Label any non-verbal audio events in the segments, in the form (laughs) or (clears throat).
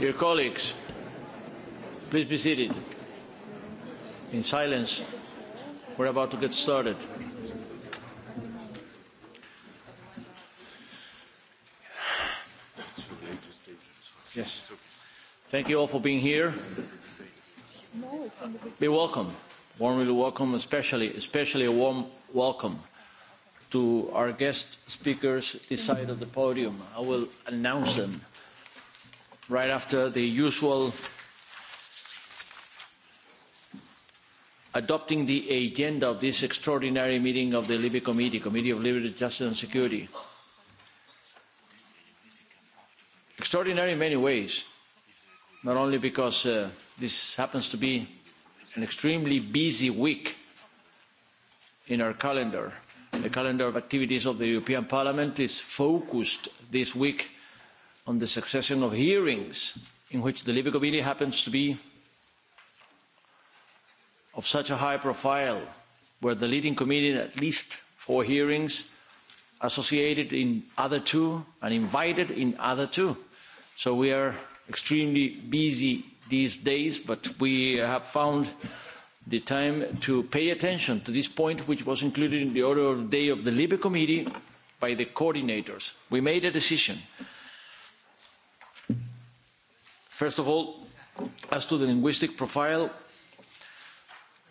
Dear colleagues, please be seated in silence. We're about to get started. Yes. Thank you all for being here. Be welcome, warmly welcome, especially, especially a warm welcome to our guest speakers this side of the podium. I will announce them right after the usual adopting the agenda of this extraordinary meeting of the Libe Committee, Committee of Liberty, Justice and Security. Extraordinary in many ways, not only because uh, this happens to be an extremely busy week in our calendar. The calendar of activities of the European Parliament is focused this week on the succession of hearings in which the Libe Committee happens to be of such a high profile, where the leading committee in at least four hearings, associated in other two, and invited in other two. So we are extremely busy these days, but we have found the time to pay attention to this point, which was included in the order of the day of the Libe Committee by the coordinators. We made a decision. Uh, First of all, as to the linguistic profile,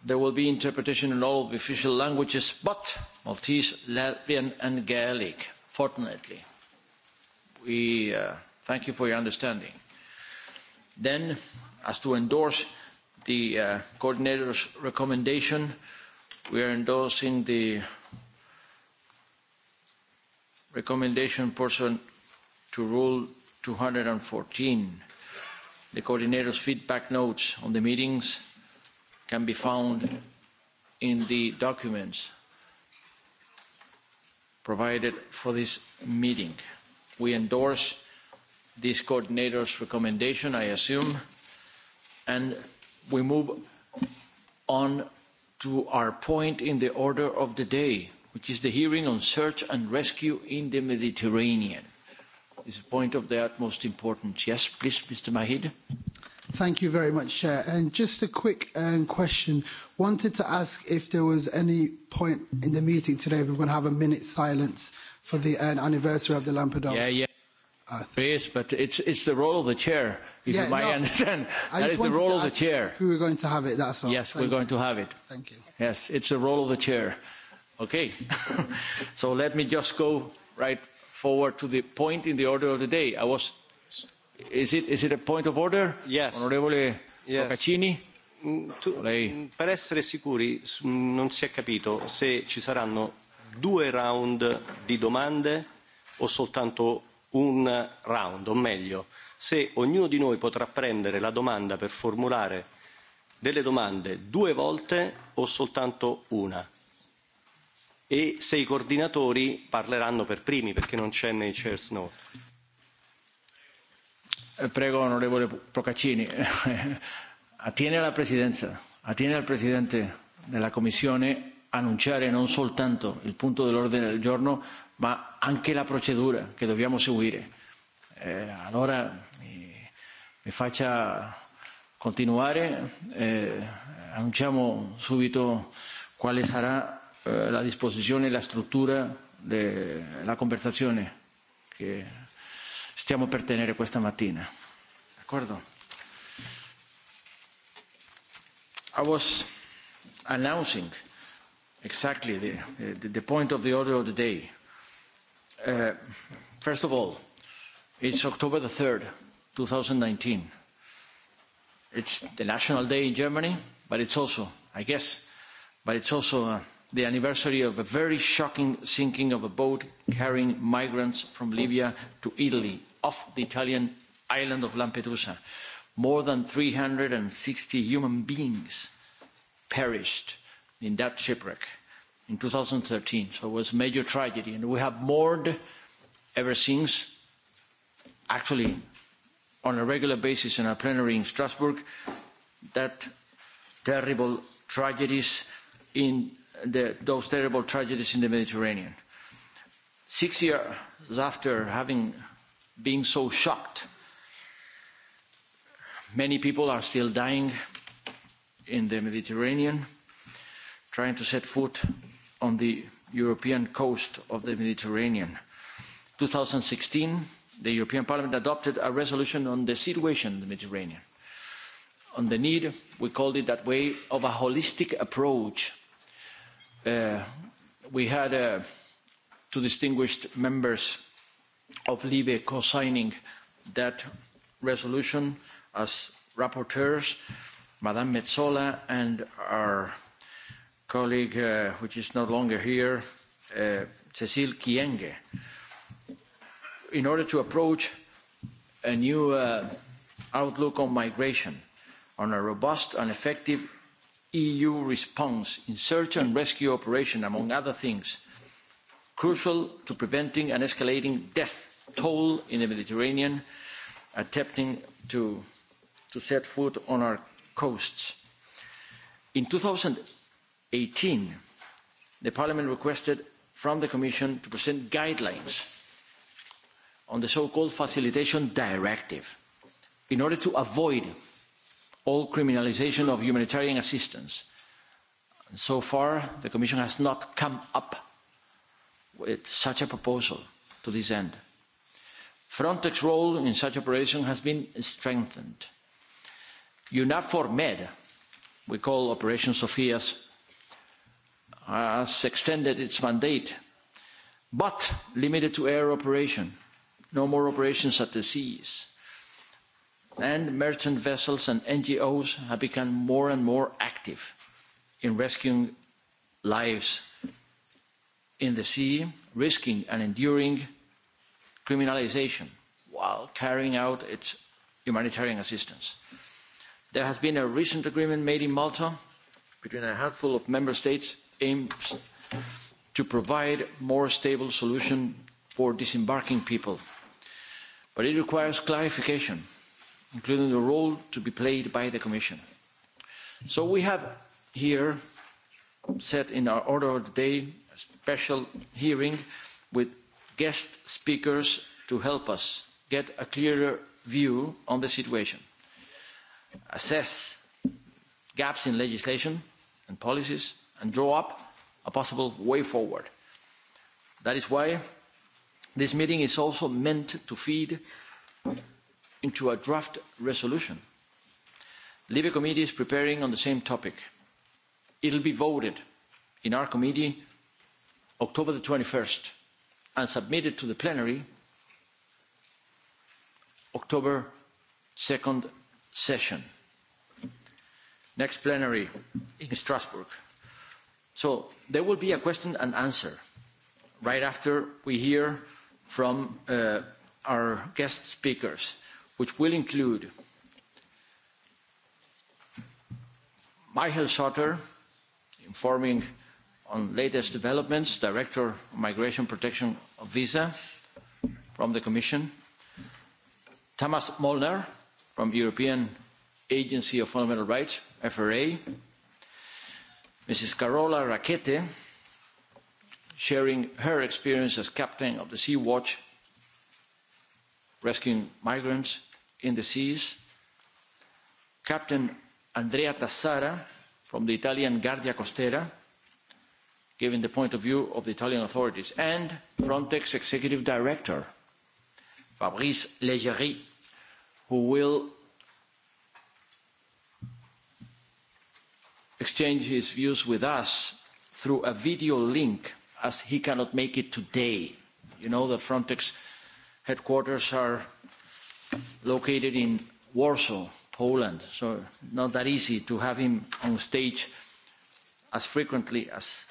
there will be interpretation in all of the official languages but Maltese, Latvian and Gaelic, fortunately. We uh, thank you for your understanding. Then, as to endorse the uh, coordinator's recommendation, we are endorsing the recommendation person to rule 214 The coordinators' feedback notes on the meetings can be found in the documents provided for this meeting. We endorse this coordinator's recommendation, I assume, and we move on to our point in the order of the day, which is the hearing on search and rescue in the Mediterranean is a point of the utmost importance. Yes, please, Mr. Mahid. Thank you very much, Chair. And just a quick um, question. Wanted to ask if there was any point in the meeting today we we're going to have a minute silence for the uh, anniversary of the Lampedusa. Yeah, yeah. Uh, yes, but it's it's the role of the chair, if yeah, you might no, understand. I that is the role of the chair. If we were going to have it, that's all. Yes, Thank we're you. going to have it. Thank you. Yes, it's the role of the chair. Okay. (laughs) so let me just go right forward to the point in the order of the day. I was. Is it, is it a point of order? Yes. Onorevole yes. Procaccini? Mm, tu, Lei. Mm, per essere sicuri, mm, non si è capito se ci saranno due round di domande o soltanto un round, o meglio, se ognuno di noi potrà prendere la domanda per formulare delle domande due volte o soltanto una e se i coordinatori parleranno per primi perché non c'è nei chair's note. Eh, prego, onorevole Procaccini. Attiene (laughs) alla presidenza, attiene al presidente della Commissione annunciare non soltanto il punto dell'ordine del giorno, ma anche la procedura che dobbiamo seguire. Eh, allora mi, mi faccia continuare, eh, annunciamo subito quale sarà eh, la disposizione e la struttura della conversazione che stiamo per tenere questa mattina. D'accordo? I was announcing exactly the, the, the point of the order of the day. Uh, first of all, it's October the 3rd, 2019. It's the National Day in Germany, but it's also, I guess, but it's also a, the anniversary of a very shocking sinking of a boat carrying migrants from Libya to Italy off the Italian island of Lampedusa. More than 360 human beings perished in that shipwreck in 2013. So it was a major tragedy. And we have mourned ever since, actually on a regular basis in our plenary in Strasbourg, that terrible tragedies in the, those terrible tragedies in the Mediterranean. Six years after having been so shocked, many people are still dying in the Mediterranean, trying to set foot on the European coast of the Mediterranean. 2016, the European Parliament adopted a resolution on the situation in the Mediterranean, on the need, we called it that way, of a holistic approach uh, we had uh, two distinguished members of Libe co-signing that resolution as rapporteurs, Madame Metzola and our colleague, uh, which is no longer here, uh, Cecile Kienge, in order to approach a new uh, outlook on migration on a robust and effective EU response in search and rescue operation, among other things, crucial to preventing an escalating death toll in the Mediterranean, attempting to, to set foot on our coasts. In 2018, the Parliament requested from the Commission to present guidelines on the so-called Facilitation Directive in order to avoid all criminalisation of humanitarian assistance. And so far, the Commission has not come up with such a proposal to this end. Frontex's role in such operations has been strengthened. UNAFOR Med, we call Operation Sophia's, has extended its mandate, but limited to air operation. No more operations at the seas and merchant vessels and ngos have become more and more active in rescuing lives in the sea risking and enduring criminalisation while carrying out its humanitarian assistance. there has been a recent agreement made in malta between a handful of member states aimed to provide a more stable solution for disembarking people but it requires clarification including the role to be played by the Commission. So we have here set in our order of the day a special hearing with guest speakers to help us get a clearer view on the situation, assess gaps in legislation and policies, and draw up a possible way forward. That is why this meeting is also meant to feed into a draft resolution. Libe committee is preparing on the same topic. It'll be voted in our committee October the 21st and submitted to the plenary October 2nd session. Next plenary in Strasbourg. So there will be a question and answer right after we hear from uh, our guest speakers which will include Michael Sutter, informing on latest developments, Director of Migration Protection of Visa from the Commission, Thomas Molnar from European Agency of Fundamental Rights, FRA, Mrs. Carola Rackete, sharing her experience as captain of the Sea Watch, rescuing migrants in the seas, Captain Andrea Tassara from the Italian Guardia Costera, giving the point of view of the Italian authorities, and Frontex Executive Director Fabrice Leggeri, who will exchange his views with us through a video link as he cannot make it today. You know, the Frontex headquarters are located in Warsaw, Poland, so not that easy to have him on stage as frequently as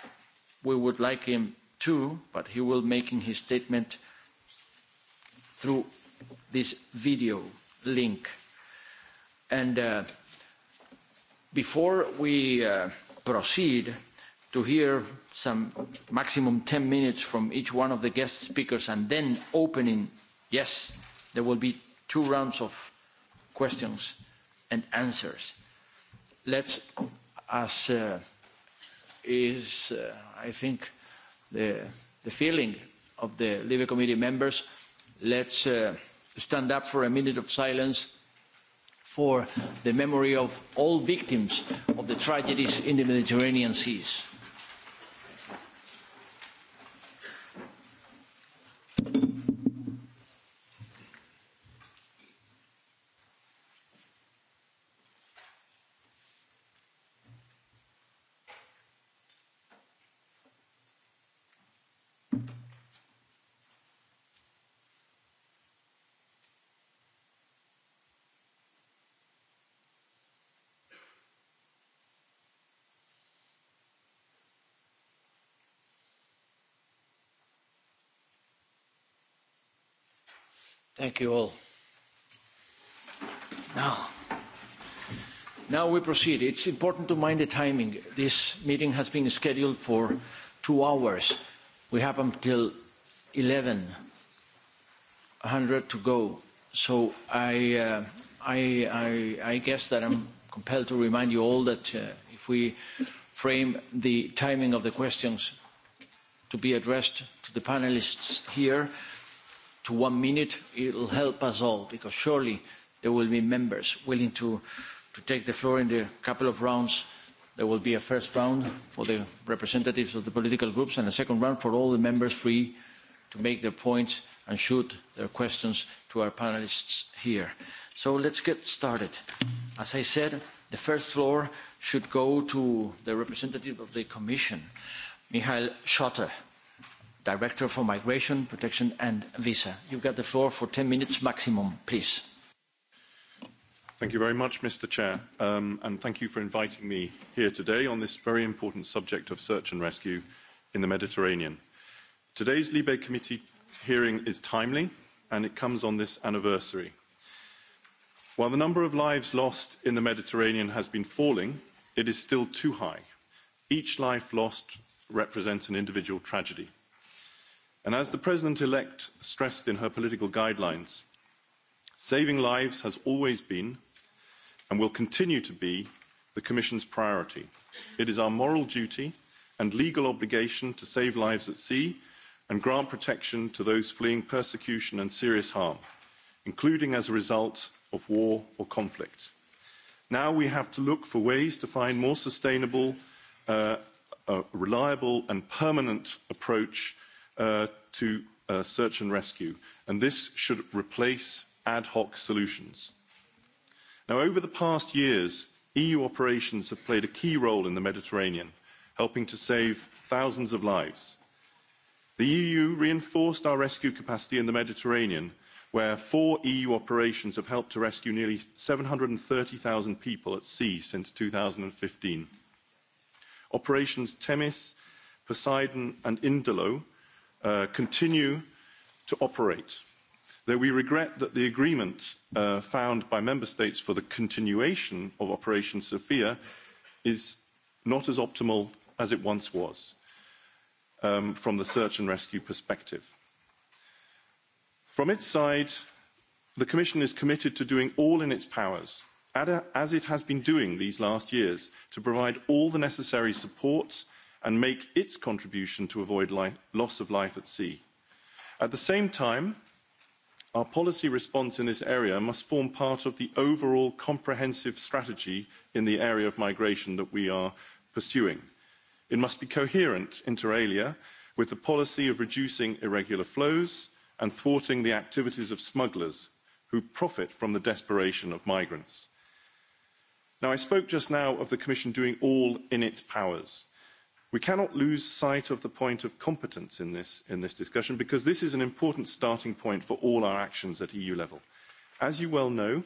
we would like him to, but he will making his statement through this video link. And uh, before we uh, proceed to hear some maximum 10 minutes from each one of the guest speakers and then opening, yes, there will be two rounds of questions and answers. Let's, as uh, is, uh, I think, the, the feeling of the Libe Committee members, let's uh, stand up for a minute of silence for the memory of all victims of the tragedies in the Mediterranean seas. Thank you all. Now, now we proceed. It's important to mind the timing. This meeting has been scheduled for two hours. We have until 1100 to go. So I, uh, I, I, I guess that I'm compelled to remind you all that uh, if we frame the timing of the questions to be addressed to the panelists here, uh, to one minute, it'll help us all, because surely there will be members willing to, to take the floor in the couple of rounds. There will be a first round for the representatives of the political groups and a second round for all the members free to make their points and shoot their questions to our panelists here. So let's get started. As I said, the first floor should go to the representative of the Commission, Michael Schotter. Director for Migration, Protection and Visa. You've got the floor for 10 minutes maximum, please. Thank you very much, Mr Chair, um, and thank you for inviting me here today on this very important subject of search and rescue in the Mediterranean. Today's Libe Committee hearing is timely, and it comes on this anniversary. While the number of lives lost in the Mediterranean has been falling, it is still too high. Each life lost represents an individual tragedy and as the president elect stressed in her political guidelines saving lives has always been and will continue to be the commission's priority. it is our moral duty and legal obligation to save lives at sea and grant protection to those fleeing persecution and serious harm including as a result of war or conflict. now we have to look for ways to find a more sustainable uh, reliable and permanent approach uh, to uh, search and rescue, and this should replace ad hoc solutions. Now, over the past years, EU operations have played a key role in the Mediterranean, helping to save thousands of lives. The EU reinforced our rescue capacity in the Mediterranean, where four EU operations have helped to rescue nearly 730,000 people at sea since 2015. Operations Themis, Poseidon, and Indolo uh, continue to operate. Though we regret that the agreement uh, found by member states for the continuation of Operation Sophia is not as optimal as it once was um, from the search and rescue perspective. From its side, the Commission is committed to doing all in its powers, as it has been doing these last years, to provide all the necessary support uh, and make its contribution to avoid life, loss of life at sea. At the same time, our policy response in this area must form part of the overall comprehensive strategy in the area of migration that we are pursuing. It must be coherent, inter alia, with the policy of reducing irregular flows and thwarting the activities of smugglers who profit from the desperation of migrants. Now, I spoke just now of the Commission doing all in its powers – We cannot lose sight of the point of competence in this, in this discussion because this is an important starting point for all our actions at EU level. As you well know,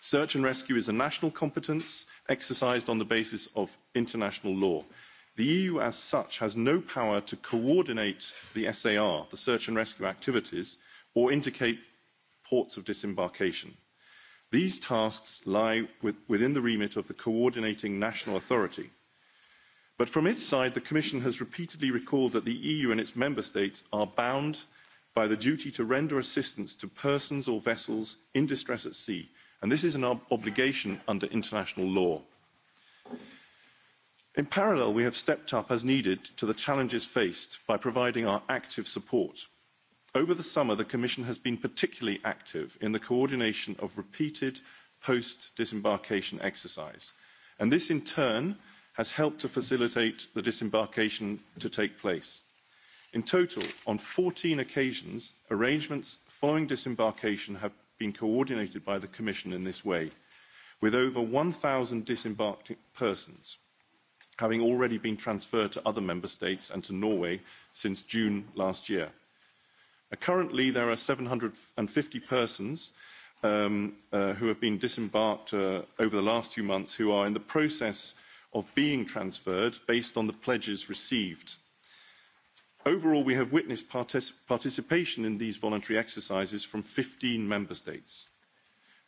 search and rescue is a national competence exercised on the basis of international law. The EU as such has no power to coordinate the SAR, the search and rescue activities, or indicate ports of disembarkation. These tasks lie with, within the remit of the coordinating national authority – but from its side the commission has repeatedly recalled that the eu and its member states are bound by the duty to render assistance to persons or vessels in distress at sea and this is an obligation under international law. in parallel we have stepped up as needed to the challenges faced by providing our active support. over the summer the commission has been particularly active in the coordination of repeated post disembarkation exercises and this in turn has helped to facilitate the disembarkation to take place. In total, on 14 occasions, arrangements following disembarkation have been coordinated by the Commission in this way, with over 1,000 disembarked persons having already been transferred to other member states and to Norway since June last year. Uh, currently, there are 750 persons um, uh, who have been disembarked uh, over the last few months who are in the process of being transferred based on the pledges received. Overall, we have witnessed partic participation in these voluntary exercises from 15 member states.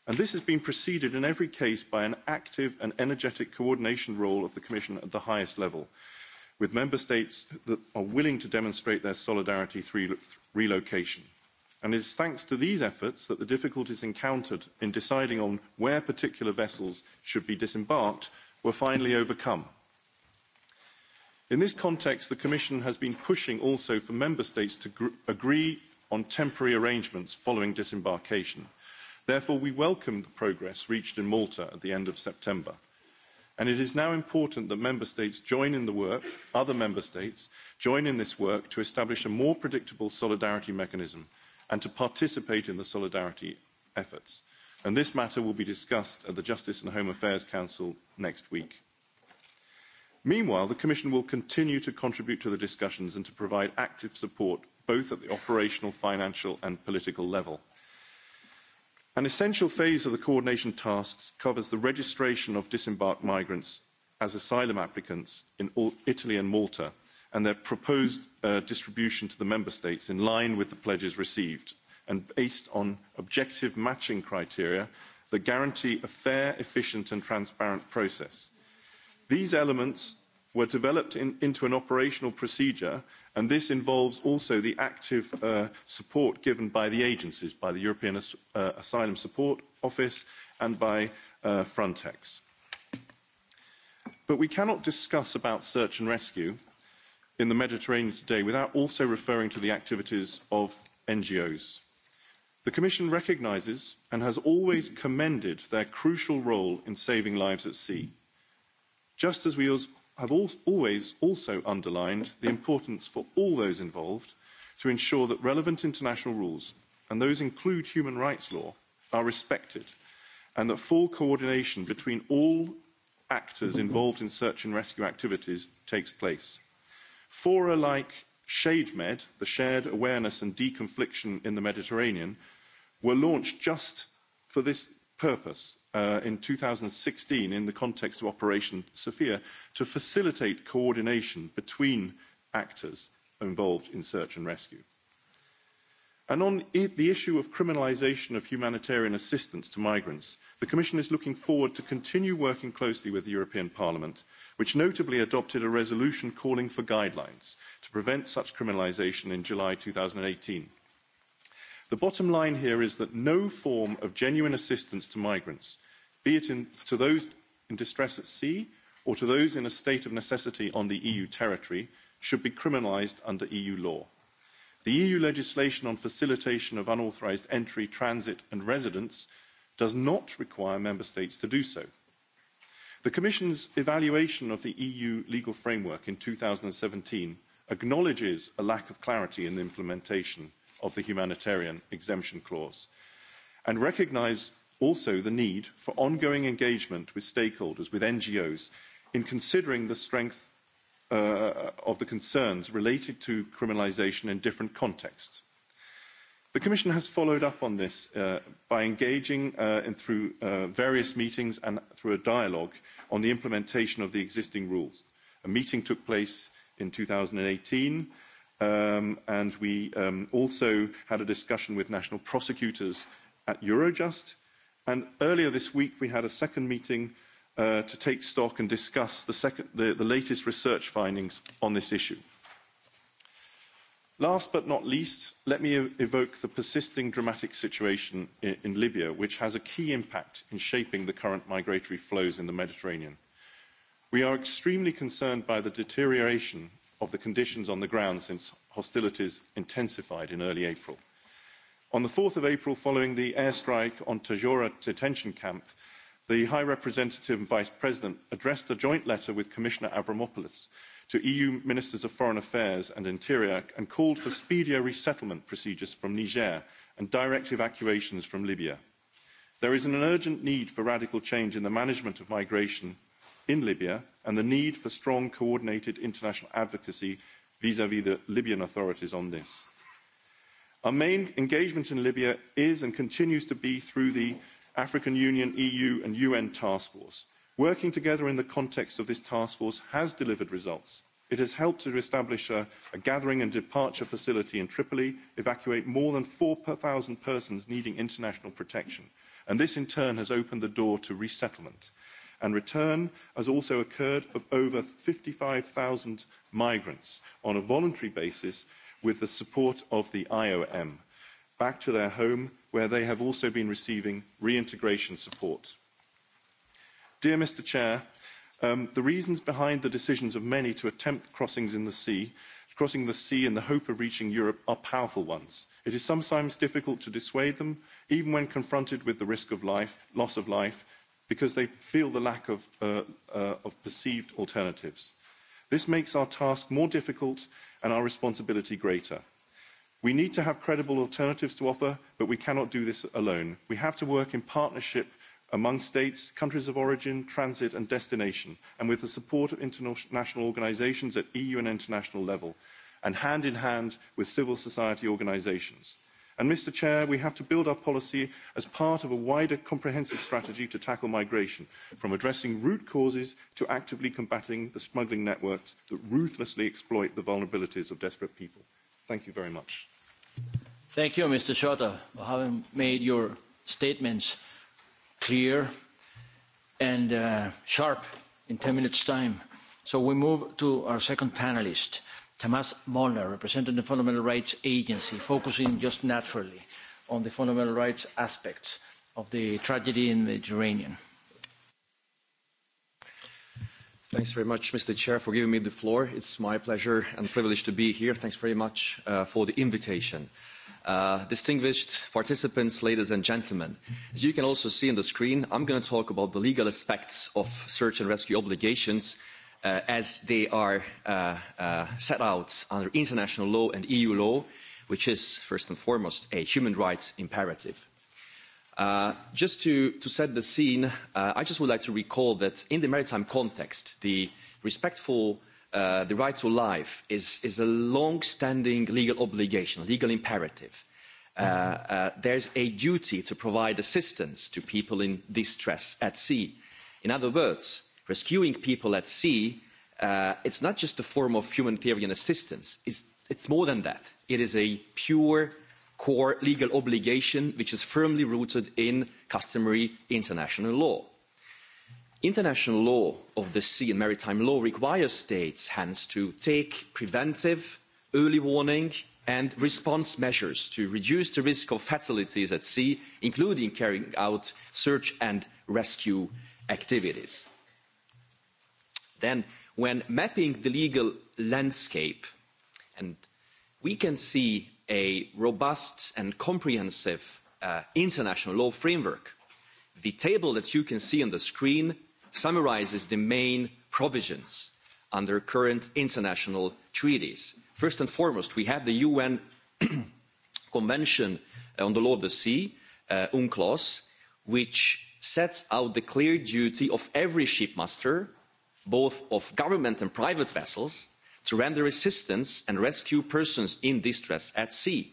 And this has been preceded in every case by an active and energetic coordination role of the Commission at the highest level, with member states that are willing to demonstrate their solidarity through relocation. And it is thanks to these efforts that the difficulties encountered in deciding on where particular vessels should be disembarked were finally overcome. In this context, the Commission has been pushing also for Member States to gr- agree on temporary arrangements following disembarkation. Therefore, we welcome the progress reached in Malta at the end of September. And it is now important that Member States join in the work, other Member States join in this work to establish a more predictable solidarity mechanism and to participate in the solidarity efforts and this matter will be discussed at the Justice and Home Affairs Council next week. Meanwhile, the Commission will continue to contribute to the discussions and to provide active support both at the operational, financial and political level. An essential phase of the coordination tasks covers the registration of disembarked migrants as asylum applicants in Italy and Malta and their proposed uh, distribution to the member states in line with the pledges received and based on objective matching criteria that guarantee a fair, efficient and transparent process. These elements were developed in, into an operational procedure, and this involves also the active uh, support given by the agencies, by the European As uh, Asylum Support Office and by uh, Frontex. But we cannot discuss about search and rescue in the Mediterranean today without also referring to the activities of NGOs the commission recognises and has always commended their crucial role in saving lives at sea just as we have always also underlined the importance for all those involved to ensure that relevant international rules and those include human rights law are respected and that full coordination between all actors involved in search and rescue activities takes place. fora like shademed the shared awareness and deconfliction in the mediterranean were launched just for this purpose uh, in 2016 in the context of Operation Sophia to facilitate coordination between actors involved in search and rescue. And on it, the issue of criminalisation of humanitarian assistance to migrants, the Commission is looking forward to continue working closely with the European Parliament, which notably adopted a resolution calling for guidelines to prevent such criminalisation in July 2018 the bottom line here is that no form of genuine assistance to migrants be it in, to those in distress at sea or to those in a state of necessity on the eu territory should be criminalised under eu law. the eu legislation on facilitation of unauthorised entry transit and residence does not require member states to do so. the commission's evaluation of the eu legal framework in two thousand and seventeen acknowledges a lack of clarity in implementation of the humanitarian exemption clause and recognise also the need for ongoing engagement with stakeholders, with NGOs, in considering the strength uh, of the concerns related to criminalisation in different contexts. The Commission has followed up on this uh, by engaging uh, in, through uh, various meetings and through a dialogue on the implementation of the existing rules. A meeting took place in 2018 Um, and we um, also had a discussion with national prosecutors at Eurojust. And earlier this week, we had a second meeting uh, to take stock and discuss the, second, the, the latest research findings on this issue. Last but not least, let me evoke the persisting dramatic situation in, in Libya, which has a key impact in shaping the current migratory flows in the Mediterranean. We are extremely concerned by the deterioration of the conditions on the ground since hostilities intensified in early April. On 4 April, following the airstrike on Tajora detention camp, the High Representative and Vice President addressed a joint letter with Commissioner Avramopoulos to EU Ministers of Foreign Affairs and Interior and called for speedier resettlement procedures from Niger and direct evacuations from Libya. There is an urgent need for radical change in the management of migration in Libya and the need for strong coordinated international advocacy vis vis the Libyan authorities on this. Our main engagement in Libya is and continues to be through the African Union, EU, and UN task force. Working together in the context of this task force has delivered results. It has helped to establish a, a gathering and departure facility in Tripoli, evacuate more than 4,000 persons needing international protection, and this in turn has opened the door to resettlement and return has also occurred of over 55,000 migrants on a voluntary basis with the support of the IOM back to their home where they have also been receiving reintegration support. Dear Mr Chair, um, the reasons behind the decisions of many to attempt crossings in the sea crossing the sea in the hope of reaching Europe are powerful ones. It is sometimes difficult to dissuade them, even when confronted with the risk of life, loss of life, because they feel the lack of, uh, uh, of perceived alternatives. This makes our task more difficult and our responsibility greater. We need to have credible alternatives to offer, but we cannot do this alone. We have to work in partnership among states, countries of origin, transit and destination, and with the support of international organisations at EU and international level, and hand in hand with civil society organisations and mr president we have to build our policy as part of a wider comprehensive strategy to tackle migration from addressing root causes to actively combating the smuggling networks that ruthlessly exploit the vulnerabilities of desperate people. thank you very much. thank you mr schroedter for having made your statements clear and uh, sharp in ten minutes' time. so we move to our second panelist. Tamás Molnar, representing the Fundamental Rights Agency, focusing just naturally on the fundamental rights aspects of the tragedy in the Mediterranean. Thanks very much, Mr. Chair, for giving me the floor. It's my pleasure and privilege to be here. Thanks very much uh, for the invitation. Uh, distinguished participants, ladies and gentlemen, as you can also see on the screen, I'm going to talk about the legal aspects of search and rescue obligations uh, as they are uh, uh, set out under international law and EU law, which is first and foremost a human rights imperative. Uh, just to, to set the scene, uh, I just would like to recall that in the maritime context, the respect for uh, the right to life is, is a long-standing legal obligation, a legal imperative. Uh, uh, there's a duty to provide assistance to people in distress at sea. In other words, rescuing people at sea uh, it's not just a form of humanitarian assistance. It's, it's more than that. It is a pure core legal obligation which is firmly rooted in customary international law. International law of the sea and maritime law requires states, hence, to take preventive, early warning, and response measures to reduce the risk of fatalities at sea, including carrying out search and rescue activities Then, when mapping the legal landscape, and we can see a robust and comprehensive uh, international law framework. The table that you can see on the screen summarizes the main provisions under current international treaties. First and foremost, we have the UN (clears throat) Convention on the Law of the Sea, uh, UNCLOS, which sets out the clear duty of every shipmaster both of government and private vessels to render assistance and rescue persons in distress at sea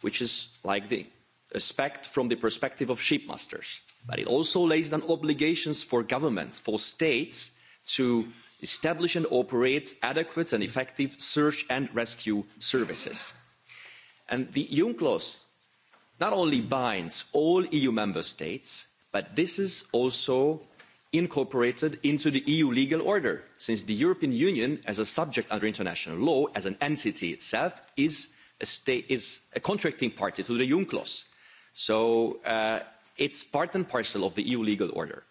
which is like the aspect from the perspective of shipmasters but it also lays down obligations for governments for states to establish and operate adequate and effective search and rescue services. And the unclos not only binds all eu member states but this is also incorporated into the eu legal order since the european union as a subject under international law as an entity itself is a, state, is a contracting party to the june clause so uh, it's part and parcel of the eu legal order.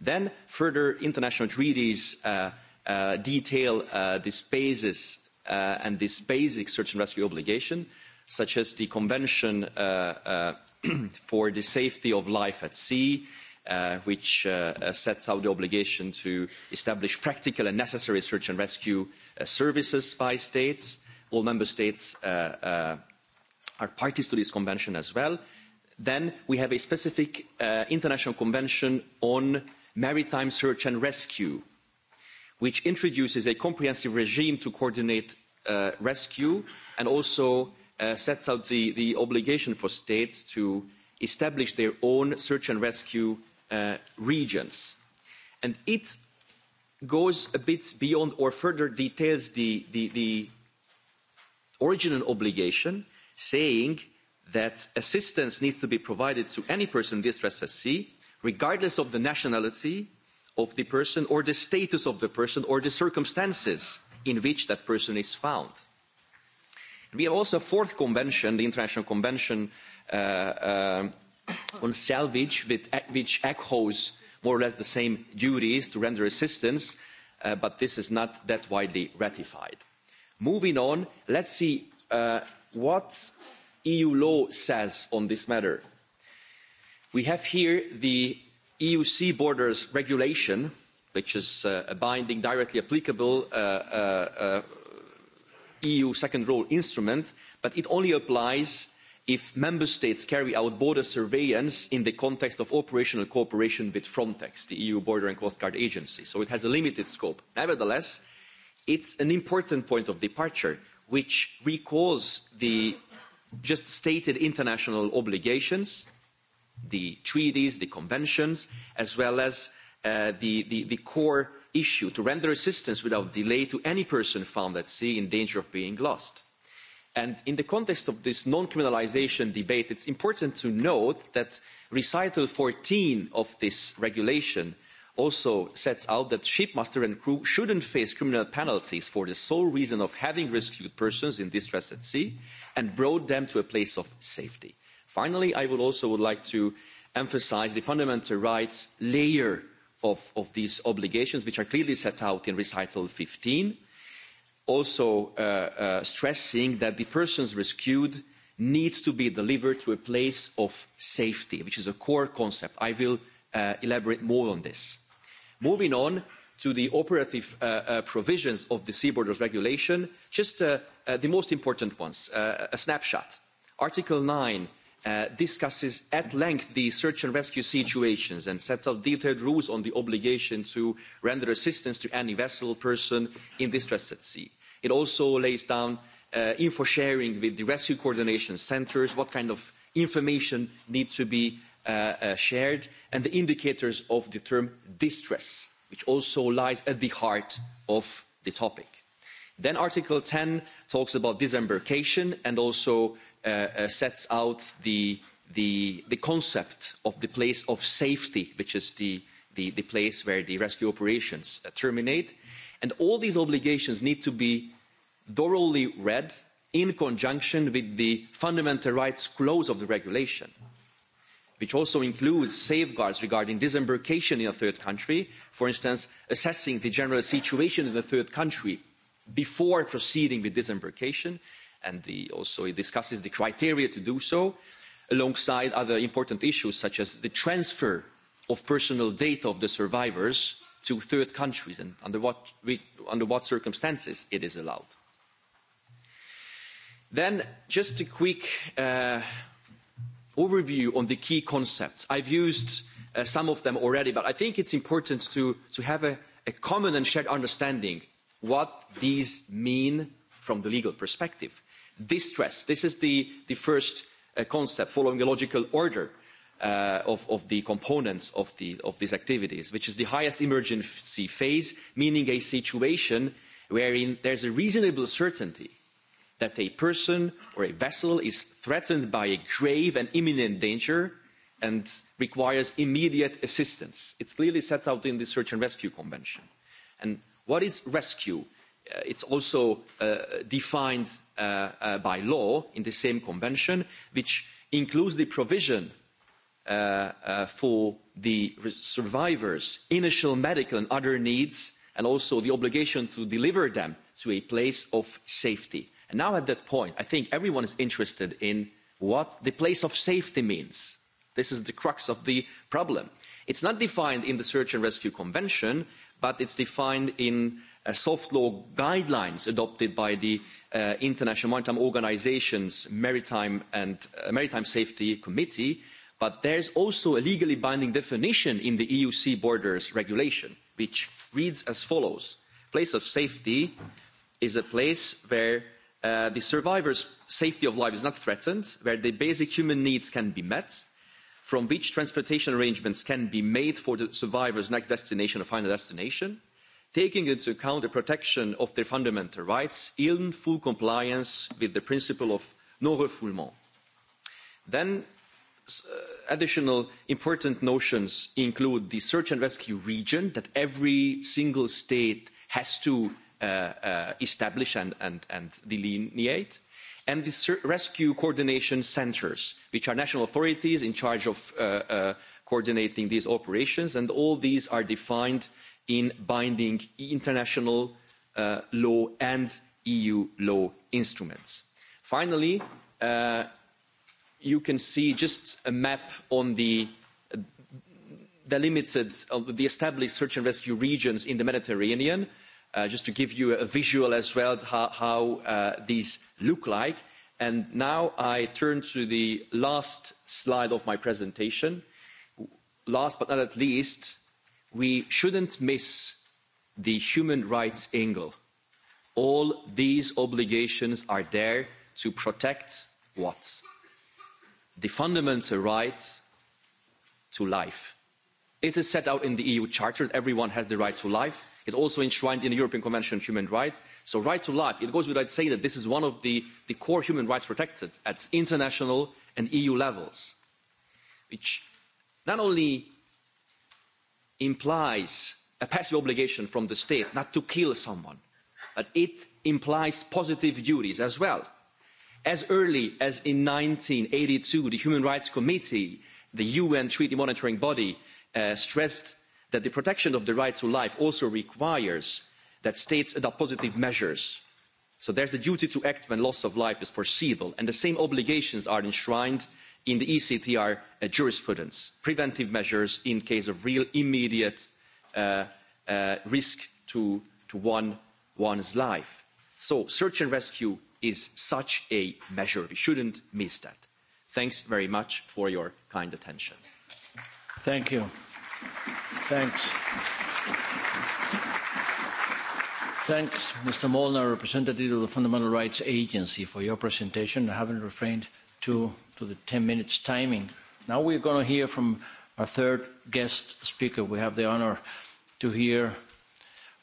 then further international treaties uh, uh, detail uh, the spaces uh, and this basic search and rescue obligation, such as the Convention uh, uh, (clears throat) for the Safety of Life at Sea, uh, uh, which uh, uh, sets out the obligation to establish practical and necessary search and rescue uh, services by states. All member states uh, uh, are parties to this convention as well. Then we have a specific uh, international convention on maritime search and rescue, which introduces a comprehensive regime to coordinate uh, rescue and also uh, sets out the, the obligation for states to establish their own search and rescue uh, regions. And it goes a bit beyond or further details the, the, the original obligation, saying that assistance needs to be provided to any person in distress at sea, regardless of the nationality of the person or the status of the person or the circumstances in which that person is found. We have also a fourth convention, the International Convention uh, uh, on salvage, e-, which echoes more or less the same duties to render assistance, uh, but this is not that widely ratified. Moving on, let's see uh, what EU law says on this matter. We have here the EU sea borders regulation, which is uh, a binding, directly applicable uh, uh, uh, EU second role instrument, but it only applies if member states carry out border surveillance in the context of operational cooperation with frontex the eu border and coast guard agency so it has a limited scope. nevertheless it's an important point of departure which recalls the just stated international obligations the treaties the conventions as well as uh, the, the, the core issue to render assistance without delay to any person found at sea in danger of being lost. And in the context of this non-criminalisation debate, it's important to note that recital 14 of this regulation also sets out that shipmaster and crew shouldn't face criminal penalties for the sole reason of having rescued persons in distress at sea and brought them to a place of safety. Finally, I would also would like to emphasise the fundamental rights layer of, of these obligations, which are clearly set out in recital 15 also uh, uh, stressing that the persons rescued needs to be delivered to a place of safety, which is a core concept. I will uh, elaborate more on this. Moving on to the operative uh, uh, provisions of the Sea Borders Regulation, just uh, uh, the most important ones, uh, a snapshot. Article 9 uh, discusses at length the search and rescue situations and sets out detailed rules on the obligation to render assistance to any vessel person in distress at sea It also lays down uh, info sharing with the rescue coordination centers, what kind of information needs to be uh, uh, shared, and the indicators of the term distress, which also lies at the heart of the topic. Then Article 10 talks about disembarkation and also uh, uh, sets out the, the, the concept of the place of safety, which is the, the, the place where the rescue operations uh, terminate. Mm-hmm and all these obligations need to be thoroughly read in conjunction with the fundamental rights clause of the regulation which also includes safeguards regarding disembarkation in a third country for instance assessing the general situation in the third country before proceeding with disembarkation and the, also it discusses the criteria to do so alongside other important issues such as the transfer of personal data of the survivors to third countries and under what, re, under what circumstances it is allowed. Then just a quick uh, overview on the key concepts. I've used uh, some of them already, but I think it's important to, to have a, a common and shared understanding what these mean from the legal perspective. Distress, this is the, the first uh, concept following a logical order. Uh, uh, of, of the components of, the, of these activities, which is the highest emergency phase, meaning a situation wherein there's a reasonable certainty that a person or a vessel is threatened by a grave and imminent danger and requires immediate assistance. It's clearly set out in the Search and Rescue Convention. And what is rescue? Uh, it's also uh, defined uh, uh, by law in the same convention, which includes the provision uh, uh, for the survivors' initial medical and other needs, and also the obligation to deliver them to a place of safety. And now at that point, I think everyone is interested in what the place of safety means. This is the crux of the problem. It's not defined in the Search and Rescue Convention, but it's defined in uh, soft law guidelines adopted by the uh, International Maritime Organization's Maritime and uh, Maritime Safety Committee, uh, but there is also a legally binding definition in the eu sea borders regulation which reads as follows place of safety is a place where uh, the survivor's safety of life is not threatened, where the basic human needs can be met, from which transportation arrangements can be made for the survivor's next destination or final destination, taking into account the protection of their fundamental rights in full compliance with the principle of non-refoulement. Then Uh, additional important notions include the search and rescue region that every single state has to uh, uh, establish and, and, and delineate, and the rescue coordination centres, which are national authorities in charge of uh, uh, coordinating these operations, and all these are defined in binding international uh, law and EU law instruments. Finally, uh, you can see just a map on the delimited, of uh, the established search and rescue regions in the Mediterranean, uh, just to give you a visual as well how, how uh, these look like. And now I turn to the last slide of my presentation. Last but not least, we shouldn't miss the human rights angle. All these obligations are there to protect what? the fundamental right to life. It is set out in the EU Charter that everyone has the right to life. It's also enshrined in the European Convention on Human Rights. So right to life, it goes without saying that this is one of the, the core human rights protected at international and EU levels, which not only implies a passive obligation from the state not to kill someone, but it implies positive duties as well As early as in 1982, the Human Rights Committee, the UN treaty monitoring body, uh, stressed that the protection of the right to life also requires that states adopt positive measures. So there's the duty to act when loss of life is foreseeable, and the same obligations are enshrined in the ECTR uh, jurisprudence, preventive measures in case of real immediate uh, uh, risk to, to one, one's life. So search and rescue is such a measure. We shouldn't miss that. Thanks very much for your kind attention. Thank you. Thanks. Thanks, Mr. Molnar, representative of the Fundamental Rights Agency, for your presentation. I haven't refrained to, to the 10 minutes timing. Now we're going to hear from our third guest speaker. We have the honor to hear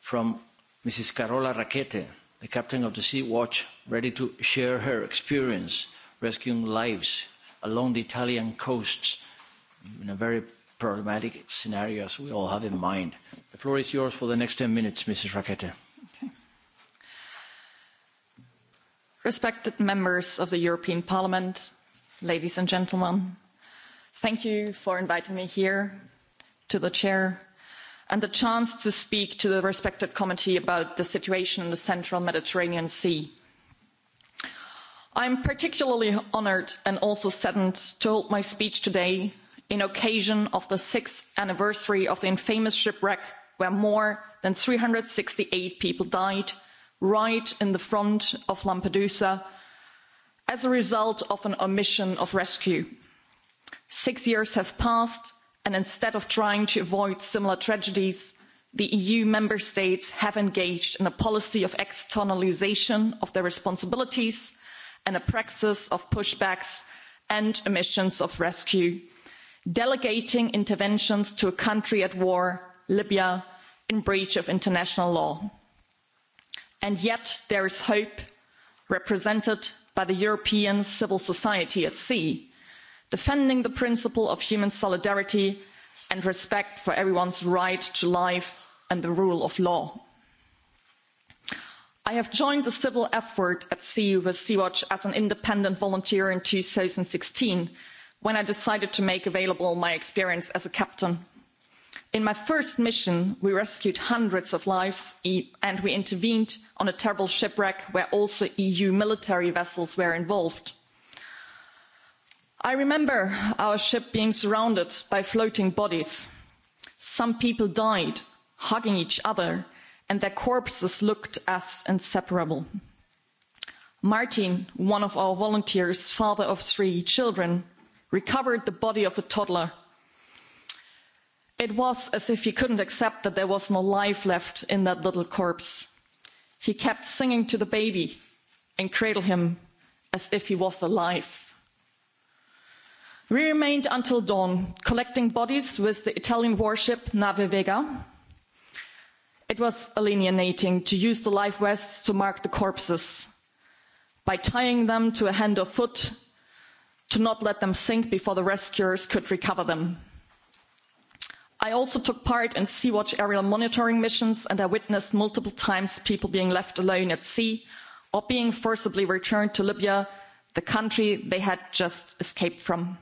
from Mrs. Carola Rackete the captain of the Sea Watch, ready to share her experience rescuing lives along the Italian coasts in a very problematic scenario as we all have in mind. The floor is yours for the next 10 minutes, Mrs. Rackete. Okay. Respected members of the European Parliament, ladies and gentlemen, thank you for inviting me here to the chair and the chance to speak to the respected committee about the situation in the central mediterranean sea. i am particularly honoured and also saddened to hold my speech today on occasion of the sixth anniversary of the infamous shipwreck where more than three hundred and sixty eight people died right in the front of lampedusa as a result of an omission of rescue. six years have passed and instead of trying to avoid similar tragedies the eu member states have engaged in a policy of externalisation of their responsibilities and a praxis of pushbacks and omissions of rescue delegating interventions to a country at war libya in breach of international law. and yet there is hope represented by the european civil society at sea defending the principle of human solidarity and respect for everyone's right to life and the rule of law. i have joined the civil effort at sea with sea watch as an independent volunteer in two thousand and sixteen when i decided to make available my experience as a captain. in my first mission we rescued hundreds of lives e, and we intervened on a terrible shipwreck where also eu military vessels were involved i remember our ship being surrounded by floating bodies. some people died hugging each other and their corpses looked as inseparable. martin one of our volunteers father of three children recovered the body of a toddler. it was as if he couldn't accept that there was no life left in that little corpse. he kept singing to the baby and cradled him as if he was alive We remained until dawn, collecting bodies with the Italian warship Nave Vega. It was alienating to use the life vests to mark the corpses by tying them to a hand or foot to not let them sink before the rescuers could recover them. I also took part in Sea Watch aerial monitoring missions and I witnessed multiple times people being left alone at sea or being forcibly returned to Libya, the country they had just escaped from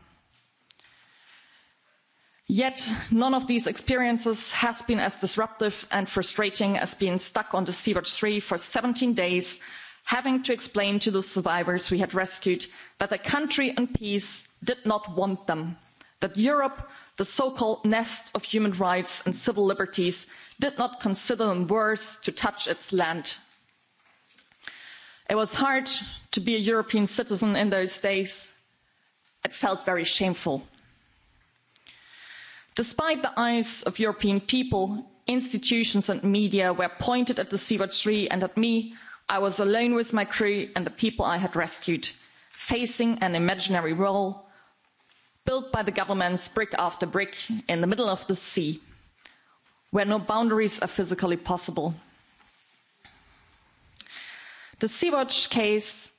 yet none of these experiences has been as disruptive and frustrating as being stuck on the sea-watch three for seventeen days having to explain to the survivors we had rescued that the country and peace did not want them that europe the so called nest of human rights and civil liberties did not consider them worth to touch its land. it was hard to be a european citizen in those days. it felt very shameful despite the eyes of european people institutions and media were pointed at the sea watch three and at me i was alone with my crew and the people i had rescued facing an imaginary wall built by the governments brick after brick in the middle of the sea where no boundaries are physically possible. The Sea-Watch case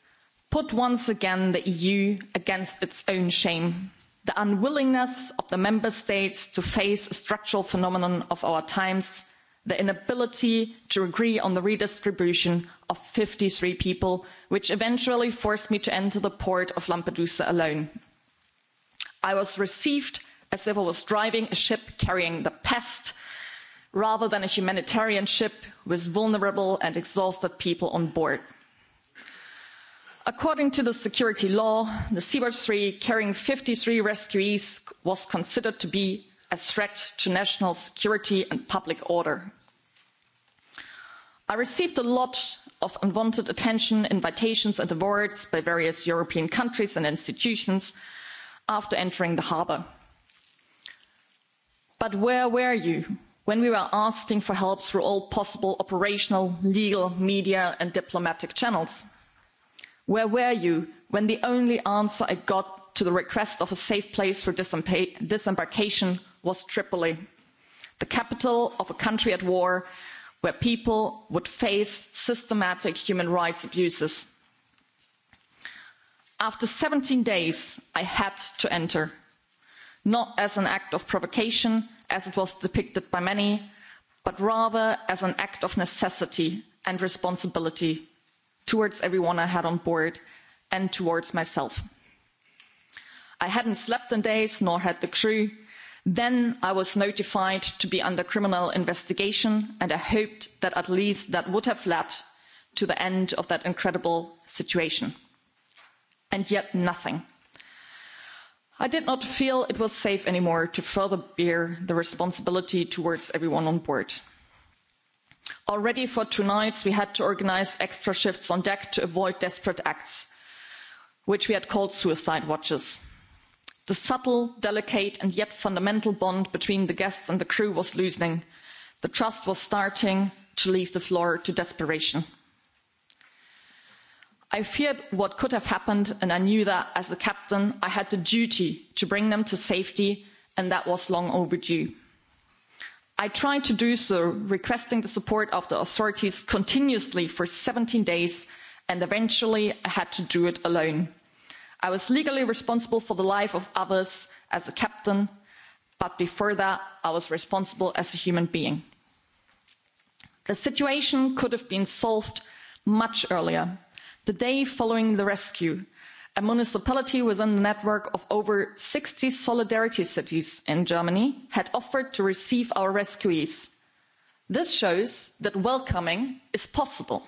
put once again the EU against its own shame the unwillingness of the member states to face a structural phenomenon of our times the inability to agree on the redistribution of fifty three people which eventually forced me to enter the port of lampedusa alone. i was received as if i was driving a ship carrying the pest rather than a humanitarian ship with vulnerable and exhausted people on board according to the security law the seabird three carrying fifty three rescuees was considered to be a threat to national security and public order. i received a lot of unwanted attention invitations and awards by various european countries and institutions after entering the harbour. but where were you when we were asking for help through all possible operational legal media and diplomatic channels? where were you when the only answer i got to the request of a safe place for disembarkation was tripoli the capital of a country at war where people would face systematic human rights abuses? after seventeen days i had to enter not as an act of provocation as it was depicted by many but rather as an act of necessity and responsibility towards everyone I had on board, and towards myself. I hadn't slept in days, nor had the crew. Then I was notified to be under criminal investigation, and I hoped that at least that would have led to the end of that incredible situation. And yet, nothing. I did not feel it was safe anymore to further bear the responsibility towards everyone on board already for two nights we had to organise extra shifts on deck to avoid desperate acts which we had called suicide watches. the subtle delicate and yet fundamental bond between the guests and the crew was loosening. the trust was starting to leave the floor to desperation. i feared what could have happened and i knew that as a captain i had the duty to bring them to safety and that was long overdue i tried to do so requesting the support of the authorities continuously for seventeen days and eventually i had to do it alone. i was legally responsible for the life of others as a captain but before that i was responsible as a human being. the situation could have been solved much earlier the day following the rescue a municipality within the network of over sixty solidarity cities in germany had offered to receive our rescuees. this shows that welcoming is possible.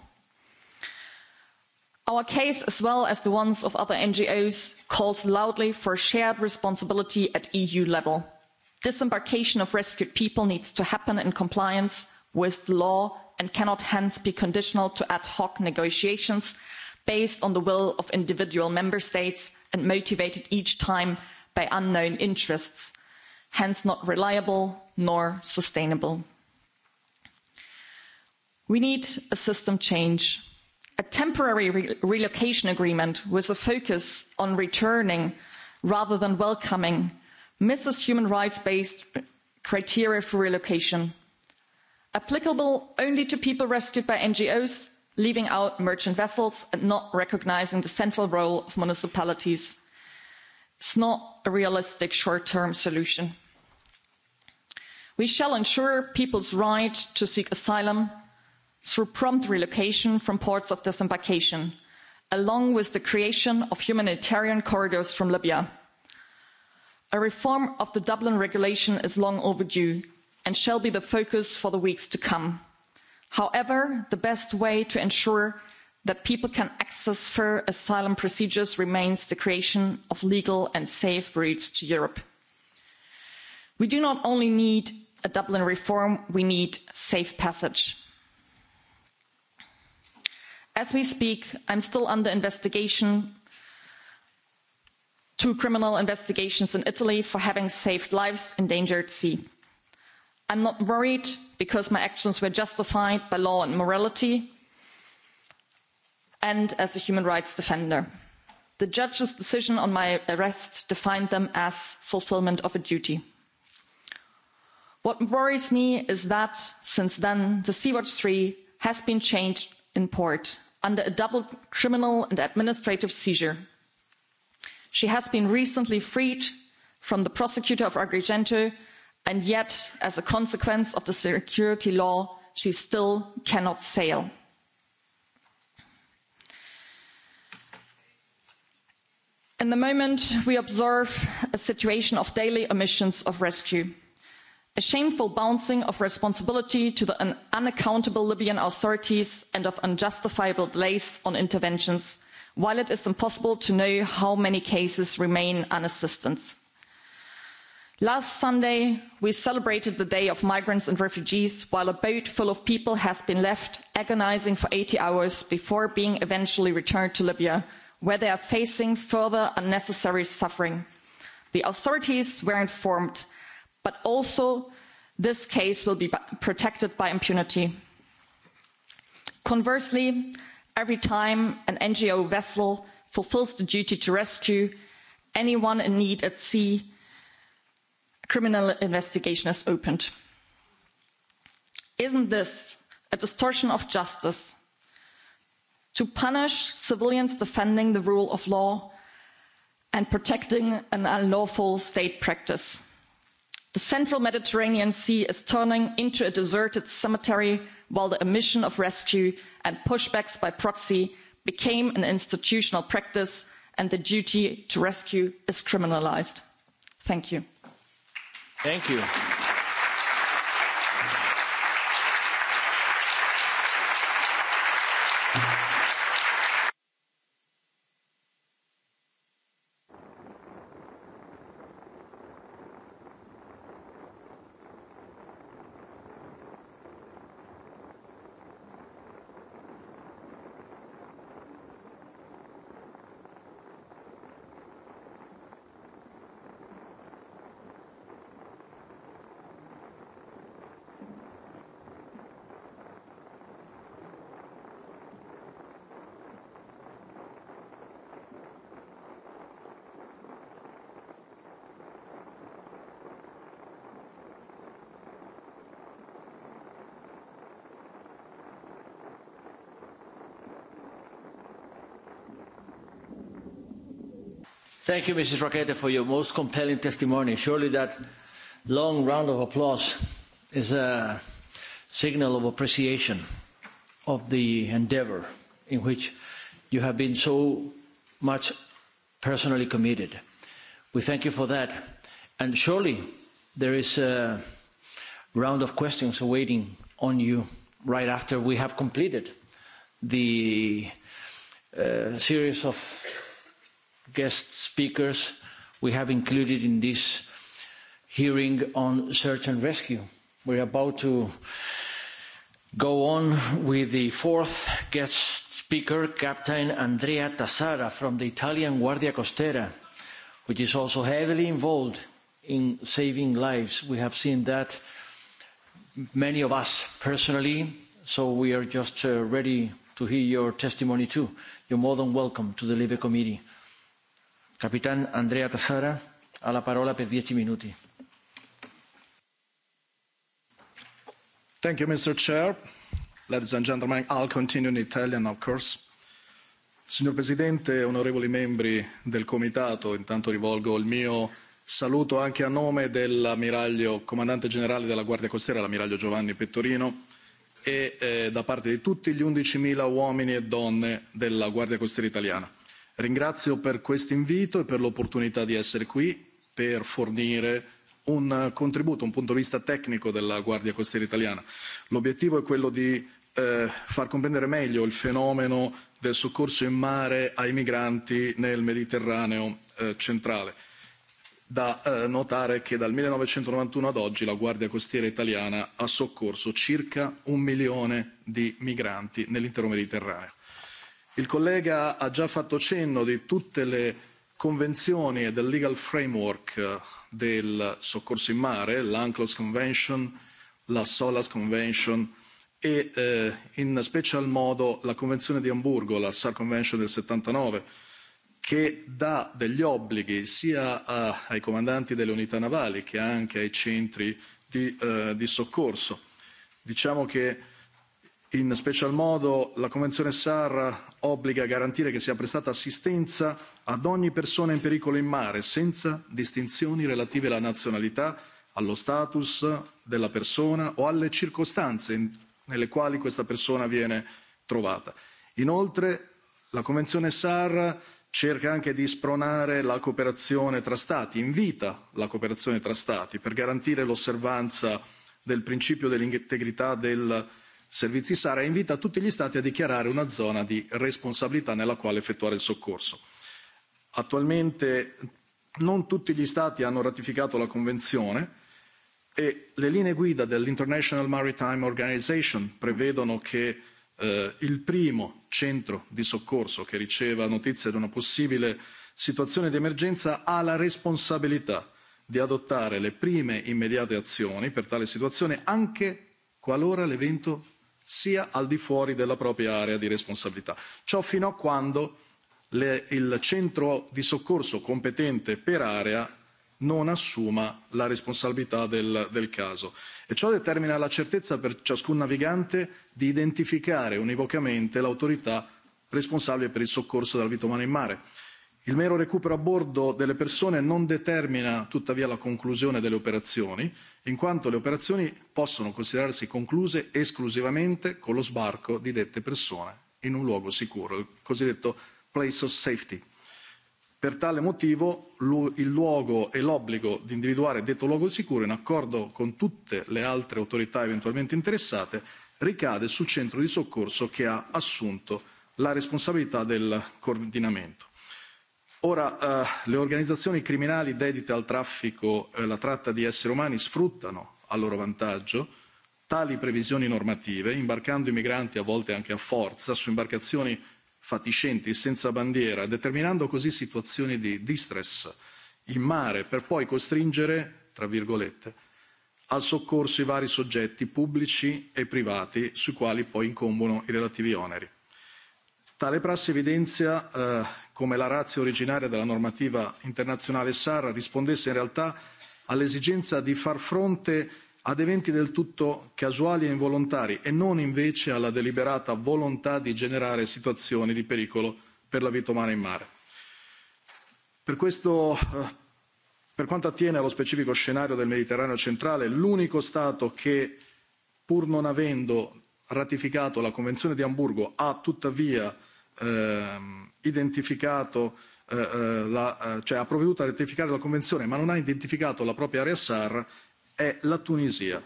our case as well as the ones of other ngos calls loudly for shared responsibility at eu level. disembarkation of rescued people needs to happen in compliance with law and cannot hence be conditional to ad hoc negotiations based on the will of individual member states and motivated each time by unknown interests hence not reliable nor sustainable. we need a system change a temporary re relocation agreement with a focus on returning rather than welcoming misses human rights based criteria for relocation applicable only to people rescued by ngos leaving out merchant vessels and not recognising the central role of municipalities is not a realistic short term solution. we shall ensure people's right to seek asylum through prompt relocation from ports of disembarkation along with the creation of humanitarian corridors from libya. a reform of the dublin regulation is long overdue and shall be the focus for the weeks to come however the best way to ensure that people can access fair asylum procedures remains the creation of legal and safe routes to europe. we do not only need a dublin reform we need safe passage. as we speak i'm still under investigation two criminal investigations in italy for having saved lives in endangered sea i'm not worried because my actions were justified by law and morality and as a human rights defender. the judge's decision on my arrest defined them as fulfilment of a duty. what worries me is that since then the sea watch three has been changed in port under a double criminal and administrative seizure. she has been recently freed from the prosecutor of agrigento and yet as a consequence of the security law she still cannot sail. in the moment we observe a situation of daily omissions of rescue a shameful bouncing of responsibility to the un- unaccountable libyan authorities and of unjustifiable delays on interventions while it is impossible to know how many cases remain unassistance last sunday we celebrated the day of migrants and refugees while a boat full of people has been left agonising for eighty hours before being eventually returned to libya where they are facing further unnecessary suffering. the authorities were informed but also this case will be protected by impunity. conversely every time an ngo vessel fulfils the duty to rescue anyone in need at sea criminal investigation is opened. Isn't this a distortion of justice? To punish civilians defending the rule of law and protecting an unlawful state practice. The central Mediterranean Sea is turning into a deserted cemetery while the omission of rescue and pushbacks by proxy became an institutional practice and the duty to rescue is criminalised. Thank you. Thank you. Thank you, Mrs. Roquette, for your most compelling testimony. Surely that long round of applause is a signal of appreciation of the endeavor in which you have been so much personally committed. We thank you for that. And surely there is a round of questions awaiting on you right after we have completed the uh, series of guest speakers we have included in this hearing on search and rescue. We're about to go on with the fourth guest speaker, Captain Andrea Tassara from the Italian Guardia Costera, which is also heavily involved in saving lives. We have seen that many of us personally, so we are just uh, ready to hear your testimony too. You're more than welcome to the Libre Committee. Capitan Andrea Tassara ha la parola per dieci minuti. Thank you, Mr. Chair. Ladies and gentlemen, I'll continue in Italian, of course. Signor Presidente, onorevoli membri del Comitato, intanto rivolgo il mio saluto anche a nome dell'ammiraglio comandante generale della Guardia Costiera, l'ammiraglio Giovanni Pettorino, e eh, da parte di tutti gli 11.000 uomini e donne della Guardia Costiera italiana ringrazio per questo invito e per l'opportunità di essere qui per fornire un contributo un punto di vista tecnico della guardia costiera italiana. l'obiettivo è quello di eh, far comprendere meglio il fenomeno del soccorso in mare ai migranti nel mediterraneo eh, centrale. da eh, notare che dal millenovecentonovantuno ad oggi la guardia costiera italiana ha soccorso circa un milione di migranti nell'intero mediterraneo il collega ha già fatto cenno di tutte le convenzioni e del legal framework eh, del soccorso in mare l'unclos convention la solas convention e eh, in special modo la convenzione di amburgo la sar convention del settantanove che dà degli obblighi sia a, ai comandanti delle unità navali che anche ai centri di, eh, di soccorso. diciamo che in special modo la convenzione sar obbliga a garantire che sia prestata assistenza ad ogni persona in pericolo in mare senza distinzioni relative alla nazionalità allo status della persona o alle circostanze nelle quali questa persona viene trovata. inoltre la convenzione sar cerca anche di spronare la cooperazione tra stati invita la cooperazione tra stati per garantire l'osservanza del principio dell'integrità del i servizi sara invitano tutti gli stati a dichiarare una zona di responsabilità nella quale effettuare il soccorso. attualmente non tutti gli stati hanno ratificato la convenzione e le linee guida dell'international maritime organization prevedono che eh, il primo centro di soccorso che riceva notizia di una possibile situazione di emergenza ha la responsabilità di adottare le prime immediate azioni per tale situazione anche qualora l'evento sia al di fuori della propria area di responsabilità ciò fino a quando le, il centro di soccorso competente per area non assuma la responsabilità del, del caso e ciò determina la certezza per ciascun navigante di identificare univocamente l'autorità responsabile per il soccorso della vita umana in mare il mero recupero a bordo delle persone non determina tuttavia la conclusione delle operazioni in quanto le operazioni possono considerarsi concluse esclusivamente con lo sbarco di dette persone in un luogo sicuro il cosiddetto place of safety. per tale motivo il luogo e l'obbligo di individuare detto luogo sicuro in accordo con tutte le altre autorità eventualmente interessate ricade sul centro di soccorso che ha assunto la responsabilità del coordinamento ora eh, le organizzazioni criminali dedite al traffico e eh, alla tratta di esseri umani sfruttano a loro vantaggio tali previsioni normative imbarcando i migranti a volte anche a forza su imbarcazioni fatiscenti senza bandiera determinando così situazioni di distress in mare per poi costringere tra virgolette al soccorso i vari soggetti pubblici e privati sui quali poi incombono i relativi oneri. tale prassi evidenzia eh, come la ratio originaria della normativa internazionale sar rispondesse in realtà all'esigenza di far fronte ad eventi del tutto casuali e involontari e non invece alla deliberata volontà di generare situazioni di pericolo per la vita umana in mare. Per questo eh, Per quanto attiene allo specifico scenario del Mediterraneo centrale, l'unico Stato che, pur non avendo ratificato la Convenzione di Amburgo, ha tuttavia ehm, identificato eh, eh la, eh, cioè ha provveduto a ratificare la Convenzione ma non ha identificato la propria area SAR è la Tunisia.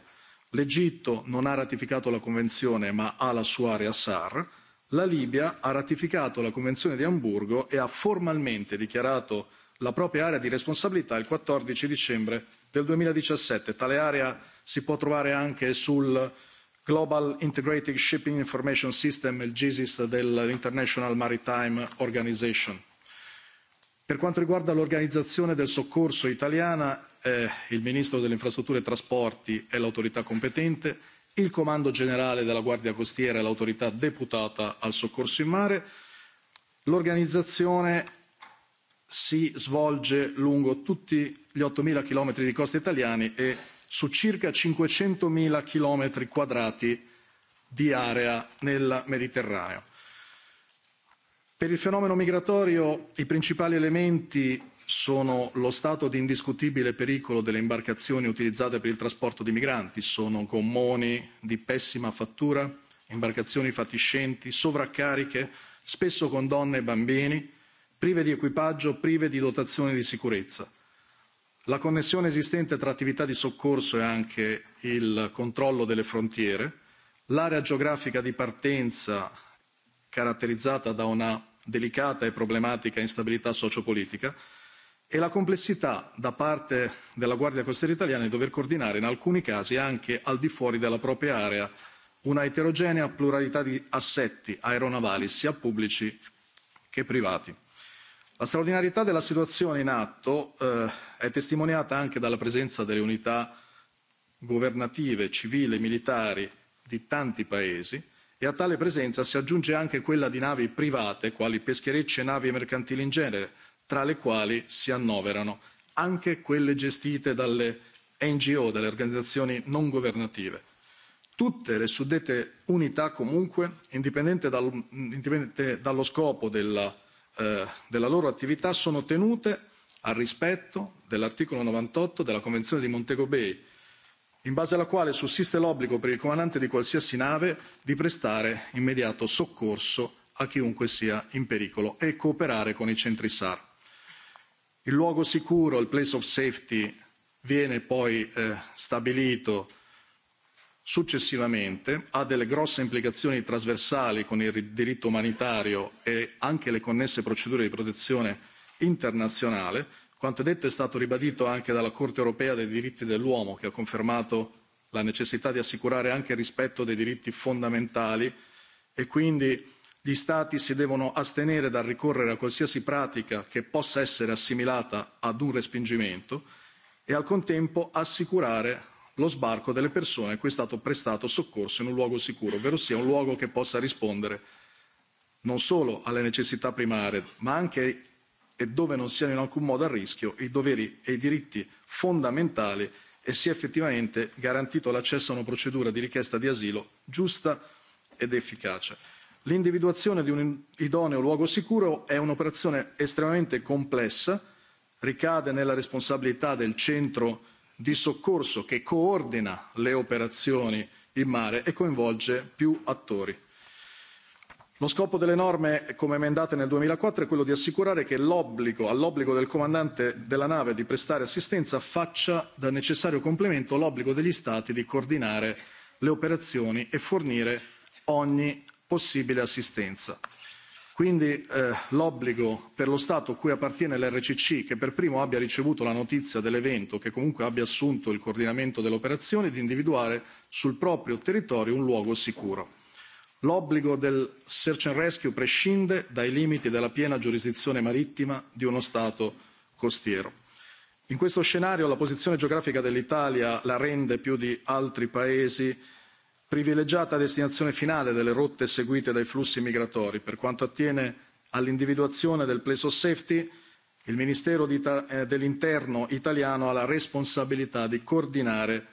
L'Egitto non ha ratificato la Convenzione ma ha la sua area SAR. La Libia ha ratificato la Convenzione di Amburgo e ha formalmente dichiarato la propria area di responsabilità il 14 dicembre del 2017. Tale area si può trovare anche sul global integrated shipping information system il gsis dell'international maritime organization. per quanto riguarda l'organizzazione del soccorso italiana eh, il ministro delle infrastrutture e trasporti è l'autorità competente il comando generale della guardia costiera è l'autorità deputata al soccorso in mare l'organizzazione si svolge lungo tutti gli otto zero chilometri di coste italiane e su circa cinquecento zero chilometri quadrati di area nel mediterraneo. per il fenomeno migratorio i principali elementi sono lo stato di indiscutibile pericolo delle imbarcazioni utilizzate per il trasporto di migranti sono gommoni di pessima fattura imbarcazioni fatiscenti sovraccariche spesso con donne e bambini prive di equipaggio prive di dotazione di sicurezza la connessione esistente tra attività di soccorso e anche il controllo delle frontiere l'area geografica di partenza caratterizzata da una delicata e problematica instabilità sociopolitica e la complessità da parte della guardia costiera italiana di dover coordinare in alcuni casi anche al di fuori della propria area una eterogenea pluralità di assetti aeronavali sia pubblici che privati la straordinarietà della situazione in atto eh, è testimoniata anche dalla presenza delle unità governative civili e militari di tanti paesi e a tale presenza si aggiunge anche quella di navi private quali pescherecci e navi mercantili in genere tra le quali si annoverano anche quelle gestite dalle ngo dalle organizzazioni non governative. tutte le suddette unità comunque indipendentemente dallo scopo della eh, della loro attività sono tenute al rispetto dell'articolo novantotto della convenzione di montego bay in base alla quale sussiste l'obbligo per il comandante di qualsiasi nave di prestare immediato soccorso a chiunque sia in pericolo e cooperare con i centri sar. il luogo sicuro il place of safety viene poi eh, stabilito successivamente ha delle grosse implicazioni trasversali con il diritto umanitario e anche le connesse procedure di protezione internazionale quanto detto è stato ribadito anche dalla corte europea dei diritti dell'uomo che ha confermato la necessità di assicurare anche il rispetto dei diritti fondamentali e quindi gli stati si devono astenere dal ricorrere a qualsiasi pratica che possa essere assimilata ad un respingimento e al contempo assicurare lo sbarco delle persone a cui è stato prestato soccorso in un luogo sicuro ovverosia un luogo che possa rispondere non solo alle necessità primarie ma anche e dove non siano in alcun modo a rischio i doveri e i diritti fondamentali e sia effettivamente garantito l'accesso a una procedura di richiesta di asilo giusta ed efficace. l'individuazione di un idoneo luogo sicuro è un'operazione estremamente complessa ricade nella responsabilità del centro di soccorso che coordina le operazioni in mare e coinvolge più attori. lo scopo delle norme come emendate nel duemilaquattro è quello di assicurare che all'obbligo del comandante della nave di prestare assistenza faccia da necessario complemento l'obbligo degli stati di coordinare le operazioni e fornire ogni possibile assistenza quindi eh, l'obbligo per lo stato cui appartiene l'RCC che per primo abbia ricevuto la notizia dell'evento che comunque abbia assunto il coordinamento dell'operazione di individuare sul proprio territorio un luogo sicuro. L'obbligo del search and rescue prescinde dai limiti della piena giurisdizione marittima di uno stato costiero. In questo scenario la posizione geografica dell'Italia la rende più di altri paesi privilegiata destinazione finale delle rotte seguite dai flussi migratori. per quanto attiene all'individuazione del place of safety il ministero eh, dell'interno italiano ha la responsabilità di coordinare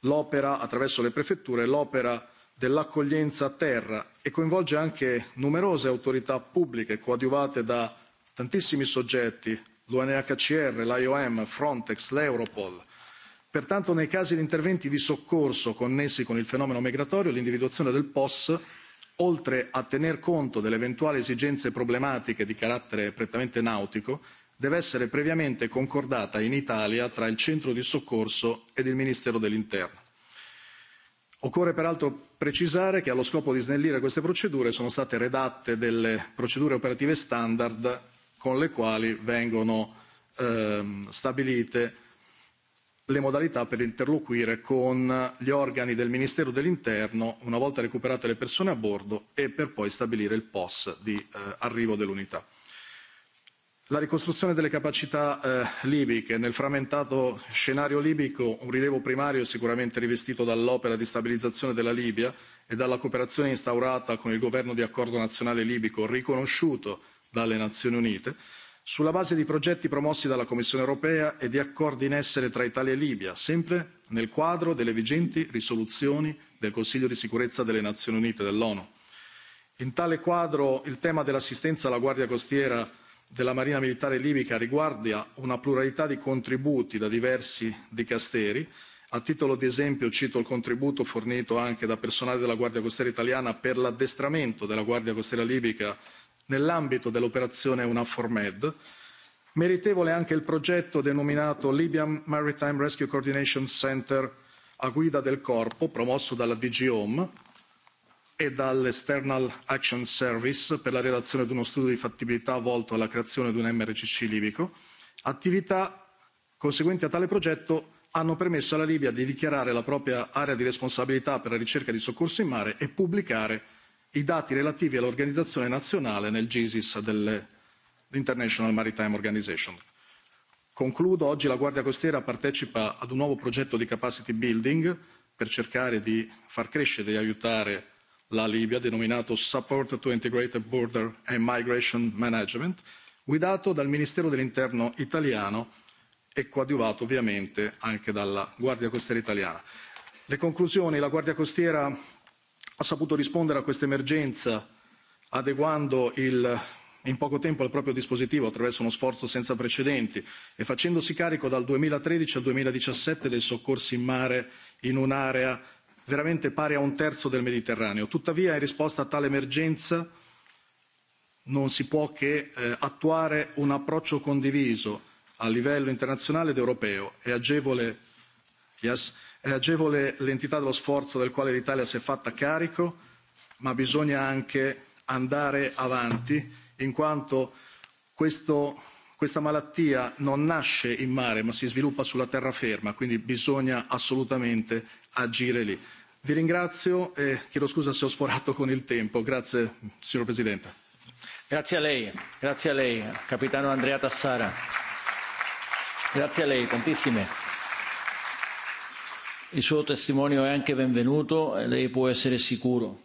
l'opera attraverso le prefetture l'opera dell'accoglienza a terra e coinvolge anche numerose autorità pubbliche coadiuvate da tantissimi soggetti l'unhcr l'iom frontex l'europol pertanto nei casi di interventi di soccorso connessi con il fenomeno migratorio l'individuazione del pos oltre a tener conto delle eventuali esigenze problematiche di carattere prettamente nautico deve essere previamente concordata in italia tra il centro di soccorso ed il ministero dell'interno. occorre peraltro precisare che allo scopo di snellire queste procedure sono state redatte delle procedure operative standard con le quali vengono ehm, stabilite le modalità per interloquire con gli organi del Ministero dell'Interno una volta recuperate le persone a bordo e per poi stabilire il POS di eh, arrivo dell'unità. La ricostruzione delle capacità eh, libiche nel frammentato scenario libico un rilievo primario è sicuramente rivestito dall'opera di stabilizzazione della Libia e dalla cooperazione instaurata con il governo di accordo nazionale libico riconosciuto dalle Nazioni Unite sulla base di progetti promossi dalla commissione europea e di accordi in essere tra italia e libia sempre nel quadro delle vigenti risoluzioni del consiglio di sicurezza delle nazioni unite dell'onu. in tale quadro il tema dell'assistenza alla guardia costiera della marina militare libica riguarda una pluralità di contributi da diversi dicasteri a titolo di esempio cito il contributo fornito anche da personale della guardia costiera italiana per l'addestramento della guardia costiera libica nell'ambito dell'operazione eunavfor med meritevole è anche il progetto denominato libyan maritime rescue coordination centre a guida del corpo promosso dalla dg home e dall'external action service per la redazione di uno studio di fattibilità volto alla creazione di un mrcc libico attività conseguenti a tale progetto hanno permesso alla libia di dichiarare la propria area di responsabilità per la ricerca di soccorso in mare e pubblicare i dati relativi all'organizzazione nazionale nel GSIS dell'International Maritime Organization. Concludo, oggi la Guardia Costiera partecipa ad un nuovo progetto di capacity building per cercare di far crescere e aiutare la Libia, denominato Support to Integrated Border and Migration Management, guidato dal Ministero dell'Interno italiano e coadiuvato ovviamente anche dalla Guardia Costiera italiana. Le conclusioni, la Guardia Costiera ha saputo rispondere a questa emergenza adeguando in poco tempo il proprio dispositivo attraverso uno sforzo senza precedenti e facendosi carico dal duemilatredici al duemiladiciassette dei soccorsi in mare in un'area veramente pari a un terzo del mediterraneo. tuttavia in risposta a tale emergenza non si può che eh, attuare un approccio condiviso a livello internazionale ed europeo e agevole yes È agevole l'entità dello sforzo del quale l'Italia si è fatta carico, ma bisogna anche andare avanti, in quanto questo, questa malattia non nasce in mare, ma si sviluppa sulla terraferma, quindi bisogna assolutamente agire lì. Vi ringrazio e chiedo scusa se ho sforato con il tempo. Grazie, signor Presidente. Grazie a lei, grazie a lei, capitano Andrea Tassara. Grazie a lei, tantissime il suo testimonio è anche benvenuto e lei può essere sicuro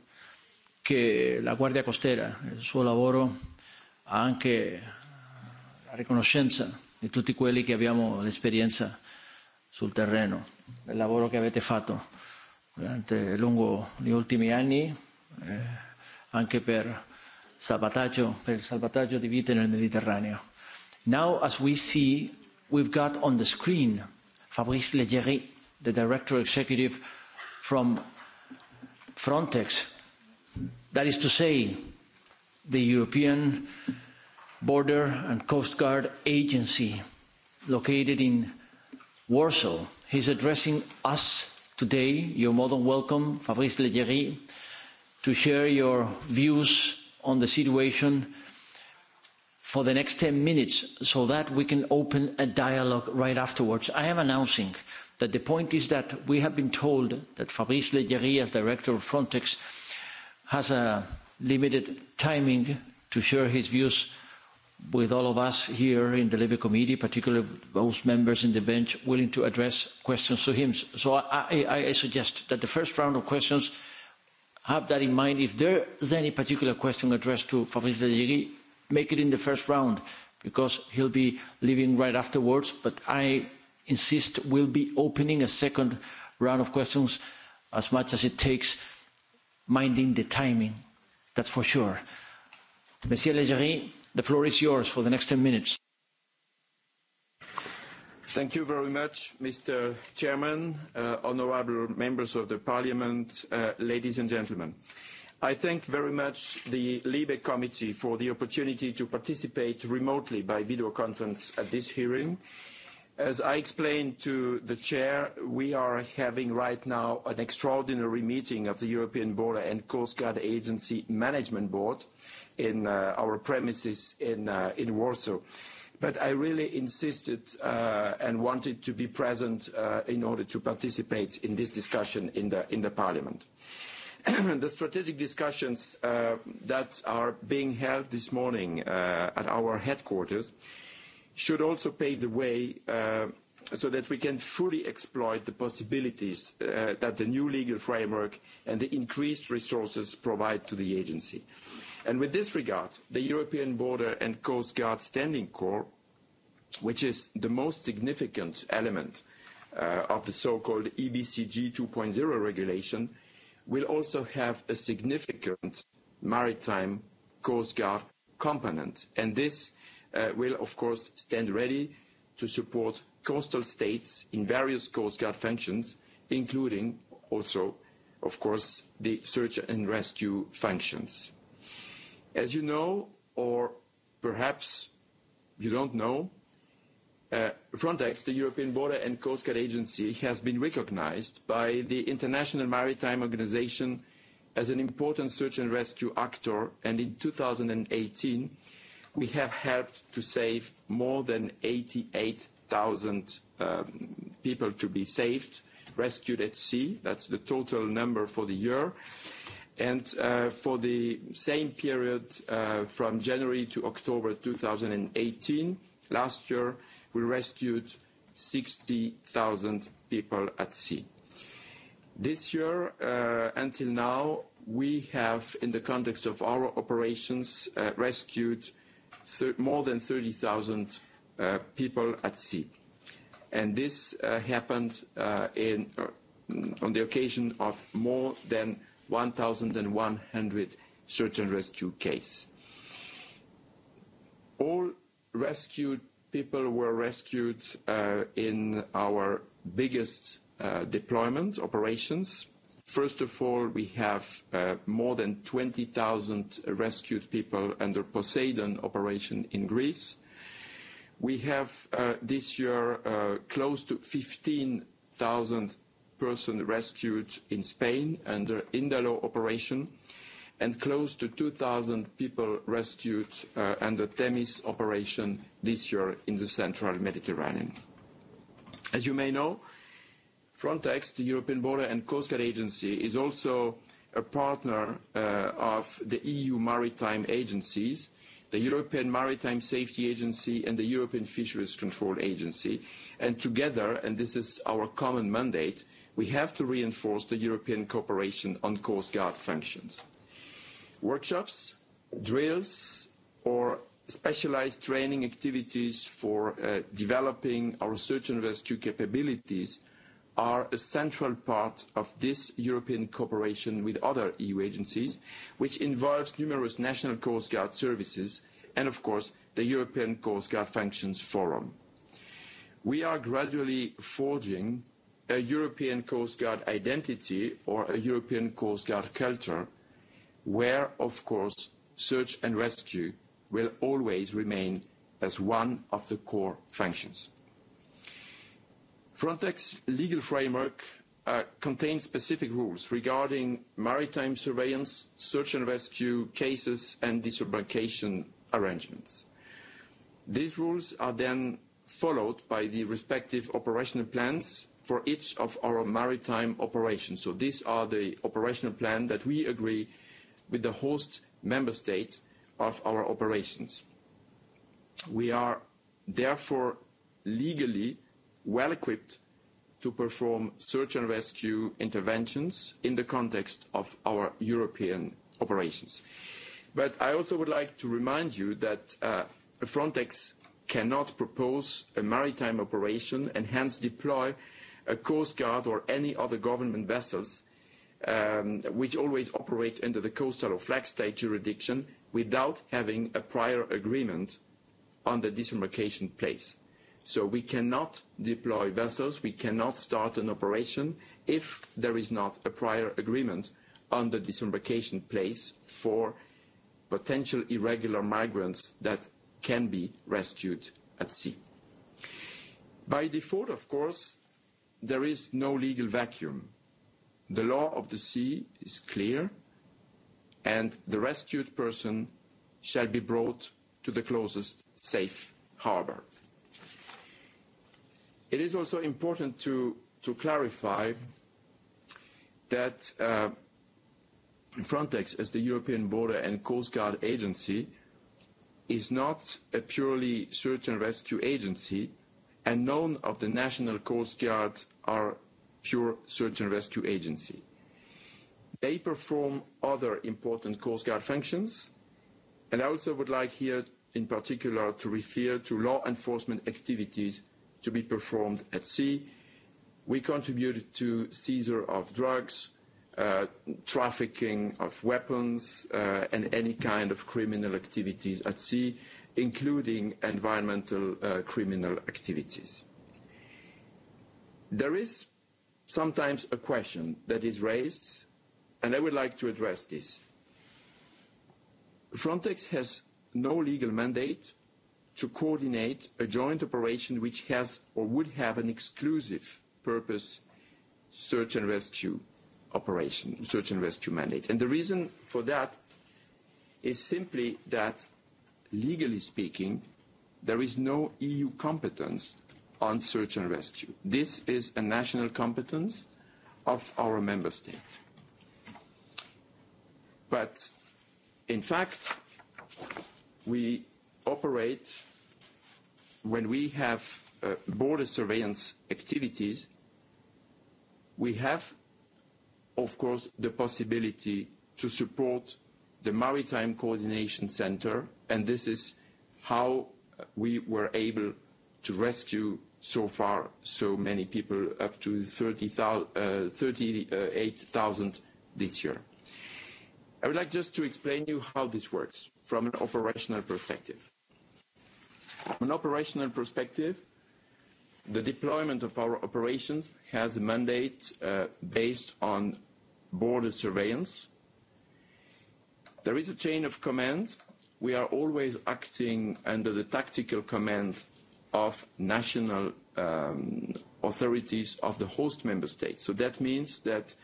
che la Guardia Costiera, il suo lavoro, ha anche la riconoscenza di tutti quelli che abbiamo l'esperienza sul terreno, del lavoro che avete fatto durante lungo gli ultimi anni, eh, anche per, salvataggio, per il salvataggio di vite nel Mediterraneo. Now, as we see, we've got on the screen Fabrice Leggeri the director executive from Frontex, that is to say, the European Border and Coast Guard Agency located in Warsaw. He's addressing us today. You're more than welcome, Fabrice Leggeri, to share your views on the situation for the next 10 minutes so that we can open a dialogue right afterwards. I am announcing uh, that the point is that we have been told that Fabrice Leggeri, as director of Frontex, has a limited timing to share his views with all of us here in the Labour Committee, particularly those members in the bench willing to address questions to him. So I, I, I suggest that the first round of questions have that in mind. If there is any particular question addressed to Fabrice Leggeri, make it in the first round because he'll be leaving right afterwards. But I insist we'll be opening a second round of questions as much as it takes, minding the timing, that's for sure. Monsieur Legeri, the floor is yours for the next 10 minutes. Thank you very much, Mr. Chairman, uh, honorable members of the parliament, uh, ladies and gentlemen. I thank very much the Libe Committee for the opportunity to participate remotely by video conference at this hearing. Uh, As I explained to the chair, we are having right now an extraordinary meeting of the European Border and Coast Guard Agency Management Board in uh, our premises in, uh, in Warsaw. But I really insisted uh, and wanted to be present uh, in order to participate in this discussion in the, in the Parliament. (clears throat) the strategic discussions uh, that are being held this morning uh, at our headquarters uh, should also pave the way uh, so that we can fully exploit the possibilities uh, that the new legal framework and the increased resources provide to the agency. And with this regard, the European Border and Coast Guard Standing Corps, which is the most significant element uh, of the so-called EBCG 2.0 regulation, will also have a significant maritime Coast Guard component. And this uh, will of course stand ready to support coastal states in various Coast Guard functions, including also, of course, the search and rescue functions. As you know, or perhaps you don't know, uh, Frontex, the European Border and Coast Guard Agency, has been recognized by the International Maritime Organization as an important search and rescue actor, and in 2018, we have helped to save more than 88,000 um, people to be saved, rescued at sea. That's the total number for the year. And uh, for the same period, uh, from January to October 2018, last year, we rescued 60,000 people at sea. This year, uh, until now, we have, in the context of our operations, uh, rescued th- more than 30,000 uh, people at sea. And this uh, happened uh, in, uh, on the occasion of more than 1,100 search and rescue cases. All rescued people were rescued uh, in our biggest uh, deployment operations, First of all, we have uh, more than 20,000 rescued people under Poseidon operation in Greece. We have uh, this year uh, close to 15,000 person rescued in Spain under Indalo operation, and close to 2,000 people rescued uh, under Themis operation this year in the central Mediterranean. As you may know, Frontex, the European Border and Coast Guard Agency, is also a partner uh, of the EU maritime agencies, the European Maritime Safety Agency and the European Fisheries Control Agency. And together, and this is our common mandate, we have to reinforce the European cooperation on Coast Guard functions. Workshops, drills, or specialized training activities for uh, developing our search and rescue capabilities – are a central part of this European cooperation with other EU agencies, which involves numerous national Coast Guard services and, of course, the European Coast Guard Functions Forum. We are gradually forging a European Coast Guard identity or a European Coast Guard culture, where, of course, search and rescue will always remain as one of the core functions. Frontex legal framework uh, contains specific rules regarding maritime surveillance, search and rescue cases, and disembarkation arrangements. These rules are then followed by the respective operational plans for each of our maritime operations. So these are the operational plan that we agree with the host member state of our operations. We are therefore legally well-equipped to perform search and rescue interventions in the context of our European operations. But I also would like to remind you that uh, Frontex cannot propose a maritime operation and hence deploy a coast guard or any other government vessels um, which always operate under the coastal or flag state jurisdiction without having a prior agreement on the disembarkation place. So we cannot deploy vessels, we cannot start an operation if there is not a prior agreement on the disembarkation place for potential irregular migrants that can be rescued at sea. By default, of course, there is no legal vacuum. The law of the sea is clear, and the rescued person shall be brought to the closest safe harbor. It is also important to, to clarify that uh, Frontex, as the European Border and Coast Guard Agency, is not a purely search and rescue agency, and none of the national coast guards are pure search and rescue agency. They perform other important coast guard functions, and I also would like here, in particular, to refer to law enforcement activities to be performed at sea. We contributed to seizure of drugs, uh, trafficking of weapons, uh, and any kind of criminal activities at sea, including environmental uh, criminal activities. There is sometimes a question that is raised, and I would like to address this. Frontex has no legal mandate to coordinate a joint operation which has or would have an exclusive purpose search and rescue operation, search and rescue mandate. And the reason for that is simply that, legally speaking, there is no EU competence on search and rescue. This is a national competence of our member state. But in fact, we operate when we have uh, border surveillance activities, we have, of course, the possibility to support the Maritime Coordination Center, and this is how uh, we were able to rescue so far so many people, up to 30, uh, 38,000 this year. I would like just to explain you how this works from an operational perspective. From an operational perspective, the deployment of our operations has a mandate uh, based on border surveillance. There is a chain of command. We are always acting under the tactical command of national um, authorities of the host member state. So that means that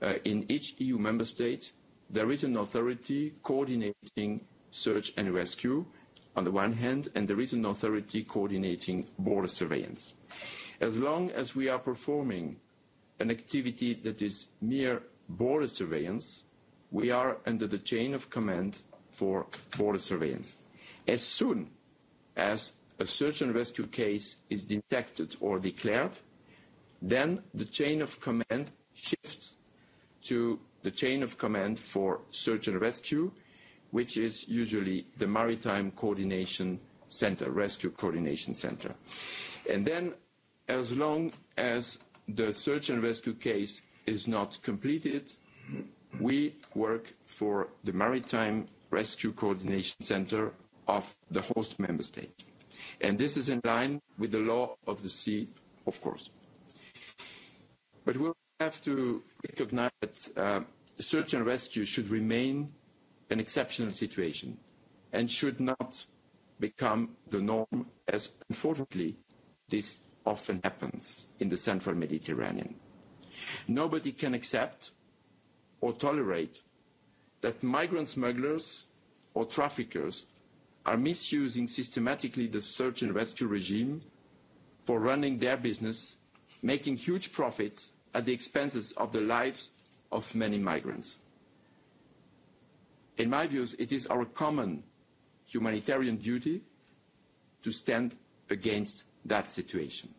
uh, in each EU member state, there is an authority coordinating search and rescue, on the one hand, and there is an authority coordinating border surveillance. As long as we are performing an activity that is mere border surveillance, we are under the chain of command for border surveillance. As soon as a search and rescue case is detected or declared, then the chain of command shifts to the chain of command for search and rescue, which is usually the Maritime Coordination Center, Rescue Coordination Center. And then, as long as the search and rescue case is not completed, we work for the Maritime Rescue Coordination Center of the host member state. And this is in line with the law of the sea, of course. But we have to recognize that uh, search and rescue should remain an exceptional situation and should not become the norm as unfortunately this often happens in the central Mediterranean. Nobody can accept or tolerate that migrant smugglers or traffickers are misusing systematically the search and rescue regime for running their business, making huge profits at the expenses of the lives of many migrants. In my views, it is our common humanitarian duty to stand against that situation.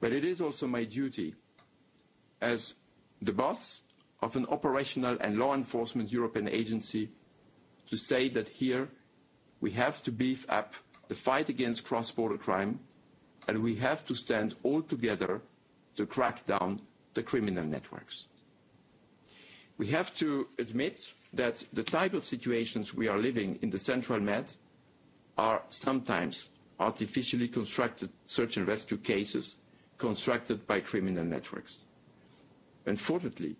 But it is also my duty as the boss of an operational and law enforcement European agency to say that here we have to beef up the fight against cross-border crime and we have to stand all together to crack down the criminal networks. We have to admit that the type of situations we are living in the Central Med are sometimes artificially constructed search and rescue cases constructed by criminal networks. Unfortunately,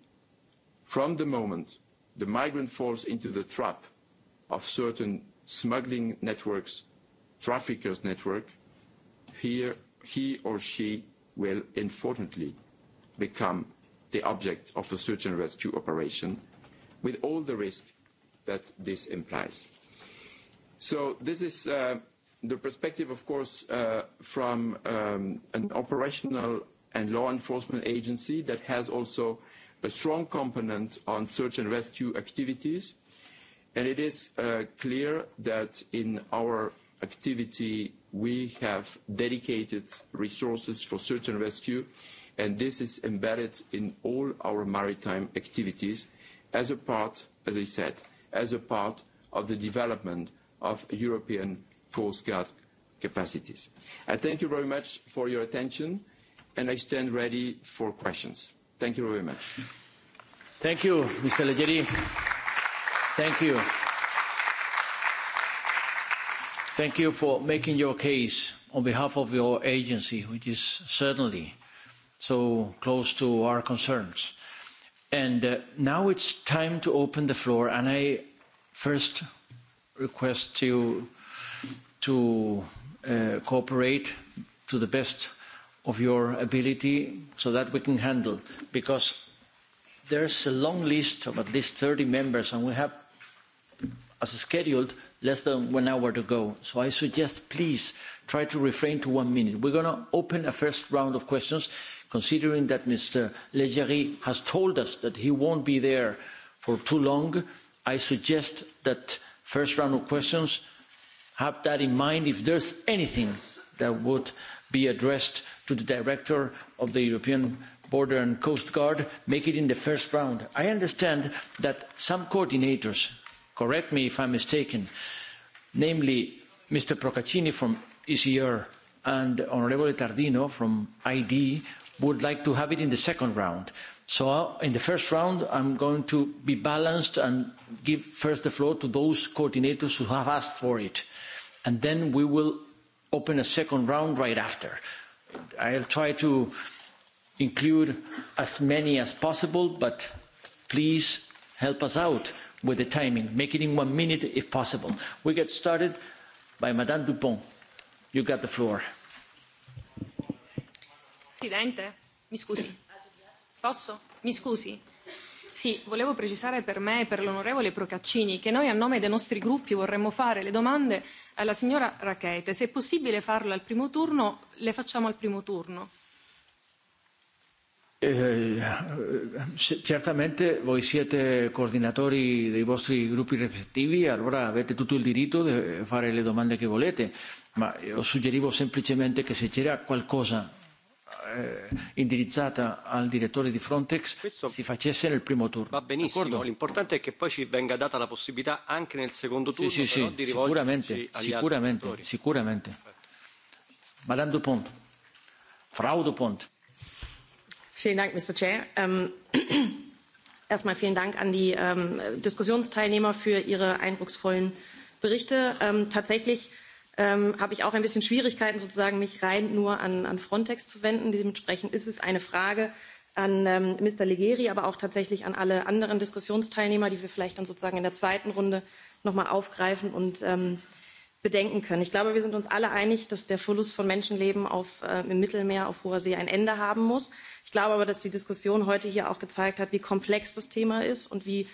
from the moment the migrant falls into the trap of certain smuggling networks, traffickers network, here he or she will unfortunately become the object of a search and rescue operation with all the risk that this implies. So this is uh, the perspective, of course, uh, from um, an operational and law enforcement agency that has also a strong component on search and rescue activities. And it is uh, clear that in our activity, we have dedicated resources for search and rescue, and this is embedded in all our maritime activities, as a part, as I said, as a part of the development of European Coast Guard capacities. I thank you very much for your attention, and I stand ready for questions. Thank you very much. Thank you, Mr. Leggeri. Thank you. Thank you for making your case on behalf of your agency, which is certainly so close to our concerns. Uh, And uh, now it's time to open the floor. And I first request you to uh, cooperate to the best of your ability so that we can handle, because there's a long list of at least 30 members, and we have, as scheduled, less than one hour to go. So I suggest, please, try to refrain to one minute. We're going to open a first round of questions considering that Mr. Leggeri has told us that he won't be there for too long, I suggest that first round of questions have that in mind if there's anything that would be addressed to the director of the European Border and Coast Guard, make it in the first round. I understand that some coordinators, correct me if I'm mistaken, namely Mr. Procaccini from ECR and Honorable Tardino from ID, would like to have it in the second round. So in the first round, I'm going to be balanced and give first the floor to those coordinators who have asked for it. And then we will open a second round right after. I'll try to include as many as possible, but please help us out with the timing. Make it in one minute if possible. We get started by Madame Dupont. You got the floor. Presidente, mi scusi. Posso? Mi scusi. Sì, volevo precisare per me e per l'onorevole Procaccini che noi a nome dei nostri gruppi vorremmo fare le domande alla signora Rachete. Se è possibile farlo al primo turno, le facciamo al primo turno. Eh, certamente voi siete coordinatori dei vostri gruppi rispettivi, allora avete tutto il diritto di fare le domande che volete, ma io suggerivo semplicemente che se c'era qualcosa eh, indirizzata al direttore di Frontex Questo si facesse nel primo turno. Va benissimo, D'accordo? l'importante è che poi ci venga data la possibilità anche nel secondo turno sì, sì, però, sì, di rivolgersi sicuramente, agli sicuramente, altri sicuramente. Perfetto. Madame Dupont. Frau Dupont. Vielen Dank, Mr. Chair. Ähm, (clears throat) erstmal vielen Dank an die ähm, Diskussionsteilnehmer für ihre eindrucksvollen Berichte. Ähm, tatsächlich äh, ähm, habe ich auch ein bisschen Schwierigkeiten, sozusagen mich rein nur an, an Frontex zu wenden. Dementsprechend ist es eine Frage an ähm, Mr. Legeri, aber auch tatsächlich an alle anderen Diskussionsteilnehmer, die wir vielleicht dann sozusagen in der zweiten Runde nochmal aufgreifen und ähm, bedenken können. Ich glaube, wir sind uns alle einig, dass der Verlust von Menschenleben auf, äh, im Mittelmeer auf hoher See ein Ende haben muss. Ich glaube aber, dass die Diskussion heute hier auch gezeigt hat, wie komplex das Thema ist und wie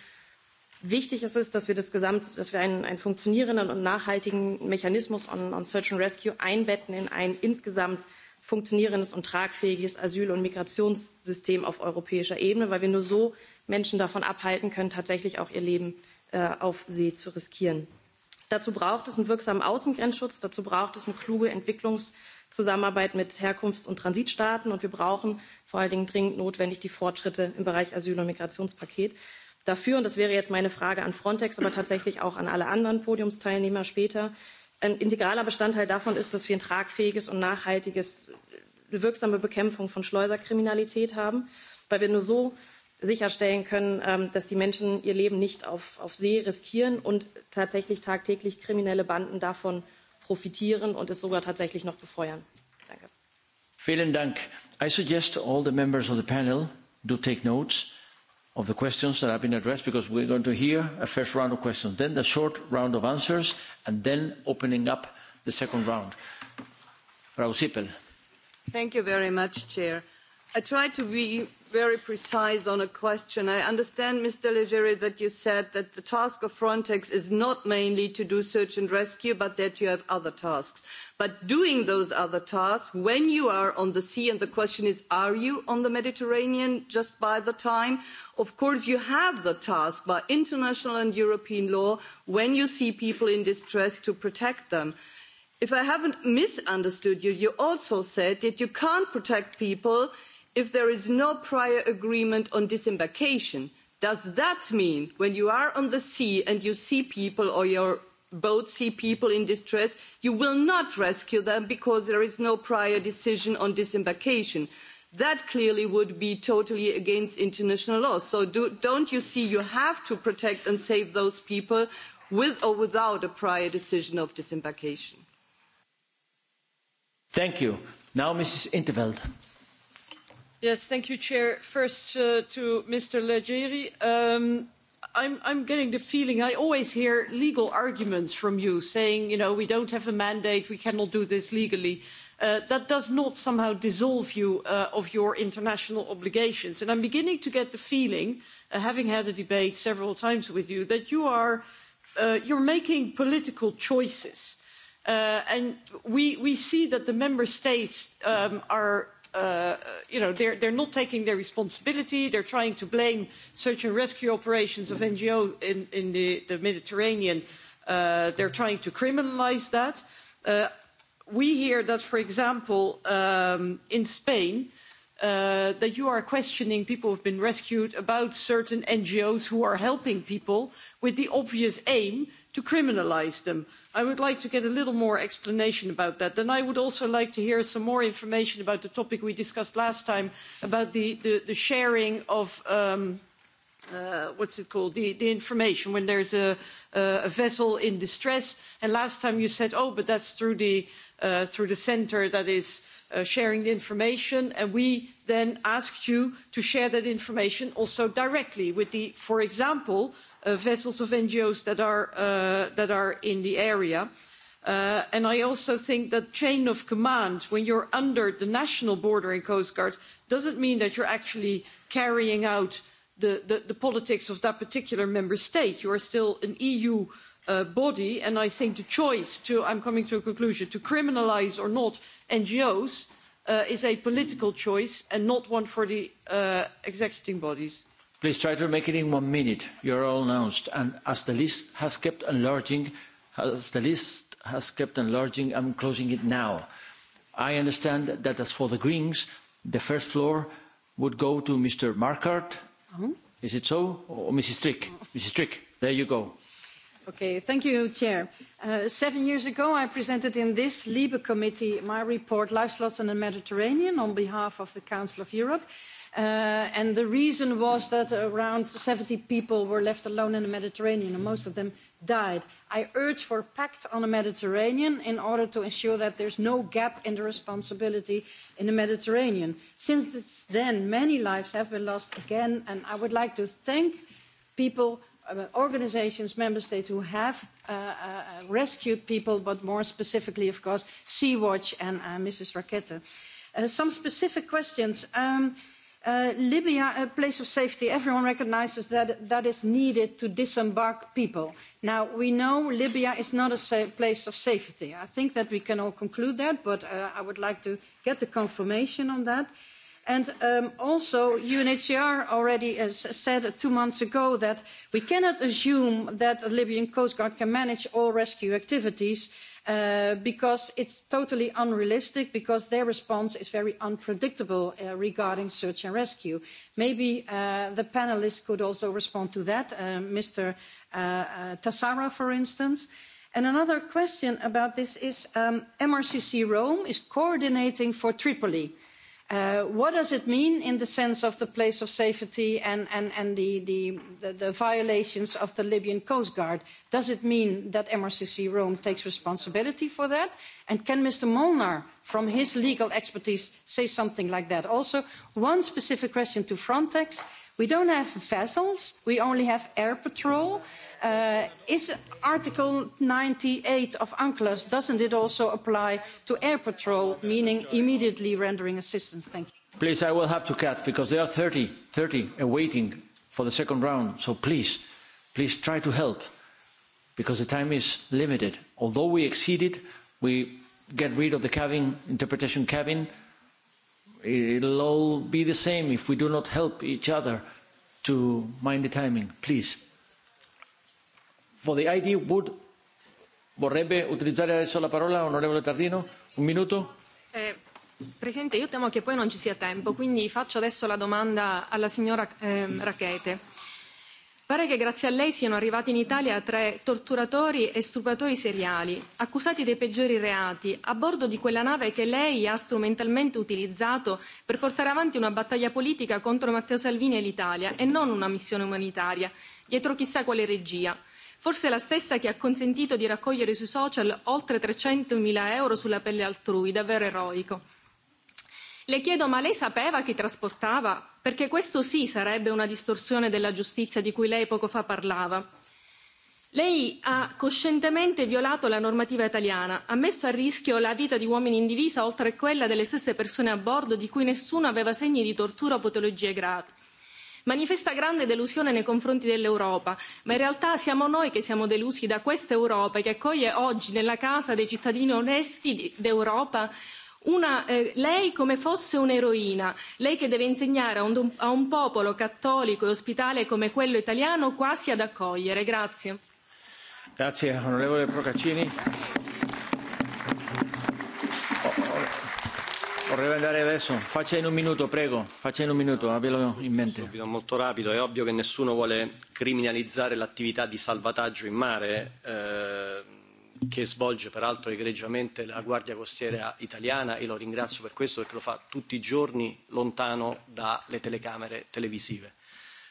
Wichtig ist es, dass wir, das Gesamt, dass wir einen, einen funktionierenden und nachhaltigen Mechanismus on, on Search and Rescue einbetten in ein insgesamt funktionierendes und tragfähiges Asyl- und Migrationssystem auf europäischer Ebene, weil wir nur so Menschen davon abhalten können, tatsächlich auch ihr Leben äh, auf See zu riskieren. Dazu braucht es einen wirksamen Außengrenzschutz, dazu braucht es eine kluge Entwicklungszusammenarbeit mit Herkunfts- und Transitstaaten und wir brauchen vor allen Dingen dringend notwendig die Fortschritte im Bereich Asyl- und Migrationspaket dafür, und das wäre jetzt meine Frage an Frontex, aber tatsächlich auch an alle anderen Podiumsteilnehmer später, ein integraler Bestandteil davon ist, dass wir ein tragfähiges und nachhaltiges, eine wirksame Bekämpfung von Schleuserkriminalität haben, weil wir nur so sicherstellen können, ähm, dass die Menschen ihr Leben nicht auf, auf See riskieren und tatsächlich tagtäglich kriminelle Banden davon profitieren und es sogar tatsächlich noch befeuern. Danke. Vielen Dank. I suggest all the members of the panel do take notes of the questions that have been addressed because we're going to hear a first round of questions, then the short round of answers, and then opening up the second round. Frau Sippel. Thank you very much, Chair. I try to be very precise on a question. I understand, Mr. Legere, that you said that the task of Frontex is not mainly to do search and rescue, but that you have other tasks. But doing those other tasks, when you are on the sea, and the question is, are you on the Mediterranean just by the time? Of course, you have the task by international and European law when you see people in distress to protect them if I haven't misunderstood you, you also said that you can't protect people if there is no prior agreement on disembarkation does that mean when you are on the sea and you see people or your boat see people in distress you will not rescue them because there is no prior decision on disembarkation? that clearly would be totally against international law. so do, don't you see you have to protect and save those people with or without a prior decision of disembarkation? thank you. now mrs in 't veld. Yes, thank you, Chair. First, uh, to Mr. Leggeri, um, I'm, I'm getting the feeling I always hear legal arguments from you saying, you know, we don't have a mandate, we cannot do this legally. Uh, that does not somehow dissolve you uh, of your international obligations. And I'm beginning to get the feeling, uh, having had a debate several times with you, that you are uh, you're making political choices. Uh, and we, we see that the member states um, are uh, you know, they're, they're not taking their responsibility. They're trying to blame search and rescue operations of NGO in, in the, the Mediterranean. Uh, they're trying to criminalize that. Uh, we hear that, for example, um, in Spain, uh, that you are questioning people who've been rescued about certain NGOs who are helping people with the obvious aim to criminalise them. I would like to get a little more explanation about that. Then I would also like to hear some more information about the topic we discussed last time about the, the, the sharing of um, uh, what's it called, the, the information when there's a, uh, a vessel in distress. And last time you said, oh, but that's through the, uh, through the centre that is uh, sharing the information. And we then asked you to share that information also directly with the, for example, uh, vessels of NGOs that are, uh, that are in the area. Uh, and I also think that chain of command, when you're under the national border and coast guard, doesn't mean that you're actually carrying out the, the, the politics of that particular member state. You are still an EU uh, body, and I think the choice to, I'm coming to a conclusion, to criminalise or not NGOs uh, is a political choice and not one for the uh, executing bodies. Please try to make it in one minute. You're all announced. And as the list has kept enlarging, as the list has kept enlarging, I'm closing it now. I understand that as for the Greens, the first floor would go to Mr. Markart. Mm-hmm. Is it so? Or Mrs. Trick? Mrs. Mm-hmm. Trick, there you go. Okay, thank you, Chair. Uh, seven years ago, I presented in this LIBE committee my report, Life Slots in the Mediterranean, on behalf of the Council of Europe. Uh, Uh, and the reason was that around 70 people were left alone in the Mediterranean, and most of them died. I urge for a pact on the Mediterranean in order to ensure that there's no gap in the responsibility in the Mediterranean. Since then, many lives have been lost again, and I would like to thank people, uh, organizations, member states who have uh, uh, rescued people, but more specifically, of course, Sea-Watch and uh, Mrs. Rackete. Uh, some specific questions. Um, uh, Uh, Libya, a place of safety, everyone recognizes that that is needed to disembark people. Now, we know Libya is not a sa- place of safety. I think that we can all conclude that, but uh, I would like to get the confirmation on that. And um, also, UNHCR already has uh, said two months ago that we cannot assume that the Libyan Coast Guard can manage all rescue activities uh, uh, because it's totally unrealistic because their response is very unpredictable uh, regarding search and rescue. Maybe uh, the panelists could also respond to that, uh, Mr. Uh, uh, Tassara, for instance. And another question about this is um, MRCC Rome is coordinating for Tripoli. Uh, Uh, what does it mean in the sense of the place of safety and, and, and the, the, the, the violations of the Libyan Coast Guard? Does it mean that MRCC Rome takes responsibility for that? And can Mr. Molnar, from his legal expertise, say something like that? Also, one specific question to Frontex We don't have vessels, we only have air patrol. Uh, is Article 98 of UNCLOS, doesn't it also apply to air patrol, meaning immediately rendering assistance? Thank you. Please, I will have to cut because there are 30, 30 waiting for the second round. So please, please try to help because the time is limited. Although we exceeded, we get rid of the cabin, interpretation cabin It'll all be the same if we do not help each other to mind the timing, please. For the ID, would vorrebbe utilizzare adesso la parola onorevole Tardino? Un minuto? Eh, Presidente, io temo che poi non ci sia tempo, quindi faccio adesso la domanda alla signora eh, Rachete Pare che grazie a lei siano arrivati in Italia tre torturatori e stupratori seriali, accusati dei peggiori reati, a bordo di quella nave che lei ha strumentalmente utilizzato per portare avanti una battaglia politica contro Matteo Salvini e l'Italia e non una missione umanitaria, dietro chissà quale regia. Forse la stessa che ha consentito di raccogliere sui social oltre 300.000 euro sulla pelle altrui, davvero eroico. Le chiedo, ma lei sapeva chi trasportava? Perché questo sì sarebbe una distorsione della giustizia di cui lei poco fa parlava. Lei ha coscientemente violato la normativa italiana, ha messo a rischio la vita di uomini in divisa oltre a quella delle stesse persone a bordo di cui nessuno aveva segni di tortura o patologie gravi. Manifesta grande delusione nei confronti dell'Europa, ma in realtà siamo noi che siamo delusi da questa Europa e che accoglie oggi nella casa dei cittadini onesti d'Europa una, eh, lei come fosse un'eroina, lei che deve insegnare a un, a un popolo cattolico e ospitale come quello italiano quasi ad accogliere. Grazie. Grazie, onorevole Procaccini. Vorrei andare adesso, faccia in un minuto, prego, faccia in un minuto, abbielo in mente. Subito, molto rapido, è ovvio che nessuno vuole criminalizzare l'attività di salvataggio in mare. Eh, che svolge peraltro egregiamente la Guardia Costiera italiana e lo ringrazio per questo perché lo fa tutti i giorni lontano dalle telecamere televisive.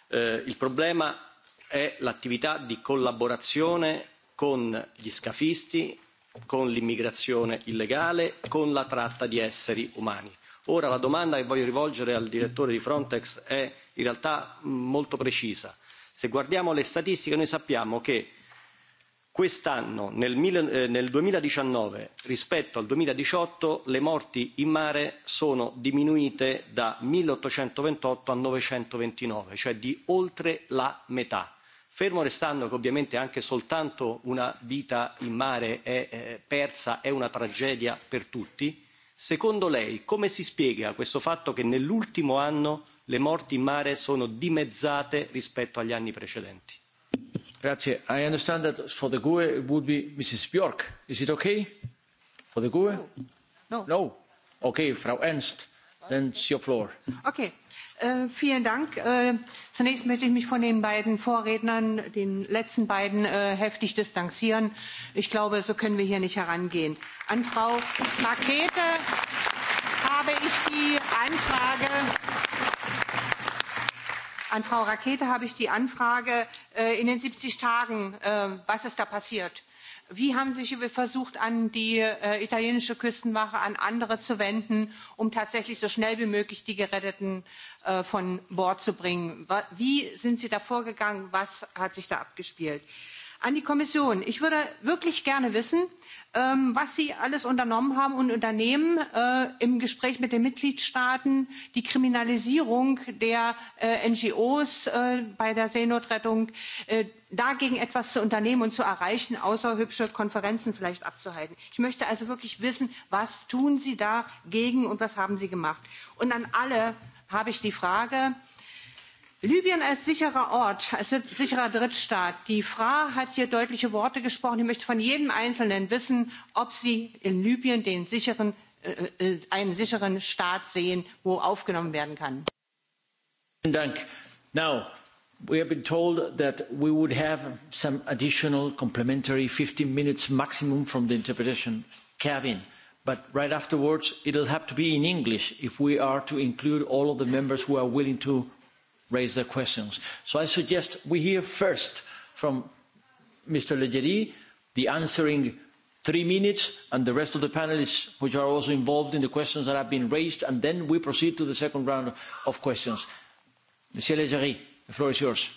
Eh, il problema è l'attività di collaborazione con gli scafisti, con l'immigrazione illegale, con la tratta di esseri umani. Ora la domanda che voglio rivolgere al direttore di Frontex è in realtà molto precisa. Se guardiamo le statistiche noi sappiamo che quest'anno nel, eh, nel duemiladiciannove rispetto al duemiladiciotto le morti in mare sono diminuite da milleottocentoventotto a novecentoventinove cioè di oltre la metà fermo restando che ovviamente anche soltanto una vita in mare è, eh, persa è una tragedia per tutti secondo lei come si spiega questo fatto che nell'ultimo anno le morti in mare sono dimezzate rispetto agli anni precedenti? Grazie. I understand that for the GUE it would be Mrs. Bjork. Is it okay for the GUE? No. No. no. Okay, Frau Ernst, then it's your floor. Okay. Äh, vielen Dank. Äh, zunächst möchte ich mich von den beiden Vorrednern, den letzten beiden, äh, heftig distanzieren. Ich glaube, so können wir hier nicht herangehen. An Frau Markete habe ich die Anfrage an Frau Rakete habe ich die Anfrage, äh, in den 70 Tagen, äh, was ist da passiert? Wie haben Sie sich versucht, an die äh, italienische Küstenwache, an andere zu wenden, um tatsächlich so schnell wie möglich die Geretteten äh, von Bord zu bringen? Wie sind Sie da vorgegangen? Was hat sich da abgespielt? Äh, an die Kommission. Ich würde wirklich gerne wissen, ähm, was Sie alles unternommen haben und unternehmen äh, im Gespräch mit den Mitgliedstaaten, die Kriminalisierung der äh, NGOs äh, bei der Seenotrettung, äh, dagegen etwas zu unternehmen und zu erreichen, außer hübsche Konferenzen vielleicht abzuhalten. Ich möchte also wirklich wissen, was tun Sie dagegen und was haben Sie gemacht? Und an alle habe ich die Frage, Libyen als sicherer Ort, als sicherer Drittstaat. Die Fra hat hier deutliche Worte gesprochen. Ich möchte von jedem Einzelnen wissen, ob Sie in Libyen den sicheren, äh, äh, einen sicheren Staat sehen, wo aufgenommen werden kann. Vielen Dank. Now, we have been told that we would have some additional complementary 15 minutes maximum from the interpretation cabin. But right afterwards, it'll have to be in English if we are to include all of the members who are willing to raise their questions. So I suggest we hear first from Mr. Leggeri, the answering three minutes, and the rest of the panelists, which are also involved in the questions that have been raised, and then we proceed to the second round of questions. Monsieur Leggeri, the floor is yours.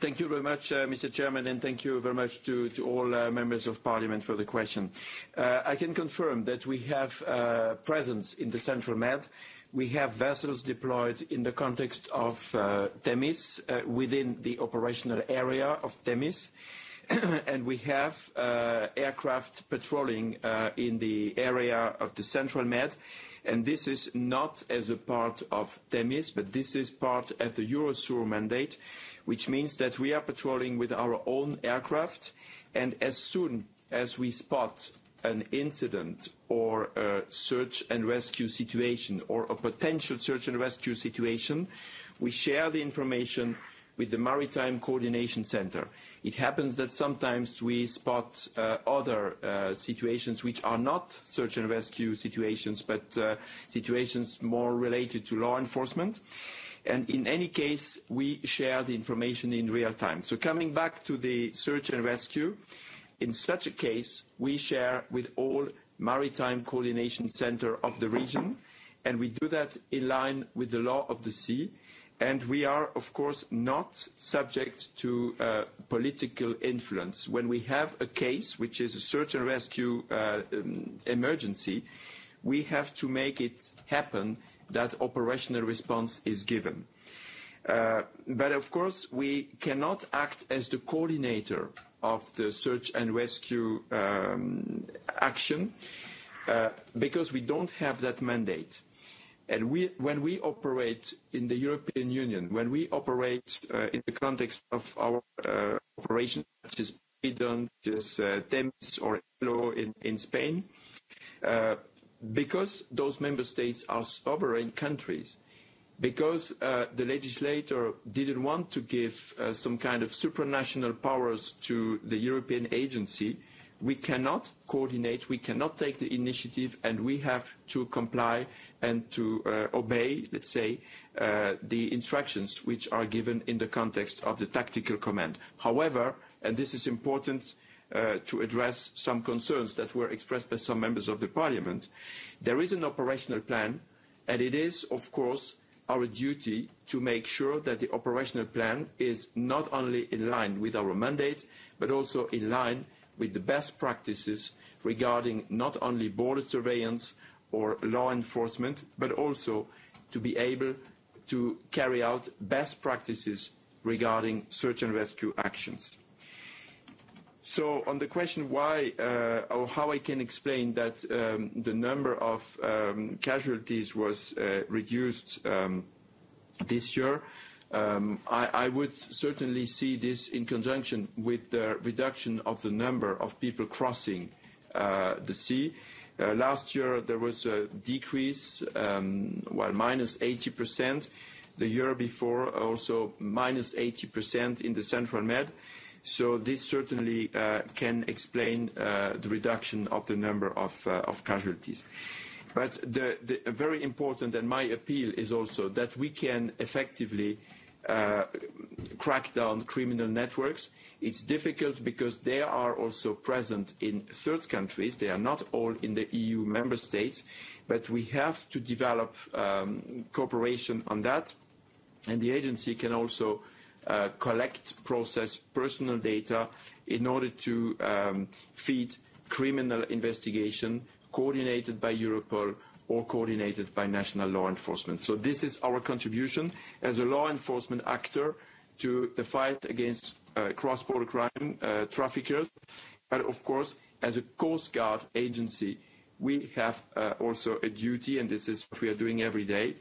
Thank you very much, uh, Mr. Chairman, and thank you very much to, to all uh, members of parliament for the question. Uh, I can confirm that we have uh, presence in the Central Med, We have vessels deployed in the context of uh, Themis, uh, within the operational area of Themis. (clears throat) and we have uh, aircraft patrolling uh, in the area of the Central Med. And this is not as a part of Themis, but this is part of the Eurosur mandate, which means that we are patrolling with our own aircraft, and as soon as we spot an incident or a search and rescue situation or a potential search and rescue situation, we share the information with the Maritime Coordination Center. It happens that sometimes we spot uh, other uh, situations which are not search and rescue situations, but uh, situations more related to law enforcement. And in any case, we share the information in real time. So coming back to the search and rescue, uh, In such a case, we share with all maritime coordination center of the region, and we do that in line with the law of the sea. And we are, of course, not subject to uh, political influence. When we have a case, which is a search and rescue uh, um, emergency, we have to make it happen that operational response is given. Uh, but of course, we cannot act as the coordinator of the search and rescue um, action uh, because we don't have that mandate. And we, when we operate in the European Union, when we operate uh, in the context of our uh, operation, such as Poseidon, such as uh, Themis or Elo in, in Spain, uh, because those member states are sovereign countries, uh, because uh, the legislator didn't want to give uh, some kind of supranational powers to the European agency, we cannot coordinate, we cannot take the initiative, and we have to comply and to uh, obey, let's say, uh, the instructions which are given in the context of the tactical command. However, and this is important uh, to address some concerns that were expressed by some members of the parliament, there is an operational plan, and it is, of course, our duty to make sure that the operational plan is not only in line with our mandate, but also in line with the best practices regarding not only border surveillance or law enforcement, but also to be able to carry out best practices regarding search and rescue actions. So on the question why uh, or how I can explain that um, the number of um, casualties was uh, reduced um, this year, um, I, I would certainly see this in conjunction with the reduction of the number of people crossing uh, the sea. Uh, last year there was a decrease, um, well, minus 80%. The year before also minus 80% in the Central Med. Uh, So this certainly uh, can explain uh, the reduction of the number of, uh, of casualties. But the, the very important, and my appeal is also that we can effectively uh, crack down criminal networks. It's difficult because they are also present in third countries. They are not all in the EU member states, but we have to develop um, cooperation on that, and the agency can also uh, uh, collect, process personal data in order to um, feed criminal investigation coordinated by Europol or coordinated by national law enforcement. So this is our contribution as a law enforcement actor to the fight against uh, cross-border crime uh, traffickers. But of course, as a Coast Guard agency, we have uh, also a duty, and this is what we are doing every day,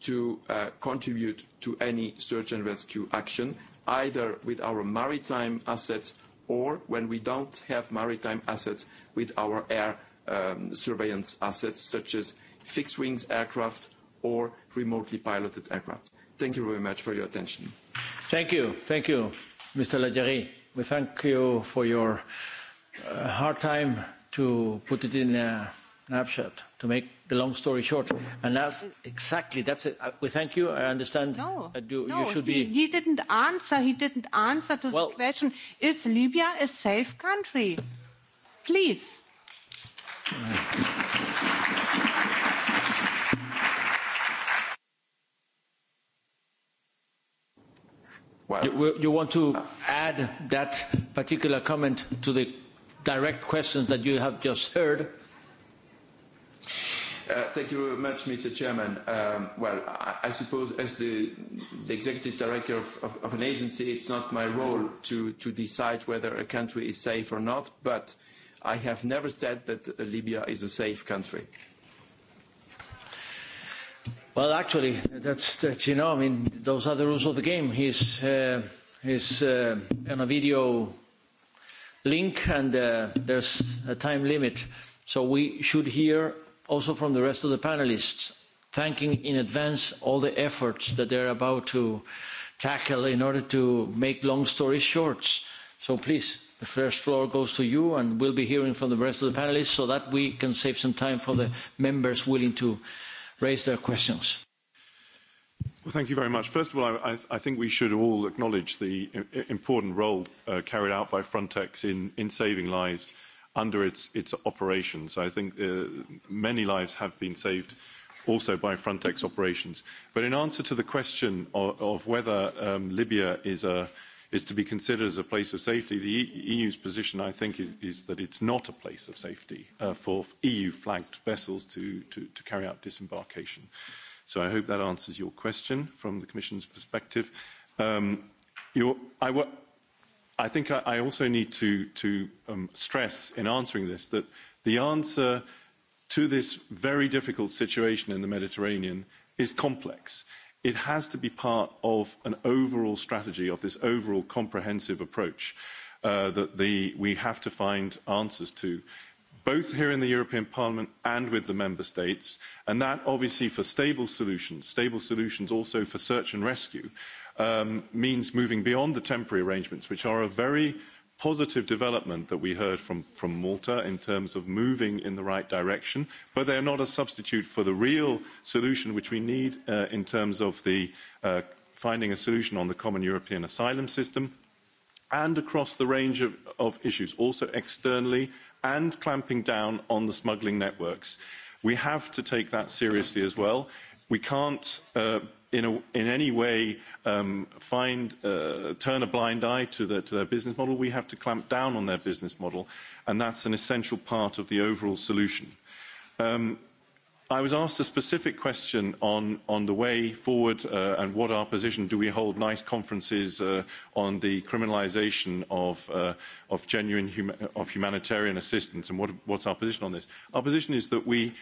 to uh, contribute to any search and rescue action, either with our maritime assets or when we don't have maritime assets, with our air um, surveillance assets, such as fixed-wings aircraft or remotely piloted aircraft. Thank you very much for your attention. Thank you. Thank you, Mr. Leggeri. We thank you for your uh, hard time to put it in a snapshot to make the long story short and that's exactly that's it uh, we thank you i understand no, that you, no, you should he, be he didn't answer he didn't answer to well, the question is libya a safe country please well, you, you want to add that particular comment to the direct questions that you have just heard? Uh, thank you very much, Mr. Chairman. Um, well, I, I suppose as the, the executive director of, of, of an agency, it's not my role to, to decide whether a country is safe or not, but I have never said that uh, Libya is a safe country. Well, actually, that's, that's you know, I mean, those are the rules of the game. He's, uh, he's uh, on a video link, and uh, there's a time limit. So we should hear also from the rest of the panelists, thanking in advance all the efforts that they're about to tackle in order to make long stories short. So please, the first floor goes to you, and we'll be hearing from the rest of the panelists so that we can save some time for the members willing to raise their questions. Well, thank you very much. First of all, I, I think we should all acknowledge the important role uh, carried out by Frontex in, in saving lives under its, its operations. I think uh, many lives have been saved also by Frontex operations. But in answer to the question of, of whether um, Libya is, a, is to be considered as a place of safety, the EU's e position, I think, is, is that it's not a place of safety uh, for EU-flagged vessels to, to, to carry out disembarkation. So I hope that answers your question from the Commission's perspective. Um, your, I, I think I, I also need to, to um, stress in answering this that the answer to this very difficult situation in the Mediterranean is complex. It has to be part of an overall strategy, of this overall comprehensive approach uh, that the, we have to find answers to, both here in the European Parliament and with the member states, and that obviously for stable solutions, stable solutions also for search and rescue, um, means moving beyond the temporary arrangements, which are a very positive development that we heard from, from Malta in terms of moving in the right direction, but they are not a substitute for the real solution which we need uh, in terms of the uh, finding a solution on the common European asylum system and across the range of, of issues, also externally, and clamping down on the smuggling networks. We have to take that seriously as well. We can't uh, in, a, in any way um, find, uh, turn a blind eye to, the, to their business model. We have to clamp down on their business model, and that's an essential part of the overall solution. Um, I was asked a specific question on, on the way forward uh, and what our position. Do we hold nice conferences uh, on the criminalization of, uh, of genuine hum of humanitarian assistance, and what, what's our position on this? Our position is that we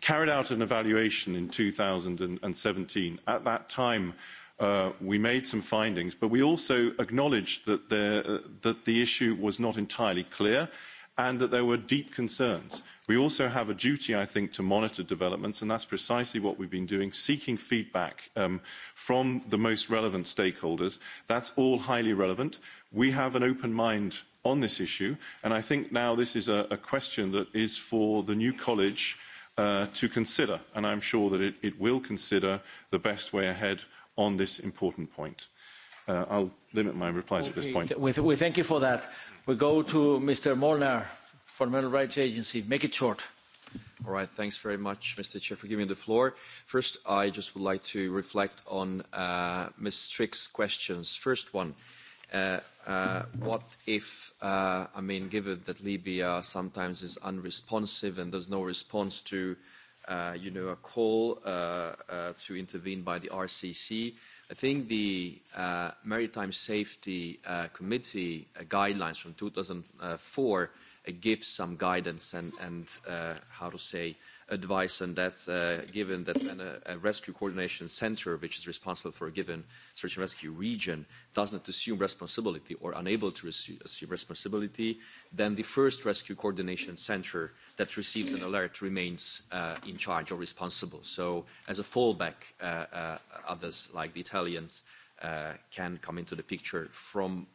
carried out an evaluation in 2017. At that time, uh, we made some findings, but we also acknowledged that, there, uh, that the issue was not entirely clear and that there were deep concerns. We also have a duty, I think, to monitor developments, and that's precisely what we've been doing, seeking feedback um, from the most relevant stakeholders. That's all highly relevant. We have an open mind on this issue, and I think now this is a, a question that is for the new college – uh, to consider, and I'm sure that it, it will consider the best way ahead on this important point. Uh, I'll limit my replies okay. at this point. We, we thank you for that. We go to Mr. Molnar, Fundamental Rights Agency. Make it short. All right. Thanks very much, Mr. Chair, for giving me the floor. First, I just would like to reflect on uh, Ms. Strick's questions. First one. Uh, Uh, uh, what if, uh, I mean, given that Libya sometimes is unresponsive and there's no response to, uh, you know, a call uh, uh, to intervene by the RCC, I think the uh, Maritime Safety uh, Committee uh, guidelines from 2004 uh, uh gives some guidance and, and uh, how to say, uh, advice on that, uh, given that an, a, a rescue coordination center, which is responsible for a given search and rescue region, does not assume responsibility or unable to assume responsibility, then the first rescue coordination center that receives an alert remains uh, in charge or responsible. So as a fallback, uh, uh, others like the Italians uh, can come into the picture from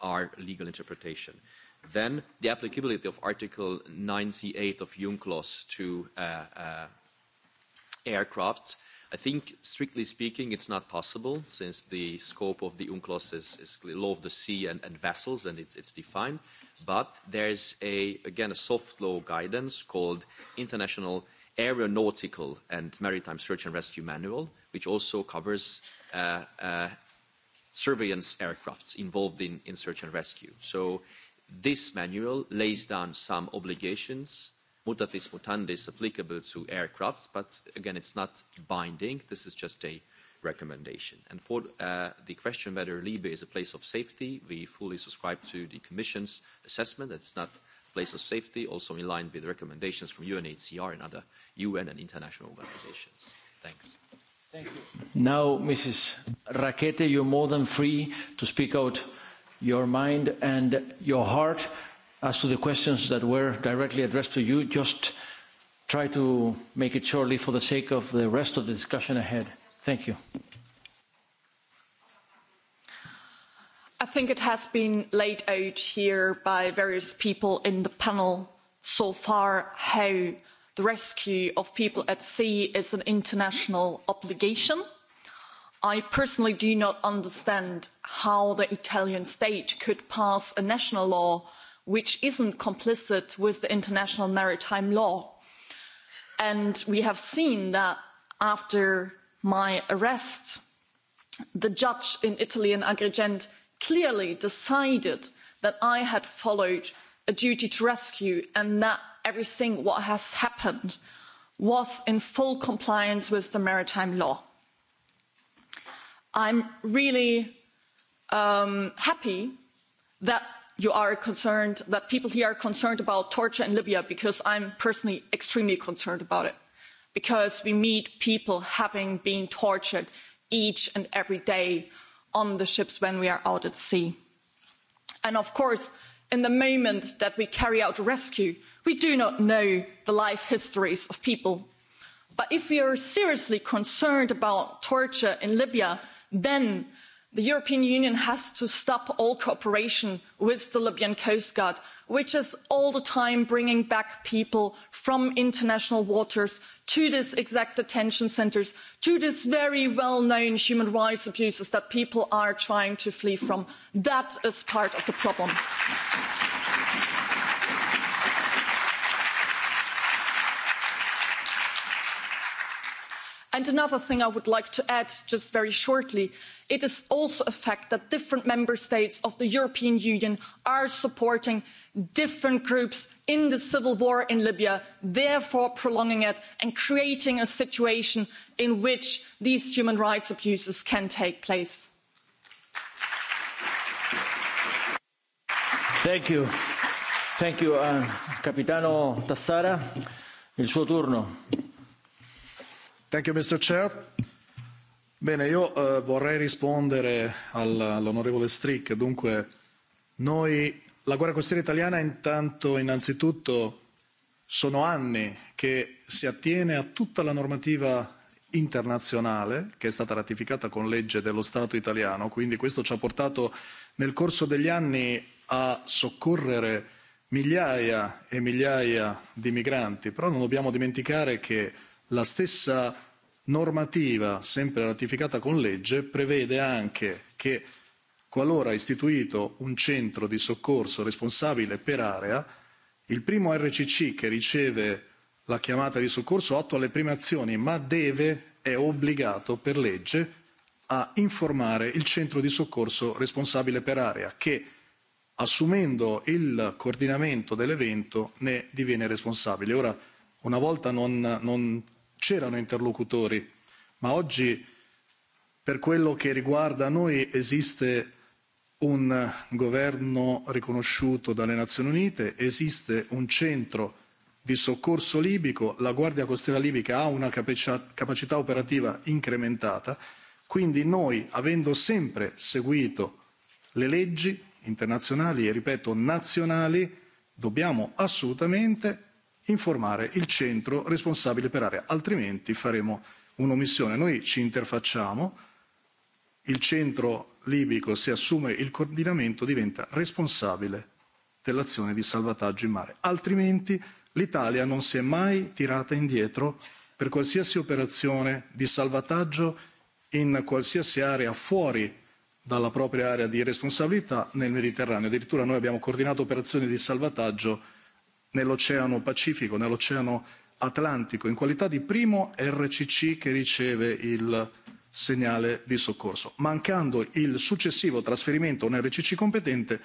our legal interpretation. Uh, Then the applicability of Article 98 of UNCLOS to uh, uh, aircrafts. I think, strictly speaking, it's not possible since the scope of the UNCLOS is, is law of the sea and, and vessels, and it's, it's defined. But there's a again a soft law guidance called International Aeronautical and Maritime Search and Rescue Manual, which also covers uh, uh, surveillance aircrafts involved in, in search and rescue. So This manual lays down some obligations, mutatis mutandis, applicable to aircraft, but again, it's not binding. This is just a recommendation. And for uh, the question whether Libe is a place of safety, we fully subscribe to the Commission's assessment that it's not a place of safety, also in line with recommendations from UNHCR and other UN and international organizations. Thanks. Thank you. Now, Mrs. Raquete, you're more than free to speak out your mind and your heart as to the questions that were directly addressed to you. Just try to make it shortly for the sake of the rest of the discussion ahead. Thank you. I think it has been laid out here by various people in the panel so far how the rescue of people at sea is an international obligation i personally do not understand how the italian state could pass a national law which isn't complicit with the international maritime law and we have seen that after my arrest the judge in italy in agrigent clearly decided that i had followed a duty to rescue and that everything what has happened was in full compliance with the maritime law. I'm really um, happy that you are concerned, that people here are concerned about torture in Libya, because I'm personally extremely concerned about it. Because we meet people having been tortured each and every day on the ships when we are out at sea. And of course, in the moment that we carry out rescue, we do not know the life histories of people. But if we are seriously concerned about torture in Libya, then the european union has to stop all cooperation with the libyan coast guard which is all the time bringing back people from international waters to these exact detention centres to these very well known human rights abuses that people are trying to flee from. that is part of the problem. and another thing i would like to add just very shortly it is also a fact that different member states of the european union are supporting different groups in the civil war in libya therefore prolonging it and creating a situation in which these human rights abuses can take place. Thank you. Thank you, uh, Capitano Tassara. Il suo turno. Thank you, Mr. Chair. Bene, io eh, vorrei rispondere al, all'onorevole Strick. Dunque, noi, la Guardia Costiera Italiana, intanto, innanzitutto, sono anni che si attiene a tutta la normativa internazionale che è stata ratificata con legge dello Stato italiano, quindi questo ci ha portato nel corso degli anni a soccorrere migliaia e migliaia di migranti, però non dobbiamo dimenticare che la stessa normativa sempre ratificata con legge prevede anche che qualora istituito un centro di soccorso responsabile per area il primo rcc che riceve la chiamata di soccorso attua le prime azioni ma deve è obbligato per legge a informare il centro di soccorso responsabile per area che assumendo il coordinamento dell'evento ne diviene responsabile. ora una volta non, non c'erano interlocutori ma oggi per quello che riguarda noi esiste un governo riconosciuto dalle nazioni unite esiste un centro di soccorso libico la guardia costiera libica ha una capacità operativa incrementata quindi noi avendo sempre seguito le leggi internazionali e ripeto nazionali dobbiamo assolutamente informare il centro responsabile per area altrimenti faremo un'omissione. noi ci interfacciamo il centro libico se assume il coordinamento diventa responsabile dell'azione di salvataggio in mare altrimenti l'italia non si è mai tirata indietro per qualsiasi operazione di salvataggio in qualsiasi area fuori dalla propria area di responsabilità nel mediterraneo addirittura noi abbiamo coordinato operazioni di salvataggio nell'Oceano Pacifico, nell'Oceano Atlantico, in qualità di primo RCC che riceve il segnale di soccorso. Mancando il successivo trasferimento nel RCC competente,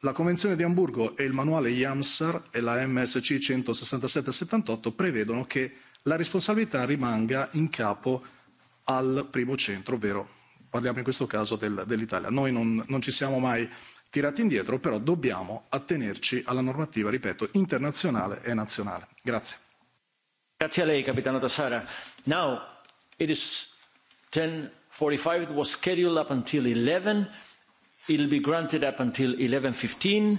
la Convenzione di Amburgo e il manuale IAMSAR e la MSC 167-78 prevedono che la responsabilità rimanga in capo al primo centro, ovvero parliamo in questo caso del, dell'Italia. Noi non, non ci siamo mai tirati indietro, però dobbiamo attenerci alla normativa, ripeto, internazionale e nazionale. Grazie. Grazie a lei, Capitano Tassara. Now, it is 10.45, it was scheduled up until 11. It'll be granted up until 11.15.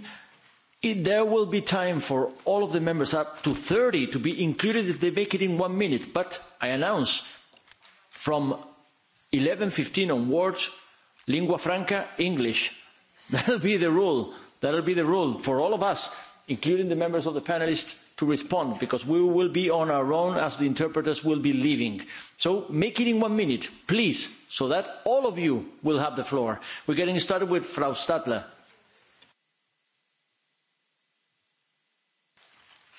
It, there will be time for all of the members up to 30 to be included if they make it in one minute. But I announce from 11.15 onwards, lingua franca, English that'll be the rule that'll be the rule for all of us including the members of the panelists to respond because we will be on our own as the interpreters will be leaving. So make it in one minute, please, so that all of you will have the floor. We're getting started with Frau Stadler.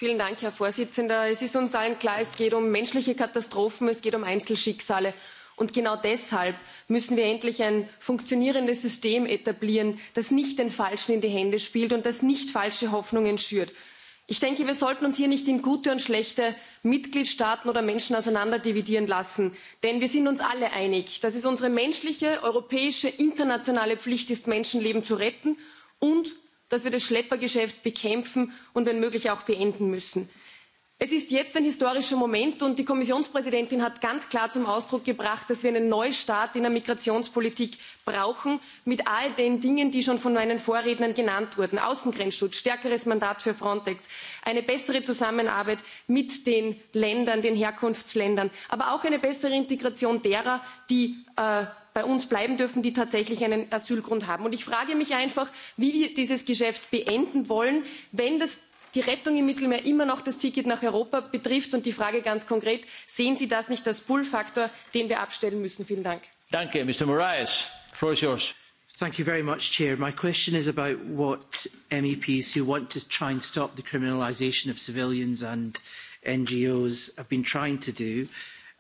Vielen Dank, Herr Vorsitzender. Es ist uns allen klar, es geht um menschliche Katastrophen, es geht um Einzelschicksale und genau deshalb müssen wir endlich ein funktionierendes system etablieren das nicht den falschen in die hände spielt und das nicht falsche hoffnungen schürt. ich denke wir sollten uns hier nicht in gute und schlechte mitgliedstaaten oder menschen auseinanderdividieren lassen denn wir sind uns alle einig dass es unsere menschliche europäische internationale pflicht ist menschenleben zu retten und dass wir das schleppergeschäft bekämpfen und wenn möglich auch beenden müssen es ist jetzt ein historischer moment und die kommissionspräsidentin hat ganz klar zum ausdruck gebracht dass wir einen neustart in der migrationspolitik brauchen mit all den dingen die schon von meinen vorrednern genannt wurden außengrenzschutz stärkeres mandat für frontex eine bessere zusammenarbeit mit den ländern den herkunftsländern aber auch eine bessere integration derer die äh, bei uns bleiben dürfen die tatsächlich einen asylgrund haben. und ich frage mich einfach wie wir dieses geschäft beenden wollen wenn das die rettung im mittelmeer immer noch das ticket nach europa betrifft. und die frage ganz konkret sehen sie das nicht als pull faktor den wir abstellen müssen? mr moraes the floor is yours. Thank you very much, Chair. My question is about what MEPs who want to try and stop the criminalisation of civilians and NGOs have been trying to do.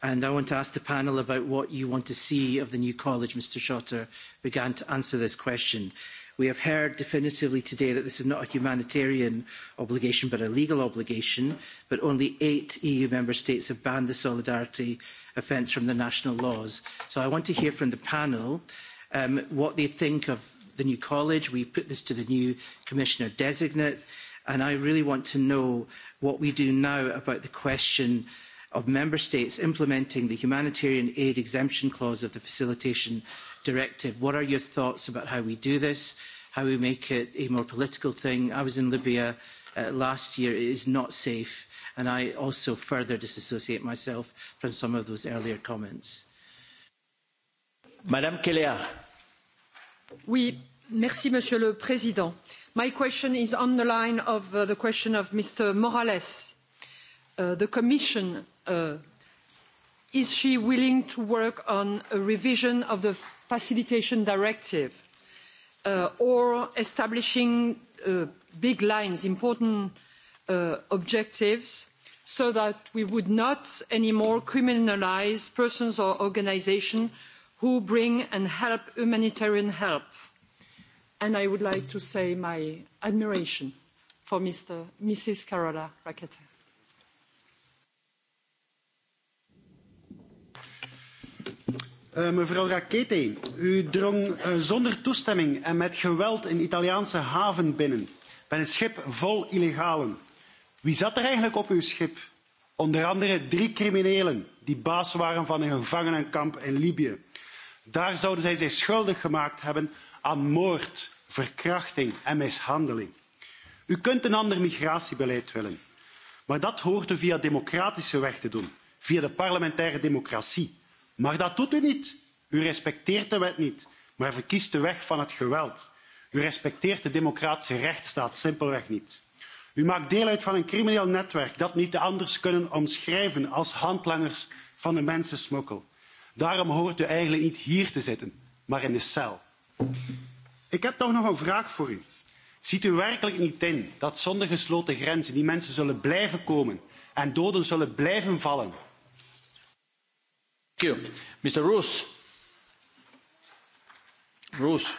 And I want to ask the panel about what you want to see of the new college. Mr Schotter began to answer this question. We have heard definitively today that this is not a humanitarian obligation but a legal obligation, but only eight EU member states have banned the solidarity offence from their national laws. So I want to hear from the panel um, what they think of the new college. We put this to the new commissioner designate. And I really want to know what we do now about the question of member states implementing the humanitarian aid exemption clause of the facilitation directive. What are your thoughts about how we do this, how we make it a more political thing? I was in Libya uh, last year. It is not safe. And I also further disassociate myself from some of those earlier comments. Madame Keller. Oui, merci, Monsieur le Président. My question is on the line of uh, the question of Mr. Morales. Uh, the Commission uh, is she willing to work on a revision of the facilitation directive uh, or establishing uh, big lines, important uh, objectives, so that we would not anymore criminalize persons or organizations who bring and help humanitarian help? And I would like to say my admiration for Mr. Mrs. Carola Rackete. Uh, mevrouw Rackete, u drong uh, zonder toestemming en met geweld een Italiaanse haven binnen. Met een schip vol illegalen. Wie zat er eigenlijk op uw schip? Onder andere drie criminelen die baas waren van een gevangenenkamp in Libië. Daar zouden zij zich schuldig gemaakt hebben aan moord, verkrachting en mishandeling. U kunt een ander migratiebeleid willen, maar dat hoort u via democratische weg te doen, via de parlementaire democratie maar dat doet u niet. u respecteert de wet niet maar verkiest de weg van het geweld. u respecteert de democratische rechtsstaat simpelweg niet. u maakt deel uit van een crimineel netwerk dat we niet anders kunnen omschrijven als handlangers van de mensensmokkel. daarom hoort u eigenlijk niet hier te zitten maar in de cel. ik heb toch nog een vraag voor u. ziet u werkelijk niet in dat zonder gesloten grenzen die mensen zullen blijven komen en doden zullen blijven vallen? you. Mr. Roos. Roos.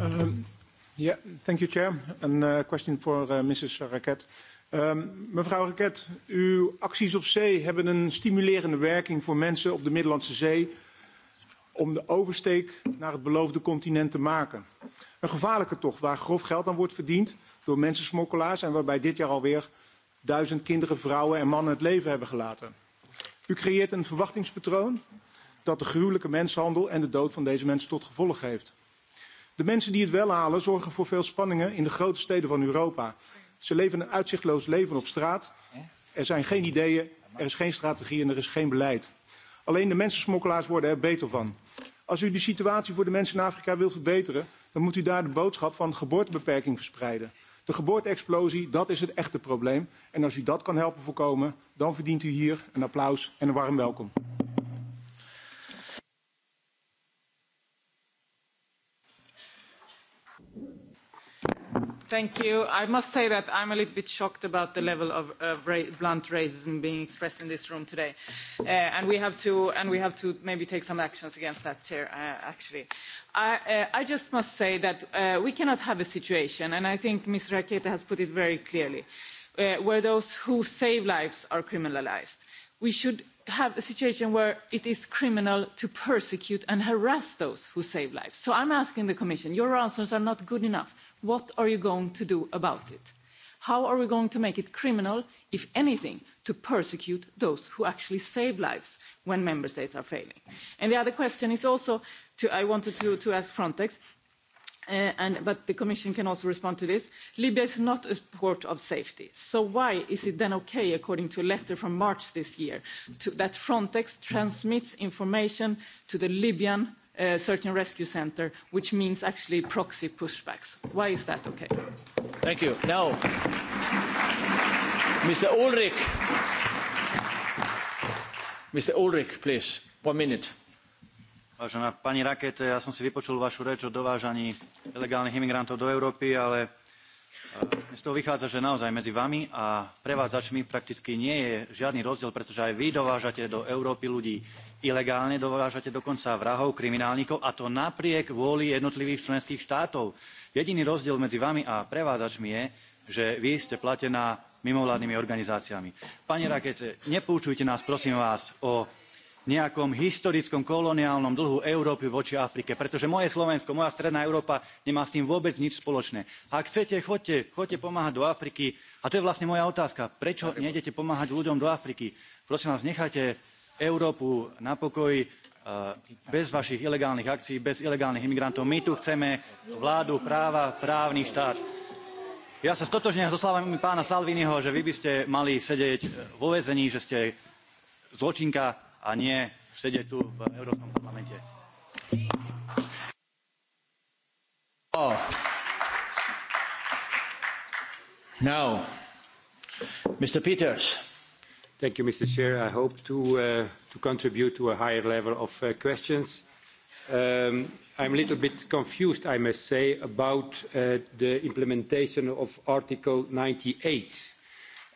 Um, yeah, thank you, Chair. And a uh, question for uh, Mrs. Raket. Um, mevrouw Raket, uw acties op zee hebben een stimulerende werking voor mensen op de Middellandse Zee om de oversteek naar het beloofde continent te maken. Een gevaarlijke tocht waar grof geld aan wordt verdiend door mensensmokkelaars en waarbij dit jaar alweer duizend kinderen, vrouwen en mannen het leven hebben gelaten. U creëert een verwachtingspatroon dat de gruwelijke mensenhandel en de dood van deze mensen tot gevolg heeft. De mensen die het wel halen zorgen voor veel spanningen in de grote steden van Europa. Ze leven een uitzichtloos leven op straat. Er zijn geen ideeën, er is geen strategie en er is geen beleid. Alleen de mensensmokkelaars worden er beter van. Als u de situatie voor de mensen in Afrika wilt verbeteren, dan moet u daar de boodschap van geboortebeperking verspreiden. De geboorteexplosie, dat is het echte probleem. En als u dat kan helpen voorkomen, dan verdient u hier een applaus en een warm welkom. Thank you. I must say that I'm a little bit shocked about the level of, of ra blunt racism being expressed in this room today, uh, and we have to and we have to maybe take some actions against that, Chair. Uh, actually, I, uh, I just must say that uh, we cannot have a situation, and I think Ms. Raketa has put it very clearly, uh, where those who save lives are criminalized. We should have a situation where it is criminal to persecute and harass those who save lives. So I'm asking the Commission, your answers are not good enough What are you going to do about it? How are we going to make it criminal, if anything, to persecute those who actually save lives when member states are failing? And the other question is also, to, I wanted to, to ask Frontex, uh, and, but the Commission can also respond to this. Libya is not a port of safety. So why is it then okay, according to a letter from March this year, to, that Frontex transmits information to the Libyan uh, search and rescue center, which means actually proxy pushbacks. Why is that okay? Thank you. Now, Mr. Ulrich. Mr. Ulrich, please, one minute. Vážená pani Rakete, ja som si vypočul vašu reč o dovážaní ilegálnych imigrantov do Európy, ale e, z toho vychádza, že naozaj medzi vami a prevádzačmi prakticky nie je žiadny rozdiel, pretože aj vy dovážate do Európy ľudí ilegálne dovážate dokonca vrahov, kriminálnikov a to napriek vôli jednotlivých členských štátov. Jediný rozdiel medzi vami a prevádzačmi je, že vy ste platená mimovládnymi organizáciami. Pani Rakete, nepoučujte nás, prosím vás, o nejakom historickom koloniálnom dlhu Európy voči Afrike, pretože moje Slovensko, moja stredná Európa nemá s tým vôbec nič spoločné. Ak chcete, chodte, chodte pomáhať do Afriky. A to je vlastne moja otázka. Prečo nejdete pomáhať ľuďom do Afriky? Prosím vás, nechajte Európu na pokoji e, bez vašich ilegálnych akcií, bez ilegálnych imigrantov. My tu chceme vládu práva, právny štát. Ja sa stotožňujem so slovami pána Salviniho, že vy by ste mali sedieť vo väzení, že ste zločinka a nie sedieť tu v Európskom parlamente. Oh. Now, Mr. Peters. Thank you, Mr. Chair. I hope to, uh, to contribute to a higher level of uh, questions. Um, I'm a little bit confused, I must say, about uh, the implementation of Article 98.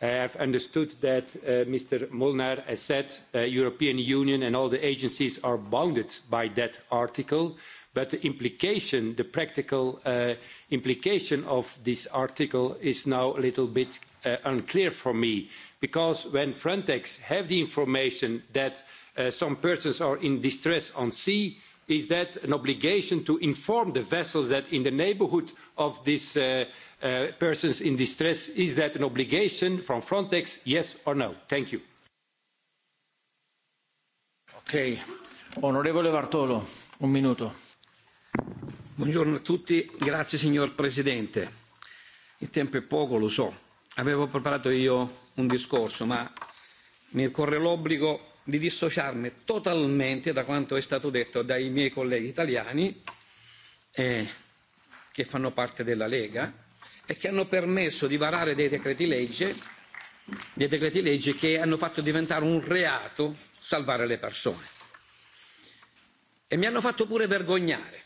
I have understood that uh, Mr. Molnar has said uh, European Union and all the agencies are bounded by that article, but the implication, the practical uh, implication of this article is now a little bit uh, unclear for me because when frontex have the information that uh, some persons are in distress on sea is that an obligation to inform the vessels that in the neighbourhood of these uh, uh, persons in distress is that an obligation from frontex yes or no? thank you. Okay. onorevole bartolo un minuto. buongiorno a tutti grazie signor presidente il tempo è poco lo so avevo preparato io un discorso, ma mi corre l'obbligo di dissociarmi totalmente da quanto è stato detto dai miei colleghi italiani eh, che fanno parte della Lega e che hanno permesso di varare dei decreti legge, dei decreti legge che hanno fatto diventare un reato salvare le persone. E mi hanno fatto pure vergognare,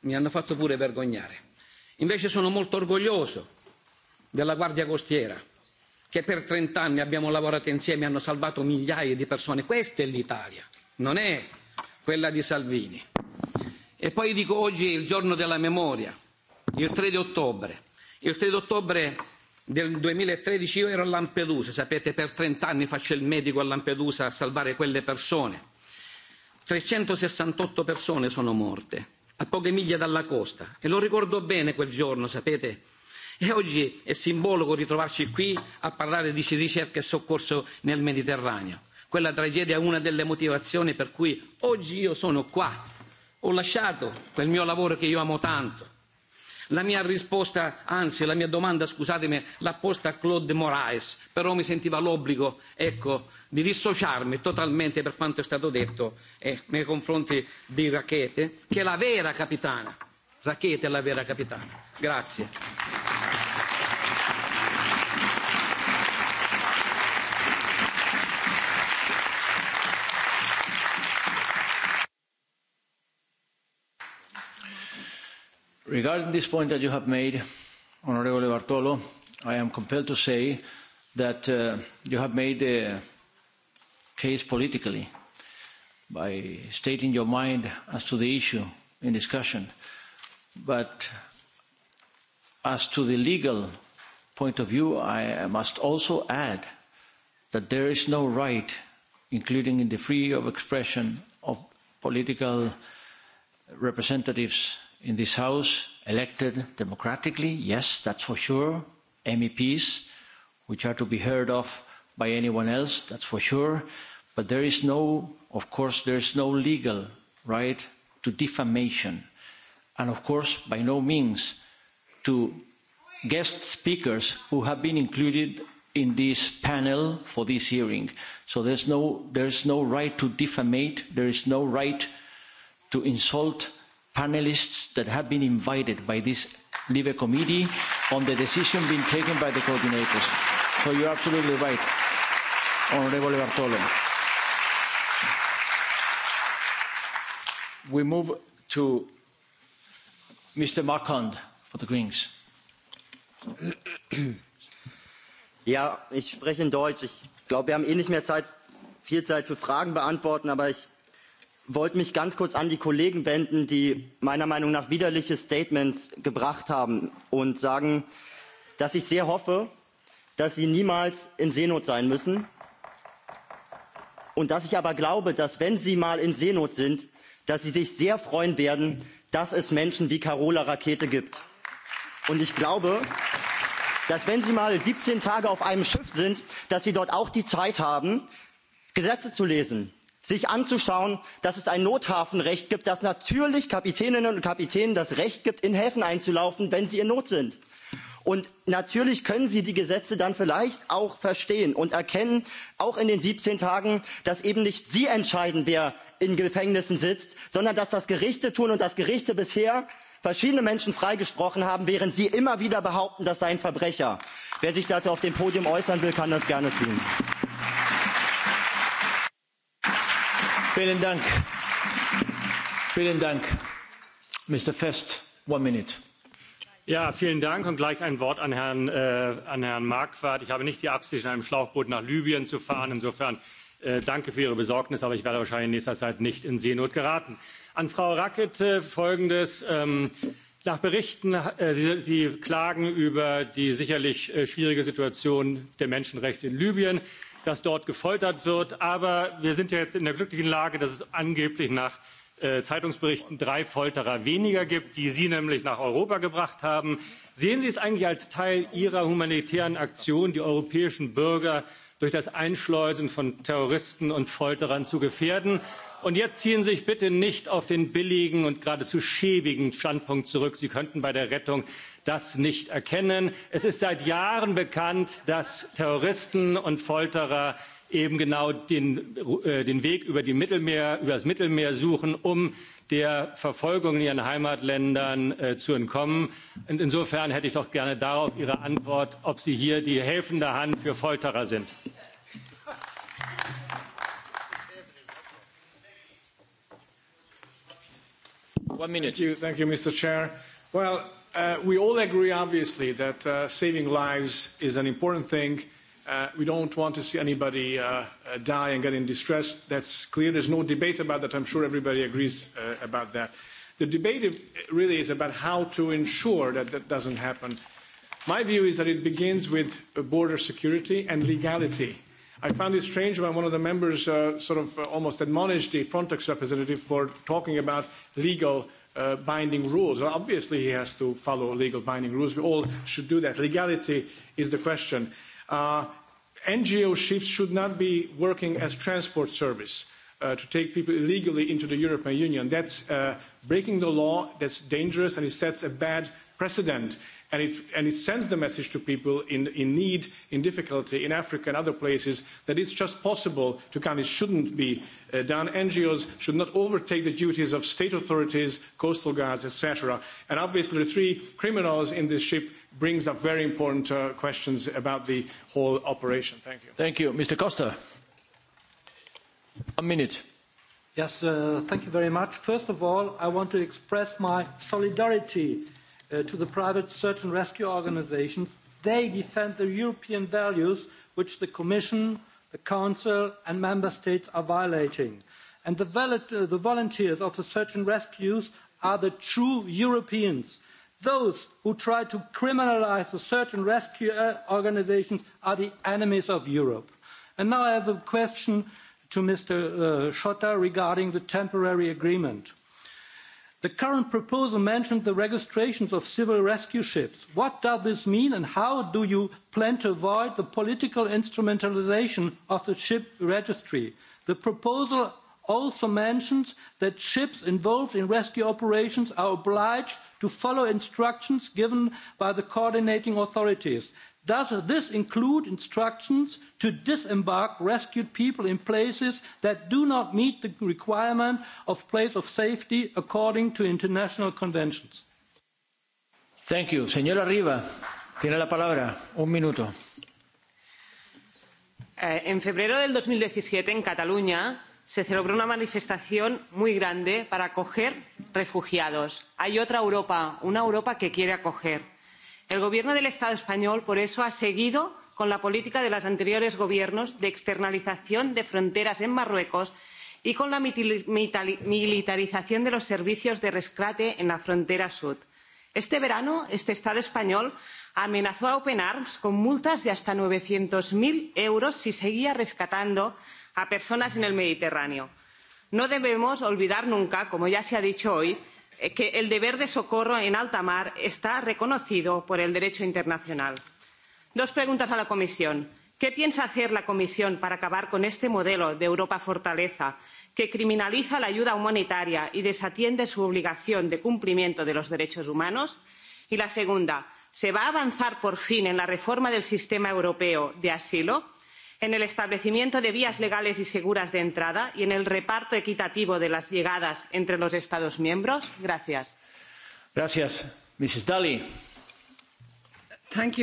mi hanno fatto pure vergognare. Invece sono molto orgoglioso della guardia costiera che per trent'anni abbiamo lavorato insieme e hanno salvato migliaia di persone. Questa è l'Italia, non è quella di Salvini. E poi dico oggi è il giorno della memoria, il 3 di ottobre. Il 3 di ottobre del 2013 io ero a Lampedusa, sapete per trent'anni faccio il medico a Lampedusa a salvare quelle persone. 368 persone sono morte a poche miglia dalla costa e lo ricordo bene quel giorno, sapete, E oggi è simbolico ritrovarci qui a parlare di ricerca e soccorso nel Mediterraneo. Quella tragedia è una delle motivazioni per cui oggi io sono qua. Ho lasciato quel mio lavoro che io amo tanto. La mia risposta, anzi la mia domanda, scusatemi, l'ha posta a Claude Moraes, però mi sentiva l'obbligo, ecco, di dissociarmi totalmente per quanto è stato detto eh, nei confronti di Rachete, che è la vera capitana. Rachete è la vera capitana. Grazie. Regarding this point that you have made, Honorable Bartolo, I am compelled to say that uh, you have made the case politically by stating your mind as to the issue in discussion. But as to the legal point of view, I must also add that there is no right, including in the free of expression of political representatives in this House, elected democratically, yes, that's for sure, MEPs, which are to be heard of by anyone else, that's for sure. But there is no, of course, there is no legal right to defamation. And of course, by no means to guest speakers who have been included in this panel for this hearing. So there's no, there's no right to defamate, there is no right to insult panelists that have been invited by this LIBE committee on the decision being taken by the coordinators. So you're absolutely right, Honorable Bartolo. We move to Mr. Markand for the Greens. Ja, ich spreche in Deutsch. Ich glaube, wir haben eh nicht mehr Zeit, viel Zeit für Fragen beantworten, aber ich wollte mich ganz kurz an die Kollegen wenden, die meiner Meinung nach widerliche Statements gebracht haben und sagen, dass ich sehr hoffe, dass sie niemals in Seenot sein müssen und dass ich aber glaube, dass wenn sie mal in Seenot sind, dass sie sich sehr freuen werden, dass es Menschen wie Carola Rakete gibt. Und ich glaube, dass wenn sie mal 17 Tage auf einem Schiff sind, dass sie dort auch die Zeit haben, Gesetze zu lesen, sich anzuschauen dass es ein nothafenrecht gibt das natürlich kapitäninnen und kapitänen das recht gibt in häfen einzulaufen wenn sie in not sind. und natürlich können sie die gesetze dann vielleicht auch verstehen und erkennen auch in den siebzehn tagen dass eben nicht sie entscheiden wer in gefängnissen sitzt sondern dass das gerichte tun und dass gerichte bisher verschiedene menschen freigesprochen haben während sie immer wieder behaupten das seien verbrecher. wer sich dazu auf dem podium äußern will kann das gerne tun. Vielen Dank. Vielen Dank. Mr. Fest, one minute. Ja, vielen Dank und gleich ein Wort an Herrn, äh, an Herrn Marquardt. Ich habe nicht die Absicht, in einem Schlauchboot nach Libyen zu fahren. Insofern äh, danke für Ihre Besorgnis, aber ich werde wahrscheinlich in nächster Zeit nicht in Seenot geraten. An Frau Racket äh, Folgendes. Ähm, nach Berichten, äh, Sie, Sie klagen über die sicherlich äh, schwierige Situation der Menschenrechte in Libyen dass dort gefoltert wird. Aber wir sind ja jetzt in der glücklichen Lage, dass es angeblich nach äh, Zeitungsberichten drei Folterer weniger gibt, die Sie nämlich nach Europa gebracht haben. Sehen Sie es eigentlich als Teil Ihrer humanitären Aktion, die europäischen Bürger durch das Einschleusen von Terroristen und Folterern zu gefährden? Und jetzt ziehen Sie sich bitte nicht auf den billigen und geradezu schäbigen Standpunkt zurück. Sie könnten bei der Rettung das nicht erkennen. es ist seit jahren bekannt dass terroristen und folterer eben genau den äh, weg über das mittelmeer suchen um der verfolgung in ihren heimatländern äh, zu entkommen. und insofern hätte ich doch gerne darauf ihre antwort ob sie hier die helfende hand für folterer sind. One minute. Thank you, thank you, Mr. Chair. Well, Uh, we all agree, obviously, that uh, saving lives is an important thing. Uh, we don't want to see anybody uh, uh, die and get in distress. That's clear. There's no debate about that. I'm sure everybody agrees uh, about that. The debate uh, really is about how to ensure that that doesn't happen. My view is that it begins with border security and legality. I found it strange when one of the members uh, sort of uh, almost admonished the Frontex representative for talking about legal uh, binding rules. Well, obviously, he has to follow legal binding rules. We all should do that. Legality is the question. Uh, NGO ships should not be working as transport service uh, to take people illegally into the European Union. That's uh, breaking the law. That's dangerous, and it sets a bad precedent and it, and it sends the message to people in, in need, in difficulty, in Africa and other places, that it's just possible to come. It shouldn't be uh, done. NGOs should not overtake the duties of state authorities, coastal guards, etc. And obviously, the three criminals in this ship brings up very important uh, questions about the whole operation. Thank you. Thank you. Mr. Costa. One minute. Yes, uh, thank you very much. First of all, I want to express my solidarity uh, to the private search and rescue organizations. They defend the European values which the Commission, the Council and Member States are violating. And the, valid, uh, the volunteers of the search and rescues are the true Europeans. Those who try to criminalize the search and rescue uh, organizations are the enemies of Europe. And now I have a question to Mr. Uh, Schotter regarding the temporary agreement The current proposal mentioned the registrations of civil rescue ships. What does this mean and how do you plan to avoid the political instrumentalization of the ship registry? The proposal also mentions that ships involved in rescue operations are obliged to follow instructions given by the coordinating authorities. Does this include instructions to disembark rescued people in places that do not meet the requirement of place of safety according to international conventions? Thank you. Señora Riva, tiene la palabra. Un minuto. Eh, en febrero del 2017, en Cataluña, se celebró una manifestación muy grande para acoger refugiados. Hay otra Europa, una Europa que quiere acoger el gobierno del estado español por eso ha seguido con la política de los anteriores gobiernos de externalización de fronteras en marruecos y con la militarización de los servicios de rescate en la frontera sur. este verano este estado español amenazó a open arms con multas de hasta novecientos cero euros si seguía rescatando a personas en el mediterráneo. no debemos olvidar nunca como ya se ha dicho hoy Eh, que el deber de socorro en alta mar está reconocido por el derecho internacional. Dos preguntas a la Comisión. ¿Qué piensa hacer la Comisión para acabar con este modelo de Europa fortaleza que criminaliza la ayuda humanitaria y desatiende su obligación de cumplimiento de los derechos humanos? Y la segunda, ¿se va a avanzar por fin en la reforma del sistema europeo de asilo? en el establecimiento de vías legales y seguras de entrada y en el reparto equitativo de las llegadas entre los estados miembros? mr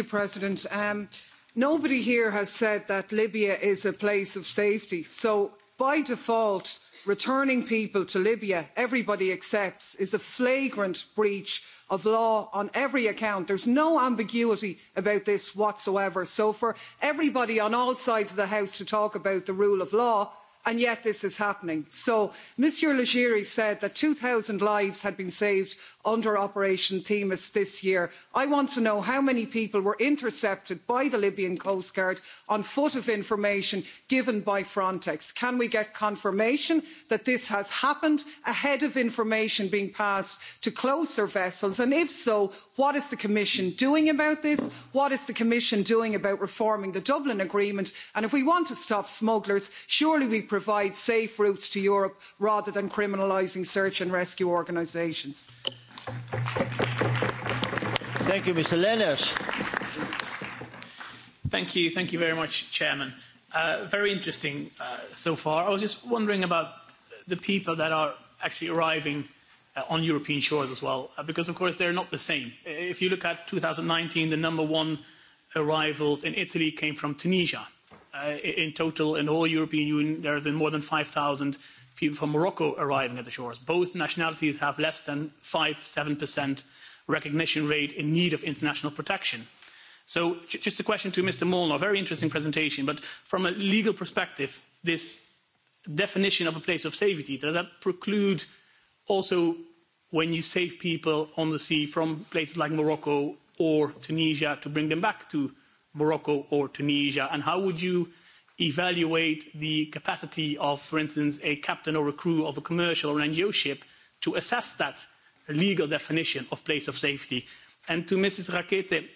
president um, nobody here has said that libya is a place of safety so by default returning people to libya everybody accepts is a flagrant breach of law on every account. there's no ambiguity about this whatsoever so for everybody on all sides of the house to talk about the rule of law and yet this is happening. so mr legeri said that two thousand lives had been saved under operation themis this year. i want to know how many people were intercepted by the libyan coastguard on foot of information given by frontex. can we get confirmation that this has happened ahead of information being passed to close their vessels and if so what is the commission doing about this? what is the commission doing about reforming the dublin agreement? and if we want to stop smugglers surely we provide safe routes to europe rather than criminalising search and rescue organisations. thank you mr lenaers. thank you thank you very much chairman. Uh, very interesting uh, so far. i was just wondering about the people that are actually arriving uh, on European shores as well, uh, because of course they're not the same. Uh, if you look at 2019, the number one arrivals in Italy came from Tunisia. Uh, uh, in total in the whole European Union, there have been more than 5,000 people from Morocco arriving at the shores. Both nationalities have less than 5-7% recognition rate in need of international protection. So just a question to Mr. Molnar, very interesting presentation, but from a legal perspective, this definition of a place of safety, does that preclude also when you save people on the sea from places like Morocco or Tunisia to bring them back to Morocco or Tunisia? And how would you evaluate the capacity of, for instance, a captain or a crew of a commercial or an NGO ship to assess that legal definition of place of safety? And to Mrs. Raquete,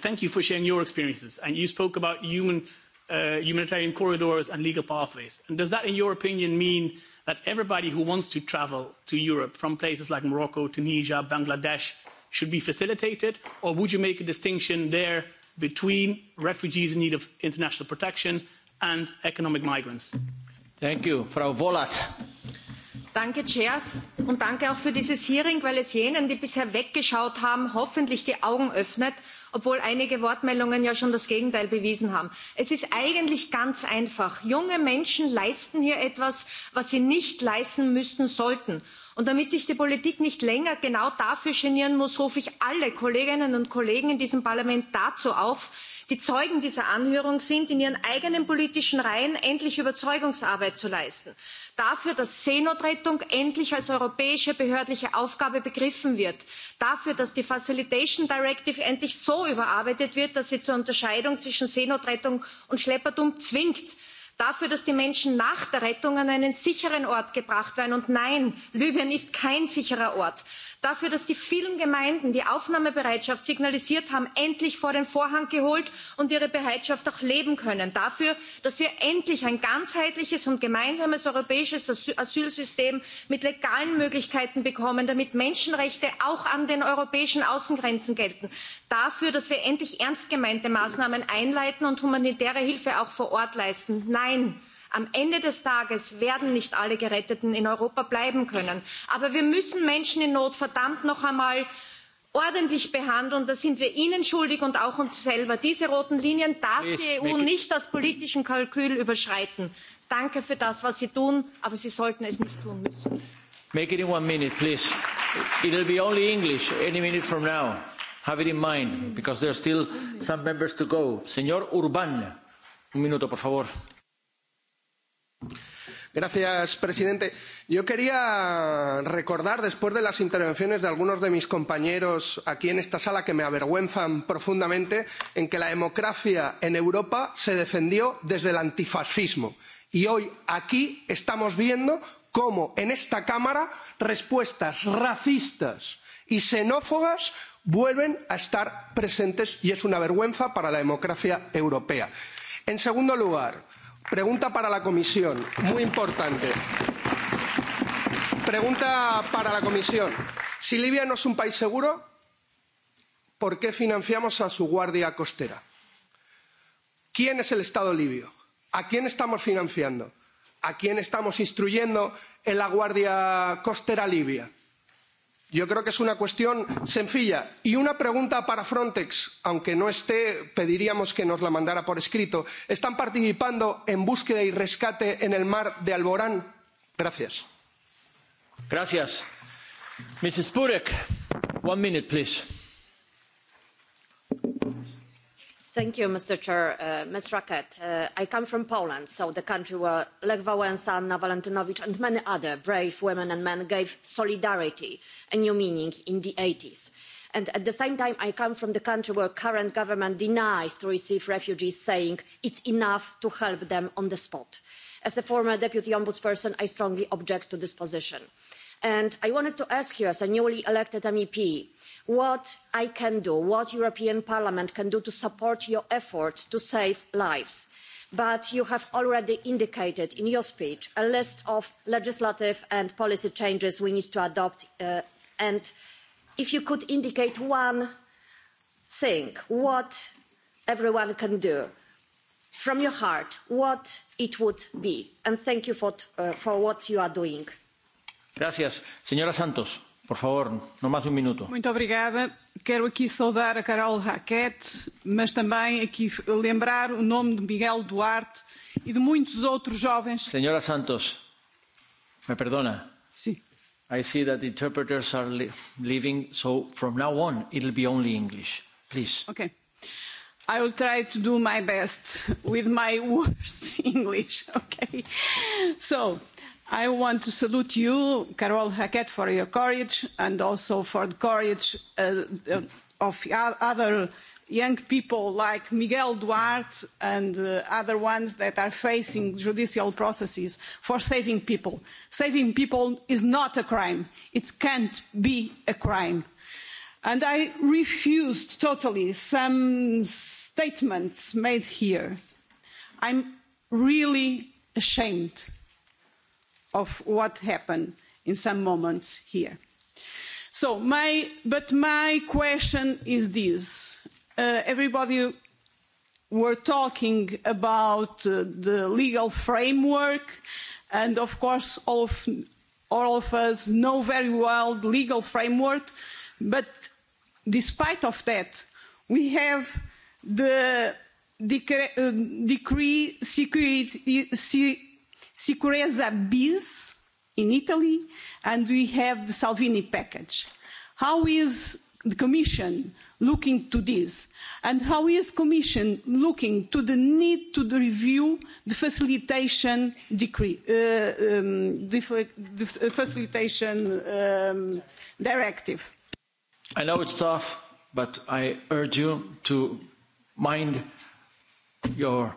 thank you for sharing your experiences. And you spoke about human, uh, humanitarian corridors and legal pathways. And does that, in your opinion, mean that everybody who wants to travel to Europe from places like Morocco, Tunisia, Bangladesh should be facilitated? Or would you make a distinction there – between refugees in need of international protection and economic migrants. Thank you. Frau Wollert. Danke, Chair. Und danke auch für dieses Hearing, weil es jenen, die bisher weggeschaut haben, hoffentlich die Augen öffnet obwohl einige wortmeldungen ja schon das gegenteil bewiesen haben. es ist eigentlich ganz einfach junge menschen leisten hier etwas was sie nicht leisten müssten sollten. und damit sich die politik nicht länger genau dafür genieren muss rufe ich alle kolleginnen und kollegen in diesem parlament dazu auf die zeugen dieser anhörung sind in ihren eigenen politischen reihen endlich überzeugungsarbeit zu leisten dafür dass seenotrettung endlich als europäische behördliche aufgabe begriffen wird dafür dass die facilitation directive endlich so überarbeitet wird dass sie zur unterscheidung zwischen seenotrettung und schleppertum zwingt dafür dass die menschen nach der rettung an einen sicheren ort gebracht werden und nein libyen ist kein sicherer ort dafür dass die vielen gemeinden die aufnahmebereitschaft signalisiert haben endlich vor den vorhang geholt und ihre bereitschaft auch leben können dafür dass wir endlich ein ganzheitliches und gemeinsames europäisches asylsystem mit legalen möglichkeiten bekommen damit menschenrechte auch an den europäischen außengrenzen gelten dafür dass wir endlich ernst gemeinte maßnahmen einleiten und humanitäre hilfe auch vor ort leisten. nein! am ende des tages werden nicht alle geretteten in europa bleiben können aber wir müssen menschen in not verdammt noch einmal ordentlich behandeln das sind wir ihnen schuldig und auch uns selber. diese roten linien darf die eu nicht aus politischem kalkül überschreiten. danke für das was sie tun aber sie sollten es nicht tun müssen. make it in one minute please. it will be only english any minute from now. have it in mind because there are still some members to go. señor urbán un minuto por favor. Señor presidente, yo quería recordar, después de las intervenciones de algunos de mis compañeros aquí en esta sala que me avergüenzan profundamente, que la democracia en Europa se defendió desde el antifascismo. Y hoy aquí estamos viendo cómo en esta Cámara respuestas racistas y xenófobas vuelven a estar presentes y es una vergüenza para la democracia europea. En segundo lugar, Pregunta para la comisión, muy importante. Pregunta para la comisión. Si Libia no es un país seguro, ¿por qué financiamos a su guardia costera? ¿Quién es el Estado libio? ¿A quién estamos financiando? ¿A quién estamos instruyendo en la guardia costera libia? yo creo que es una cuestión sencilla. y una pregunta para frontex aunque no esté pediríamos que nos la mandara por escrito están participando en búsqueda y rescate en el mar de alborán? gracias. gracias. Mrs. Burek, one minute, please. Thank you, Mr. Chair. Uh, Ms. Racket, uh, I come from Poland, so the country where Lech Wałęsa, Anna Valentinowicz and many other brave women and men gave solidarity a new meaning in the 80s. And at the same time, I come from the country where current government denies to receive refugees, saying it's enough to help them on the spot. As a former deputy ombudsperson, I strongly object to this position. And I wanted to ask you, as a newly elected MEP, what i can do what the european parliament can do to support your efforts to save lives but you have already indicated in your speech a list of legislative and policy changes we need to adopt uh, and if you could indicate one thing what everyone can do from your heart what it would be and thank you for, uh, for what you are doing. Gracias. Señora Santos. Por favor, no mais um minuto. Muito obrigada. Quero aqui saudar a Carol Raquete, mas também aqui lembrar o nome de Miguel Duarte e de muitos outros jovens. Senhora Santos, me perdona. Sim. I see that the interpreters are leaving, so from now on it'll be only English. Please. Okay. I will try to do my best with my (laughs) worst English, okay? So, I want to salute you, Carol Hackett, for your courage and also for the courage uh, uh of other young people like Miguel Duarte and uh, other ones that are facing judicial processes for saving people. Saving people is not a crime. It can't be a crime. And I refused totally some statements made here. I'm really ashamed of what happened in some moments here. So my, but my question is this. Uh, everybody were talking about uh, the legal framework and of course all of, all of us know very well the legal framework, but despite of that, we have the decree, uh, decree security, sicurezza bis in italy and we have the salvini package. how is the commission looking to this and how is the commission looking to the need to the review the facilitation decree uh, um, the, the uh, facilitation um, directive? i know it's tough but i urge you to mind your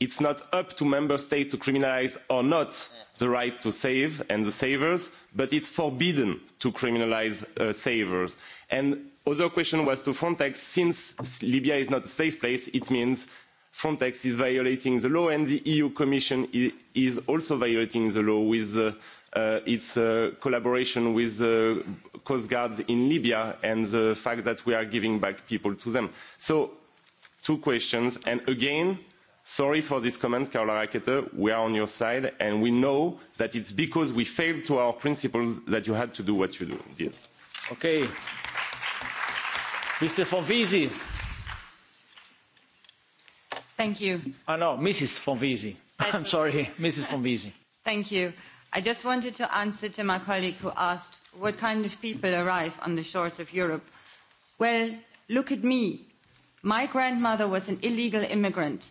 it's not up to member states to criminalise or not the right to save and the savers but it's forbidden to criminalise uh, savers and other question was to frontex since libya is not a safe place it means frontex is violating the law and the eu commission is also violating the law with uh, uh, its uh, collaboration with uh, coast guards in libya and the fact that we are giving back people to them so two questions and again uh, sorry for this comment carola rackete we are on your side and we know that it's because we failed to our principles that you had to do what you do, did. okay mr von Vizi. thank you oh no mrs von Vizi. i'm sorry mrs von Vizi. thank you i just wanted to answer to my colleague who asked what kind of people arrive on the shores of europe well look at me my grandmother was an illegal immigrant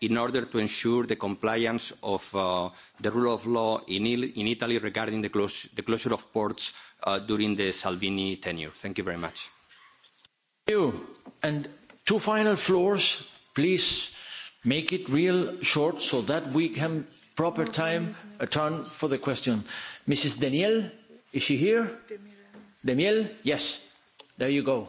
in order to ensure the compliance of uh, the rule of law in, Il in Italy regarding the, close the closure of ports uh, during the Salvini tenure. Thank you very much. Thank you. And two final floors, please make it real short so that we can proper time a turn for the question. Mrs. Daniel, is she here? Demiel, yes. There you go.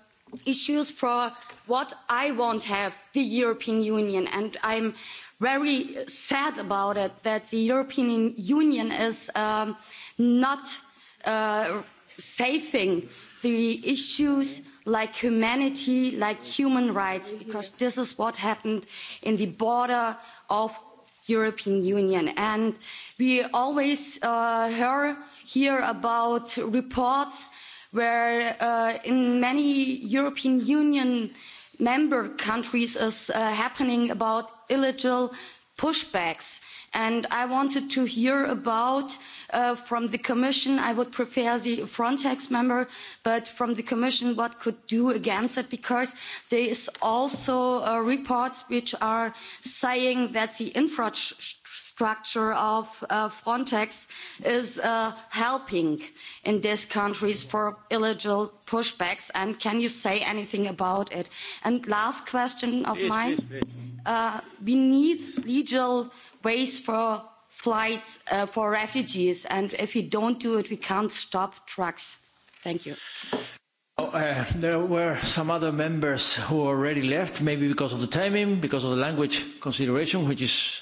issues for what I want to have the European Union. And I'm very sad about it that the European Union is um, not uh, saving the issues like humanity, like human rights, because this is what happened in the border of European Union. And we always uh, hear, hear about reports uh, where uh, in many European Union member countries is uh, happening about illegal pushbacks. And I wanted to hear about uh, from the Commission, I would prefer the Frontex member, but from the Commission what could do against it because there is also uh, reports which are saying that the infrastructure structure of uh, Frontex is uh, helping in these countries for illegal pushbacks? And can you say anything about it? And last question of please, mine. Please, please. Uh, we need legal ways for flights uh, for refugees. And if we don't do it, we can't stop trucks. Thank you. Oh, uh, there were some other members who already left, maybe because of the timing, because of the language consideration, which is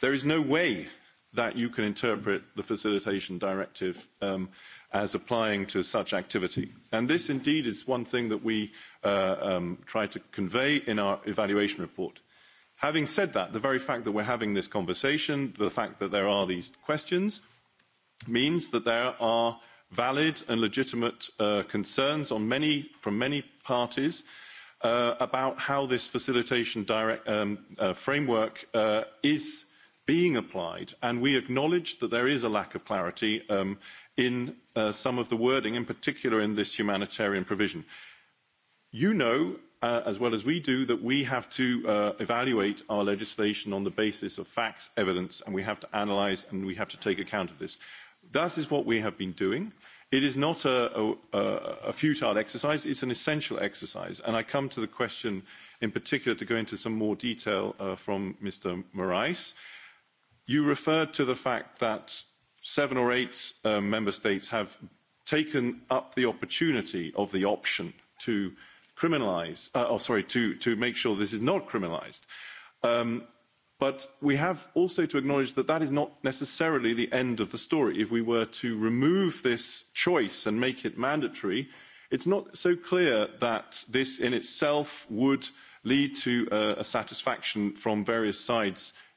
there is no way that you can interpret the facilitation directive um, as applying to such activity. And this indeed is one thing that we uh, um, try to convey in our evaluation report. Having said that, the very fact that we're having this conversation, the fact that there are these questions, means that there are valid and legitimate uh, concerns on many, from many parties uh, about how this facilitation direct, um, uh, framework uh, is being applied, and we acknowledge that there is a lack of clarity um, in uh, some of the wording, in particular in this humanitarian provision. You know, uh, as well as we do, that we have to uh, evaluate our legislation on the basis of facts, evidence, and we have to analyse and we have to take account of this. That is what we have been doing. It is not a, a, a futile exercise, it's an essential exercise. And I come to the question in particular to go into some more detail uh, from Mr. Morais. Uh, you referred to the fact that seven or eight um, member states have taken up the opportunity of the option to criminalise uh, oh sorry to to make sure this is not criminalised um, but we have also to acknowledge that that is not necessarily the end of the story if we were to remove this choice and make it mandatory it's not so clear that this in itself would lead to uh, a satisfaction from various sides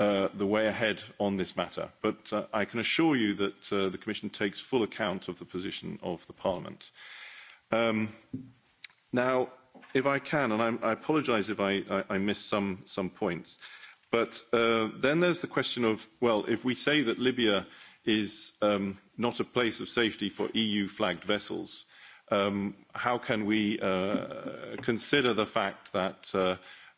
uh, the way ahead on this matter. But uh, I can assure you that uh, the Commission takes full account of the position of the Parliament. Um, now, if I can, and I, I apologise if I, I, I missed some, some points, but uh, then there's the question of, well, if we say that Libya is um, not a place of safety for EU-flagged vessels, um, how can we uh, consider the fact that uh,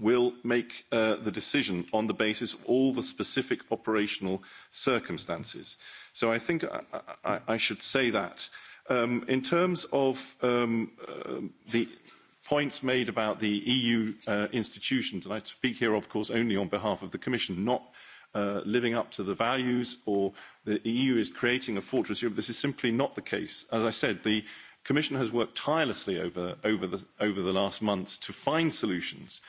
will make uh, the decision on the basis of all the specific operational circumstances. So I think I, I, I should say that. Um, in terms of um, uh, the points made about the EU uh, institutions, and I speak here, of course, only on behalf of the Commission, not uh, living up to the values or the EU is creating a fortress Europe. This is simply not the case. As I said, the Commission has worked tirelessly over, over, the, over the last months to find solutions. Uh,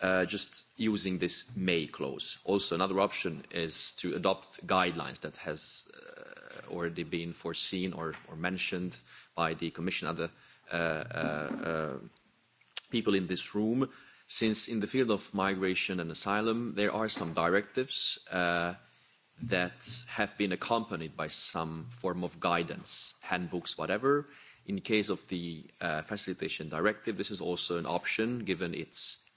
uh, just using this may clause. Also, another option is to adopt guidelines that has uh, already been foreseen or, or mentioned by the Commission, other uh, uh, uh, people in this room, since in the field of migration and asylum, there are some directives uh, that have been accompanied by some form of guidance, handbooks, whatever. In case of the uh, facilitation directive, this is also an option given its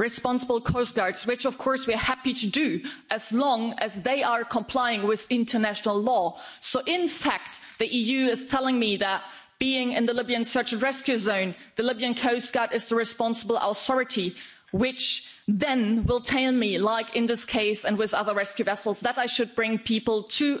responsible coastguards which of course we are happy to do as long as they are complying with international law. so in fact the eu is telling me that being in the libyan search and rescue zone the libyan coastguard is the responsible authority which then will tell me like in this case and with other rescue vessels that i should bring people to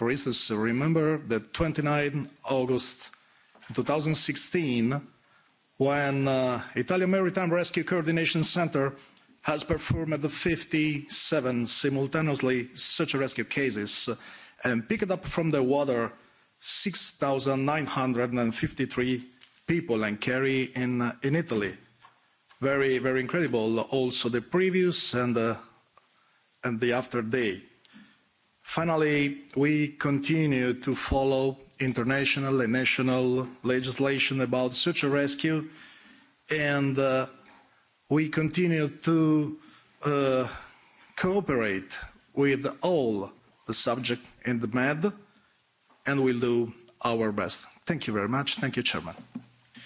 For instance, remember the 29 August 2016, when uh, Italian Maritime Rescue Coordination Center has performed 57 simultaneously such rescue cases and picked up from the water 6,953 people and carry in, uh, in Italy. Very, very incredible. Also the previous and, uh, and the after day. Finally, we continue to follow international and national legislation about search and rescue, and uh, we continue to uh, cooperate with all the subject in the med, and we'll do our best. Thank you very much. Thank you, Chairman.